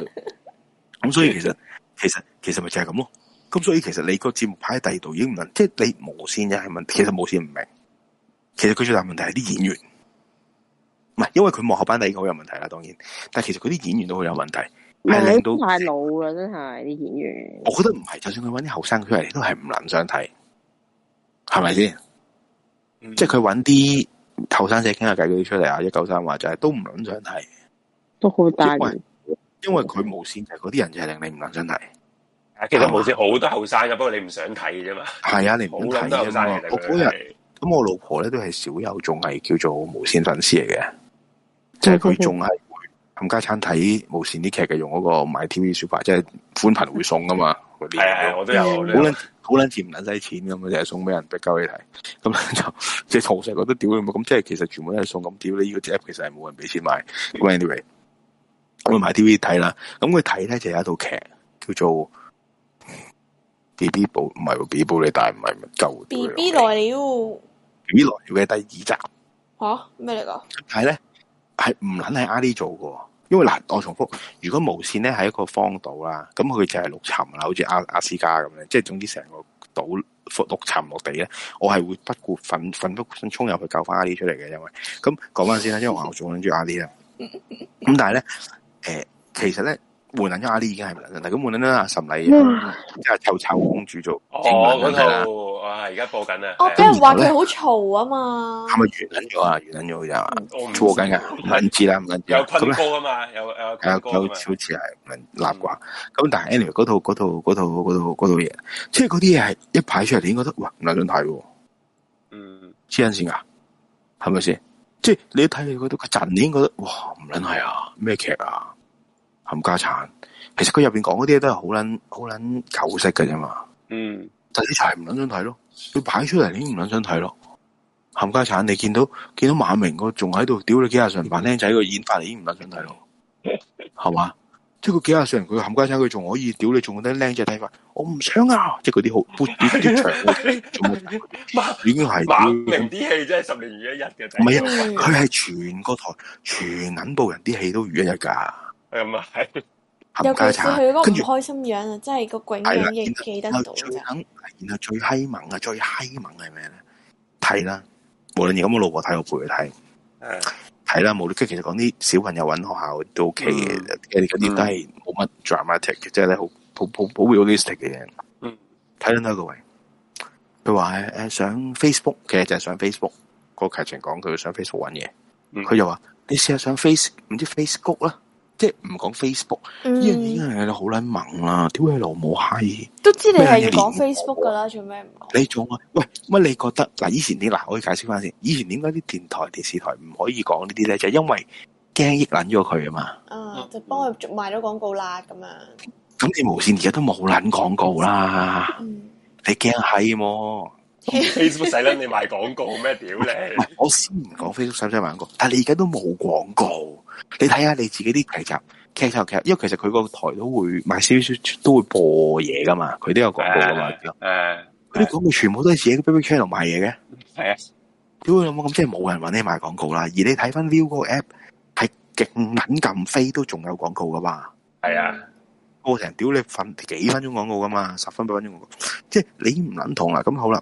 咁 所以其實其實其實咪就係咁咯。咁所以其實你個節目排喺第二度已經唔，即、就、係、是、你無線又係問題，其實無線唔明。其實佢最大問題係啲演員，唔係因為佢幕後班底佢好有問題啦、啊，當然。但係其實佢啲演員都好有問題，係令到太老啦，真係啲演員。我覺得唔係，就算佢搵啲後生，出嚟，都係唔能想睇，係咪先？嗯、即係佢搵啲。後生仔傾下偈嗰啲出嚟啊！一九三話就係都唔諗想睇，都好大因。因為佢無線，其實嗰啲人就係令你唔諗想睇。啊，其實無線好吧多後生嘅，不過你唔想睇嘅啫嘛。係啊，你唔好睇啊嘛。我本人咁，我老婆咧都係少有仲係叫做無線粉絲嚟嘅，即係佢仲係冚家鏟睇無線啲劇嘅，用嗰個 myTV SUPER，即係寬頻會送噶嘛。係啊，我都有好卵好卵似，唔卵使錢咁，就係送俾人俾鳩你睇，咁就即係從細覺得屌咁，咁即係其實全部都係送咁，屌你呢個節目其實係冇人俾錢買。But、anyway，我買 T V 睇啦，咁佢睇咧就有一套劇叫做 B B 寶，唔係 B B 寶你但係唔係鳩 B B 來了，B B 來了嘅第二集，吓咩嚟噶？係咧，係唔卵係阿里做噶。因為嗱，我重複，如果無綫咧係一個荒島啦，咁佢就係陸沉啦，好似阿阿斯加咁樣，即係總之成個島陸沉落地咧，我係會不顧奮奮不顧身衝入去救翻阿 Lee 出嚟嘅，因為咁講翻先啦，因為我仲諗住阿 Lee 啦，咁 但係咧，誒、呃，其實咧。換緊阿麗已經係唔得，咁換緊阿岑麗，即係臭醜公主做哦，嗰套，啊，而家播緊啊！哦，俾人話佢好嘈啊嘛。係咪，完咗啊，完咗啲啊，錯緊啊，唔知啦，唔知！有群過噶嘛？有有有，好似係亂八卦。咁但係 anyway 嗰套嗰套嗰套嗰套嗰套嘢，即係嗰啲嘢係一排出嚟，你應該覺得哇唔撚想睇。嗯，黐線噶，係咪先？即係你一睇佢嗰度，你已經覺得哇唔撚係啊，咩劇啊？冚家鏟，其實佢入邊講嗰啲嘢都係好捻好捻舊式嘅啫嘛。嗯，但啲柴唔捻想睇咯。佢擺出嚟已經唔捻想睇咯。冚家鏟，你見到見到馬明個仲喺度，屌你幾廿歲人扮靚仔個演法已經唔捻想睇咯，係嘛？ 即係佢幾廿歲人，佢冚家鏟，佢仲可以屌你，仲有啲靚仔睇法。我唔想啊！即係嗰啲好，好 長，已經係馬明啲戲真係十年如一日嘅。唔係啊，佢係 全個台全撚部人啲戲都如一日噶。咁啊，有佢佢佢嗰個唔開心樣啊，真係後個鬼樣，亦記得到咋。然後最欺萌啊，最欺萌係咩咧？睇啦，無論而家我老婆睇，我陪佢睇。睇啦，無論即係其實講啲小朋友搵學校都 OK 嘅，佢哋嗰啲都係冇乜 dramatic 嘅，即係咧好好好好 realistic 嘅嘢。嗯，睇到啦，各、就是嗯、位。佢話誒誒上 Facebook 其實就係上 Facebook 個劇情講佢上 Facebook 搵嘢，佢又話你試下上 Face 唔知 Facebook 啦。即係唔講 Facebook 呢樣嘢，嗯，係你好撚猛啦，屌你老母閪！都知你係講 Facebook 噶啦，做咩？唔講，嗯，你做啊？喂，乜你覺得嗱？以前點嗱？我可以解釋翻先。以前點解啲電台、電視台唔可以講呢啲咧？就係，因為驚益捻咗佢啊嘛。啊！就幫佢賣咗廣告啦，咁，嗯嗯，樣。咁你無綫而家都冇捻廣告啦。嗯，你驚閪喎。Facebook 使啦，你賣廣告咩，屌你！我先唔講 Facebook 使唔使賣廣告。但係你而家都冇廣告，你睇下你自己啲劇集、劇集、劇集，因為其實佢個台都會賣少少都會播嘢噶嘛，佢都有廣告噶嘛。誒、啊，佢啲廣告全部都係自己個 basic channel 賣嘢嘅。係啊，屌佢有冇咁？即係冇人揾你賣廣告啦。而你睇翻 View 嗰個 app，係勁撚撳飛都仲有廣告噶嘛？係啊，我成日屌你瞓，幾分鐘廣告噶嘛？十分八分鐘廣告，即係你唔撚同啦。咁好啦。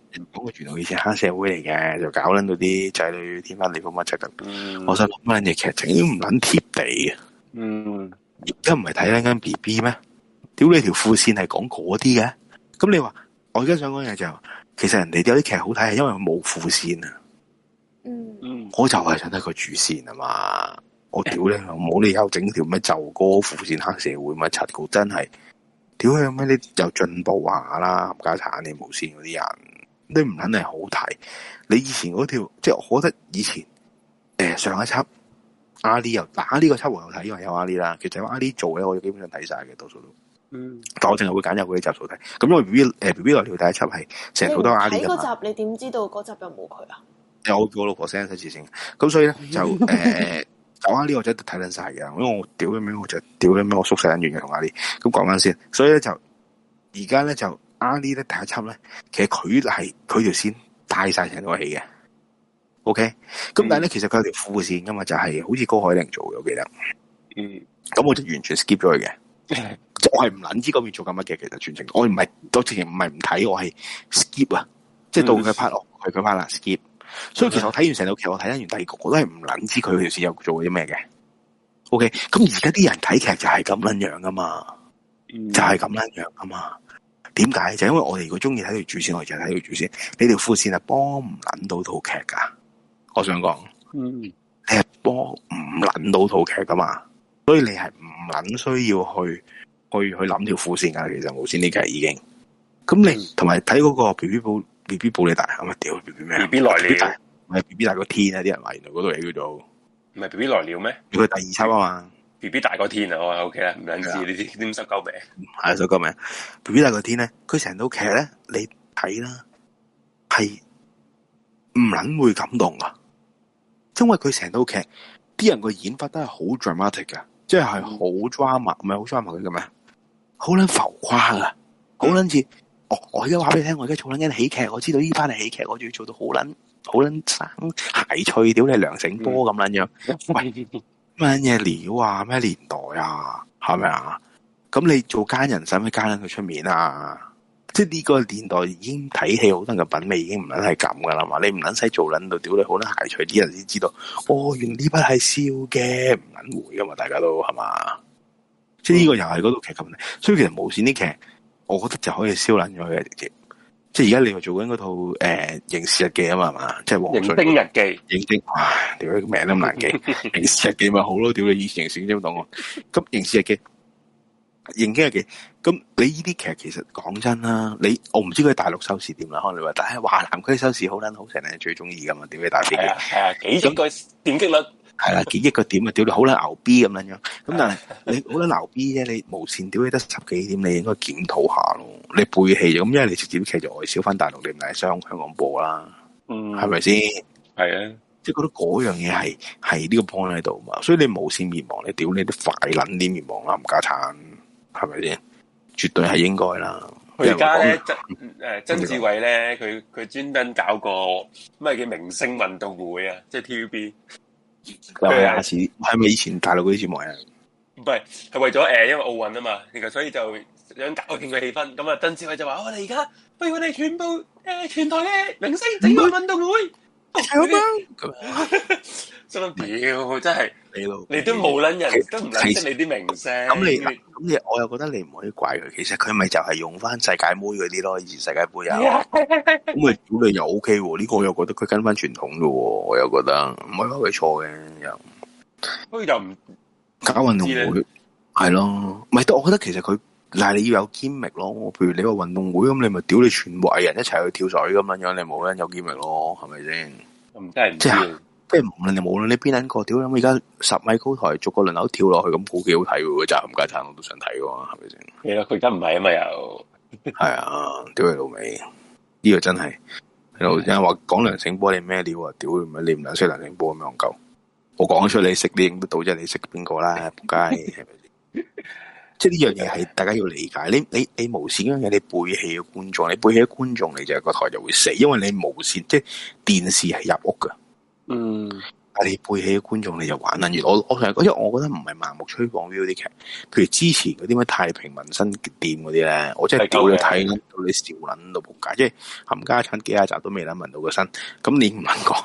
講個傳統以前黑社會嚟嘅，就搞捻到啲仔女天翻地覆乜柒嘅。我想諗翻啲劇情都唔捻貼地。嗯，而家唔係睇捻緊 B B 咩？屌你，條副線係講嗰啲嘅，咁你話我而家想講嘢就，其實人哋有啲劇好睇係因為冇副線啊。嗯，我就係想睇佢主線啊嘛。我屌你，我冇理由整條咩舊歌副線黑社會乜柒，佢真係屌你有咩你就進步下啦，冚家鏟你無綫嗰啲人。你唔肯定好睇，你以前嗰條即係我覺得以前誒、欸、上一輯阿 l e 又打呢個輯我又睇，因為有阿 l e 其啦，阿 l 做嘅，我基本上睇晒嘅，多數都。嗯。但我淨係會揀有佢啲集數睇。咁因為 B B 誒 B B 來第一輯係成好多阿 l e 集你點知道嗰集又沒有冇佢啊？我叫我老婆 s 一次咁所以咧就誒， 呃、講阿 l 我真係睇緊晒嘅。因為我屌咗咩我就屌咗咩，我宿舍人員嘅同阿 l e 咁講翻先講，所以咧就而家咧就。阿呢咧第一輯咧，其實佢係佢條線帶晒成個戲嘅。O K，咁但係咧，其實佢有條副線噶嘛，就係、是、好似高海寧做嘅，我記得。嗯，咁我就完全 skip 咗佢嘅。嗯、是我係唔捻知嗰邊做緊乜嘅。其實全程我唔係，我全程唔係唔睇，我係 sk、嗯、skip 啊、嗯，即係到佢拍落去，佢拍啦，skip。所以其實我睇完成套劇，我睇完第二局，我都係唔捻知佢條線有做啲咩嘅。O K，咁而家啲人睇劇就係咁樣樣噶嘛，嗯、就係咁樣樣噶嘛。點解？就因為我哋如果中意睇條主線，我哋就睇條主線。你條副線係幫唔捻到套劇噶。我想講，嗯，係幫唔捻到套劇噶嘛。所以你係唔捻需要去去去諗條副線噶。其實無綫呢劇已經咁，你同埋睇嗰個 B B 布 B B 布你大咁啊屌 B B 咩？B B 來了，B B 大個天啊！啲人嚟。原來嗰度嚟叫做唔係 B B 來了咩？如果第二輯啊嘛。B B 大過天、OK、啊！我話 O K 啦，唔捻知呢啲，你點點收鳩名？係首歌名。B B 大過天咧，佢成套劇咧，你睇啦，係唔捻會感動啊！因為佢成套劇，啲人個演法都係好 dramatic 噶，即係好 drama，唔係好 drama 嘅咩？好捻浮誇啊！好捻似。哦，我而家話俾你聽，我而家做捻緊喜劇，我知道依班係喜劇，我仲要做到好捻好捻生鞋脆屌你梁醒波咁捻樣，喂！ 乜嘢料啊？咩年代啊？係咪啊？咁你做奸人使唔奸人佢出面啊？即係呢個年代已經睇戲好多人嘅品味已經唔撚係咁噶啦嘛？你唔撚使做撚到屌你，好多排除啲人先知道哦。原呢筆係燒嘅，唔撚回噶嘛？大家都係嘛？嗯、即係呢個又係嗰度劇集，所以其實無綫啲劇，我覺得就可以燒撚咗嘅即係而家你咪做緊嗰套誒《刑事日記》啊嘛，係嘛？即係《刑偵日記》。刑偵，屌你個名都唔難記，《刑事日記》咪好咯？屌你以前刑事咁當我，咁《刑事日記》《刑偵日記》，咁你呢啲劇其實講真啦，你我唔知佢大陸收視點啦。可能你話，但係華南區收視好捻好成，你最中意㗎嘛？點解大啲嘅啊？係啊，幾億個點擊率。那係啦、 啊，幾億個點啊，屌你，好捻牛逼咁捻樣，咁但係你好捻牛逼啫，你無線屌你得十幾點，你應該檢討下咯，你背棄咗，咁因為你直接其實我銷翻大陸唔係上香港播啦，嗯，係咪先？係啊，即係覺得嗰樣嘢係係呢個 point 喺度嘛，所以你無線滅亡，你屌你都快捻啲滅亡啊冚家鏟，係咪先？絕對係應該啦。而家咧，曾誒曾志偉咧，佢佢專登搞個咩叫明星運動會啊，即係 T V B。又係亞視，係咪、呃、以前大陸嗰啲節目呀？唔係，係為咗誒、呃，因為奧運啊嘛，然後所以就想搞個勁嘅氣氛，咁啊，曾志偉就話：，我哋而家不如我哋全部誒、呃，全台嘅明星整個運動會，係咁樣。真屌，真係你都冇撚人，都唔諗出你啲名聲。咁你咁你，我又覺得你唔可以怪佢。其實佢咪就係用翻世界杯嗰啲咯，以前世界杯又咁咪屌你又 O K 喎。呢個我又覺得佢跟翻傳統嘅，我又覺得唔可以話佢錯嘅又。不過又唔搞運動會係咯，唔係？我覺得其實佢嗱你要有 teamwork 咯。我譬如你個運動會咁，你咪屌你全部人一齊去跳水咁樣樣，你冇撚有 teamwork 咯，係咪先？咁真係唔要。即係無論無論你邊捻個，屌咁，而家十米高台逐個輪流跳落去，咁好幾好睇嘅，咋冚家鏟我都想睇噶嘛，係咪先？係啊， 佢而家唔係啊嘛又係啊，屌、呢個、你老味！呢個真係有有人話講梁醒波你咩料啊？屌唔係唔識梁醒梁醒波咁樣夠，我講出你識你，你影得到啫。你識邊個啦？仆街係咪先？ 即係呢樣嘢係大家要理解。你你你無線嗰樣嘢你背起嘅觀眾，你背起個觀眾，你就個、係、台就會死，因為你無線即係電視係入屋噶。嗯，你背起觀眾你就玩，例如我我成日，因為我覺得唔係盲目推廣呢啲劇，譬如之前嗰啲咩太平紋身店嗰啲咧，我真係屌你睇到你笑撚到撲街，即係冚家產幾廿集都未諗紋到個身，咁你唔諗過？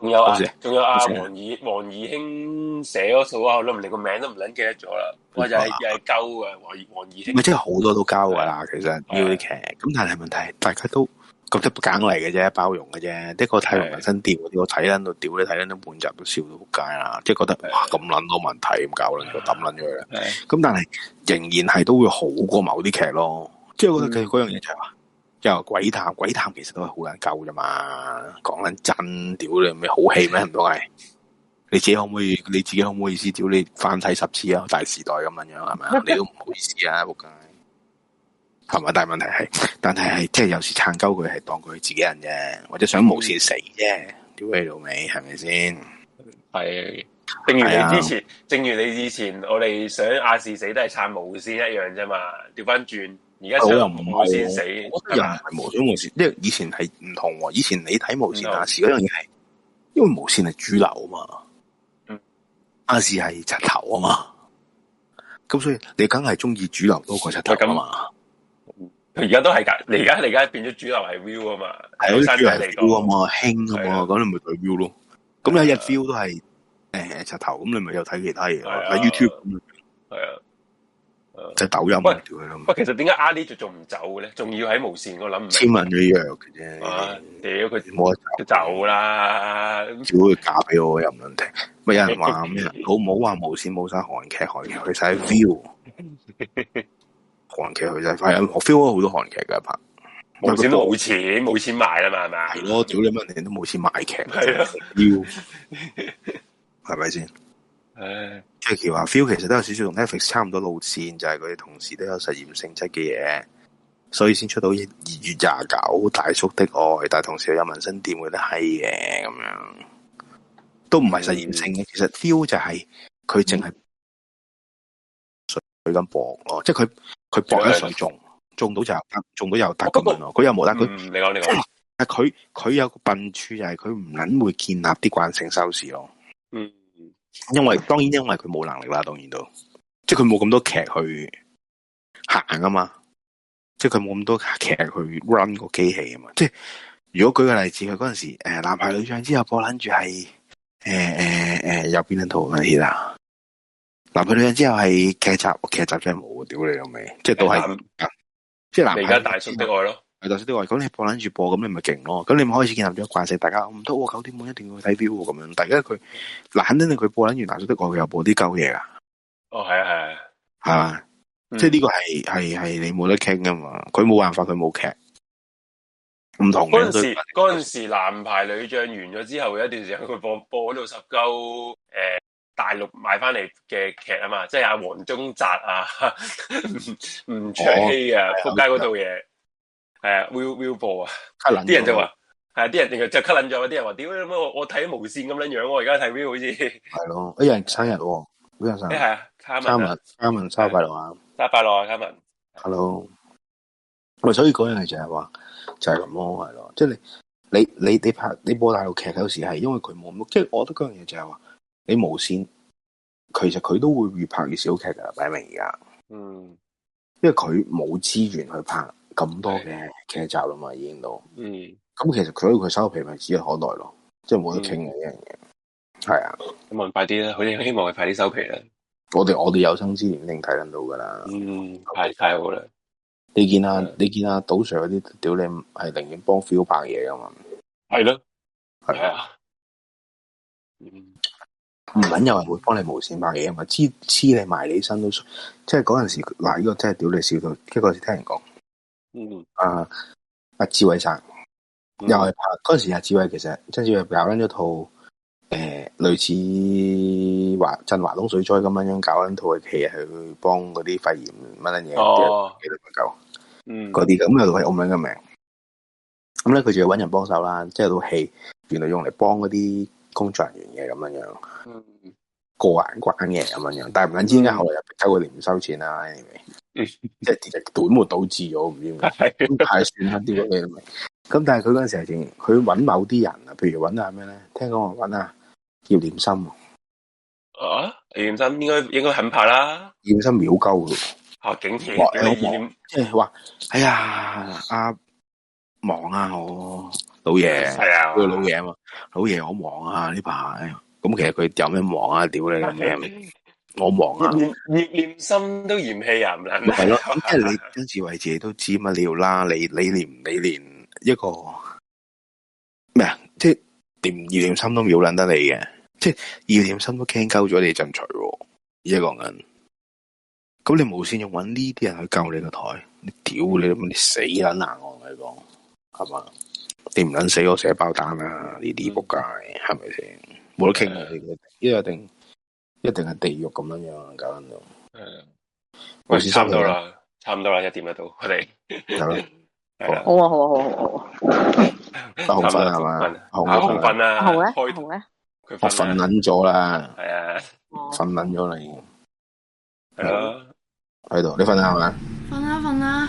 仲有啊？仲有阿黃黃義興寫嗰套啊，我諗你個名都唔撚記得咗啦，我又係又係溝啊黃黃義興，咪即係好多都交噶啦，其實呢啲劇，咁但係問題大家都。覺得梗嚟嘅啫，包容嘅啫，那個、太的確睇《龍民新店》嗰啲，我睇喺度屌你睇喺度半集都笑到仆街啦，即係覺得的哇咁卵多問題咁搞啦，抌卵咗佢啦。咁的但係仍然係都會好過某啲劇咯，即係我覺得其實嗰樣嘢就係話，又鬼探鬼探其實都係好 撚鳩嘅嘛，講緊真屌你咩好戲咩唔通係你自己可唔可以？你自己可唔好意思屌你翻睇十次啊《大時代》咁樣樣係咪你都唔好意思啊仆街。係咪？但係問題係，但係係即係有時撐鳩佢，係當佢自己人啫，或者想無線死啫，屌你、嗯、老味？係咪先？係。正如，是啊、正如你之前，正如你以前，我哋想亞視死都係撐無線一樣啫嘛。調翻轉，而家想無線死，我啊、吧人係無線無線。因為以前係唔同，以前你睇無線亞視嗰樣嘢係，因為無線係主流啊嘛。嗯，亞視係柒頭啊嘛。咁所以你梗係中意主流多過柒頭啊嘛？啊而家都係噶，而家而家變咗主流係 view 啊嘛，係嗰啲 view 啊嘛，興啊嘛，咁你咪睇 view 咯。咁有一 view 都係誒，插頭，咁你咪又睇其他嘢，喺 YouTube，係啊，即係抖音啊，條不過其實點解阿 Lee 就仲唔走嘅咧？仲要喺無綫，我諗千份咗約嘅啫。屌佢，冇得走啦，只會嫁俾我又唔撚聽。咪有人話咩？好唔好話無綫冇晒韓劇、韓劇，佢使 view。韓劇佢就係、是嗯、我 feel 咗好多韓劇嘅一拍，冇錢都冇錢，冇錢買啦嘛係咪？係咯，屌你乜嘢都冇錢買劇，係咯，要係咪先？誒 Jackie 話 feel 其實都有少少同 Netflix 差唔多路線，就係、是、佢同時都有實驗性質嘅嘢，所以先出到二月廿九《大叔的愛》，但係同時有紋身店會啲係嘅咁樣，都唔係實驗性嘅。嗯、其實 feel 就係佢淨係佢咁薄咯，即係佢。佢搏一水中，的中，中到就得，中到又得咁樣咯。佢又冇得，佢你講你講。但係佢佢有個弊處就係佢唔捻會建立啲慣性收視咯。嗯，因為當然因為佢冇能力啦，當然都即係佢冇咁多劇去行啊嘛，即係佢冇咁多劇去 run 個機器啊嘛。即係如果舉個例子，佢嗰陣時誒，男排女將之後，我諗住係誒誒誒，有邊一套嗰啲啦，係、呃、啦。呃呃男排女將之後係劇集，劇集真係冇屌你咁味，即係都係，哎嗯、即係男。而家大叔的愛咯，大叔的愛咯，大叔的愛。咁你播捻住播，咁你咪勁咯。咁你咪開始建立咗慣性，大家唔得我九點半一定要去睇表咁樣。大家佢嗱，肯定佢播捻完大叔的愛，佢又播啲舊嘢噶。哦，係啊，係啊嗎，係、嗯、嘛，即係呢個係係係你冇得傾噶嘛，佢冇辦法，佢冇劇，唔同。嗰陣時，嗰陣吧時男排女將完咗之後，有一段時間佢播播到十九誒。欸大陸買翻嚟嘅劇啊嘛，即係阿黃宗澤啊，吳卓羲啊，撲街嗰套嘢係啊，Will Will 播看啊，啲人就話係啊，啲人定來就卡撚咗，啲人話點啊我睇無線咁撚樣，我而家睇 Will 好似係咯，一日生日喎、哦，邊個生日？咩啊？三文三文生日快樂啊，生日快樂啊，三文。Hello，喂，所以嗰、就是、樣嘢就係話就係咁咯，係咯，即係你你你你拍你播大陸劇有時係因為佢冇，即、就、係、是、我覺得嗰樣嘢就係話。你無線，其實佢都會越拍越少劇噶，擺明而家。嗯，因為佢冇資源去拍咁多嘅劇集啦嘛，是的已經都。嗯。咁其實佢嗰個收皮咪指日可待咯，即係冇得傾嘅呢樣嘢。係啊、嗯，咁的快啲啦，佢哋希望佢快啲收皮啦。我哋我哋有生之年一定睇得到噶啦。嗯，太太好啦。你見下，的你見下，賭 Sir 嗰啲屌你，係寧願幫 Phil 拍嘢噶嘛？係咯，係啊。嗯。唔緊有人會幫你無線拍嘢啊嘛，黐黐你埋你身都，即係嗰陣時嗱呢、這個真係屌你笑到，跟住我聽人講，嗯，阿阿志偉生又係拍嗰陣時，阿志偉其實真志偉搞緊一套誒類似華振華東水災咁樣樣，搞緊套戲去幫嗰啲肺炎乜撚嘢哦，幾多唔夠嗰啲咁又係澳門嘅名，咁咧佢就要搵人幫手啦，即係套戲原來用嚟幫嗰啲。工作人員嘅咁樣樣，嗯、過眼關嘅咁樣樣，但係唔撚知點解後來又收佢哋唔收錢啦，即係、嗯、 本末倒置咗，唔知點解，咁 太損啲咁嘢。咁 但係佢嗰陣時係仲，佢搵某啲人啊，譬如搵下咩咧，聽講搵啊葉連生啊，葉連生應該應該很怕啦，葉連生秒鳩嘅，吓、哦、警字嘅，即係話哎呀阿、啊、忙啊我，老嘢，佢個老嘢啊嘛，老嘢好忙啊呢排，咁其實佢有咩忙啊？屌你，我忙啊！連葉念心都嫌棄人，係咯？咁即係你張志偉自己都知嘛？你要拉你，你連你連，你連一個咩啊？即係連葉念心都秒捻得你嘅，即係葉念心都驚鳩咗你進取一個人，咁你無綫用揾呢啲人去救你個台？你屌你，你死捻難我同你講，係嘛？你唔捻死我寫包單啦呢啲仆街，係咪先？冇得傾啊！呢個一定一定係地獄咁樣樣，搞到係啊。股市差唔多啦，差唔多啦，一點一度，我哋係咯，係啊。好啊，好啊，好啊，好啊。得好瞓啦，係嘛？好瞓啊，好咧，開好咧。我瞓捻咗啦，係啊，瞓捻咗啦，係咯，喺度。你瞓啊，係咪？瞓啊，瞓啊。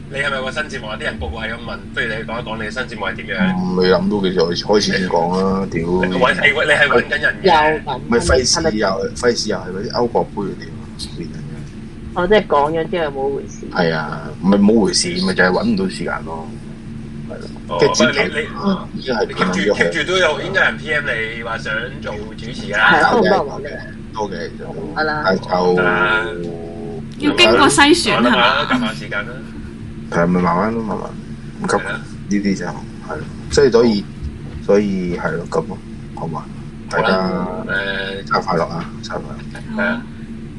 你係咪有個新節目啲人個個係咁問？不如你講一講你嘅新節目係點樣？你諗到幾耐開始咁講啦！屌，你係揾緊人嘅，又揾，咪費事又費事又係嗰啲歐國杯嗰啲我邊即係講咗之後冇回事。係啊，咪冇回事，咪就係揾唔到時間咯。係咯，keep 住，keep 住都有 Indian PM 你話想做主持啦，多嘅，多嘅，係啦，係就要經過篩選係嘛？揼下時間啦～係咪慢慢咯，係嘛，唔急。呢啲就係，所以所以係咯咁咯，好嘛？大家誒，查快樂啊，查快樂！係啊，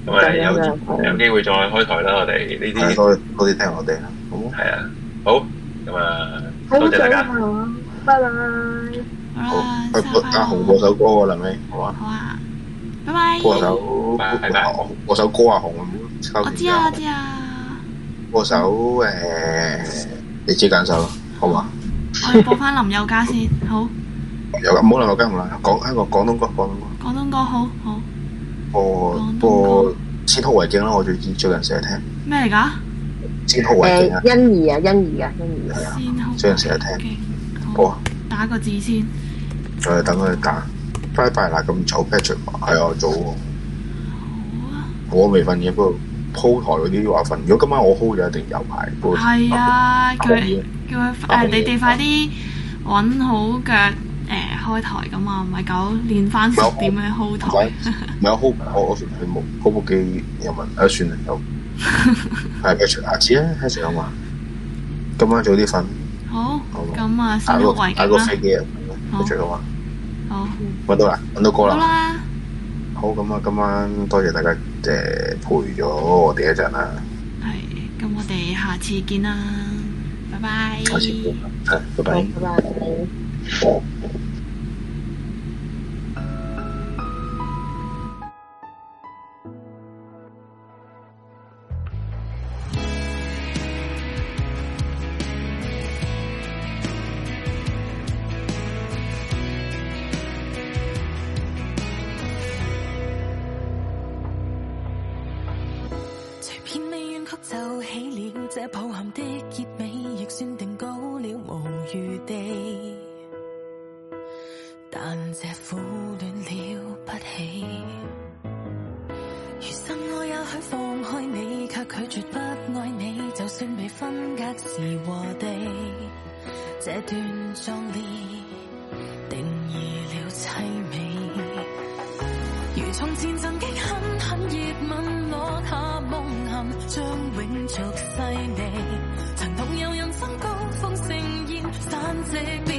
咁啊有有機會再開台啦，我哋呢啲多啲聽我哋啦。好係啊，好咁啊，多謝大家，拜拜，好啦，下下紅嗰首歌啦，咪好啊，好啊，拜拜，嗰首拜拜，嗰首歌啊，紅，我知啊，知啊。播首誒、呃，你自己揀首啦好嘛？我要播翻林宥嘉先，好。 又咁好林宥嘉唔啦。講香港廣東歌、廣東歌。廣東歌好好。播播《千淘我為境》啦，我最最最近成日聽。咩嚟㗎？啊《千淘為境啊，欣宜啊，欣宜啊，欣宜啊，最近成日聽。好啊。好打個字先。再等佢打。拜拜啦，咁早我做？Patrick 哎、好啊，我未瞓嘢，不過。鋪台嗰啲話瞓，如果今晚我鋪咗，一定有排。係啊，佢叫佢誒，你哋快啲搵好腳誒，開台咁啊，咪搞練翻點樣鋪台。唔係我鋪，我我算冇鋪部機又問，誒算啦，有。係 Ash，阿子啊，Ash 講話，今晚早啲瞓。好，咁啊，辛苦維京啦。Ash 講話，好，搵到啦，搵到歌啦。好啦。好咁啊！今晚多謝大家誒，陪咗我哋一陣啦。係，咁我哋下次見啦，拜拜。好，下次見，嚇，拜拜。拜拜。這苦戀了不起，如生愛。也許放開你，卻拒絕不愛你。就算被分隔時和地，這段壯烈定義了淒美。如從前曾經狠狠熱吻落下夢痕，將永續細膩。曾同有人生高峰盛宴，散席。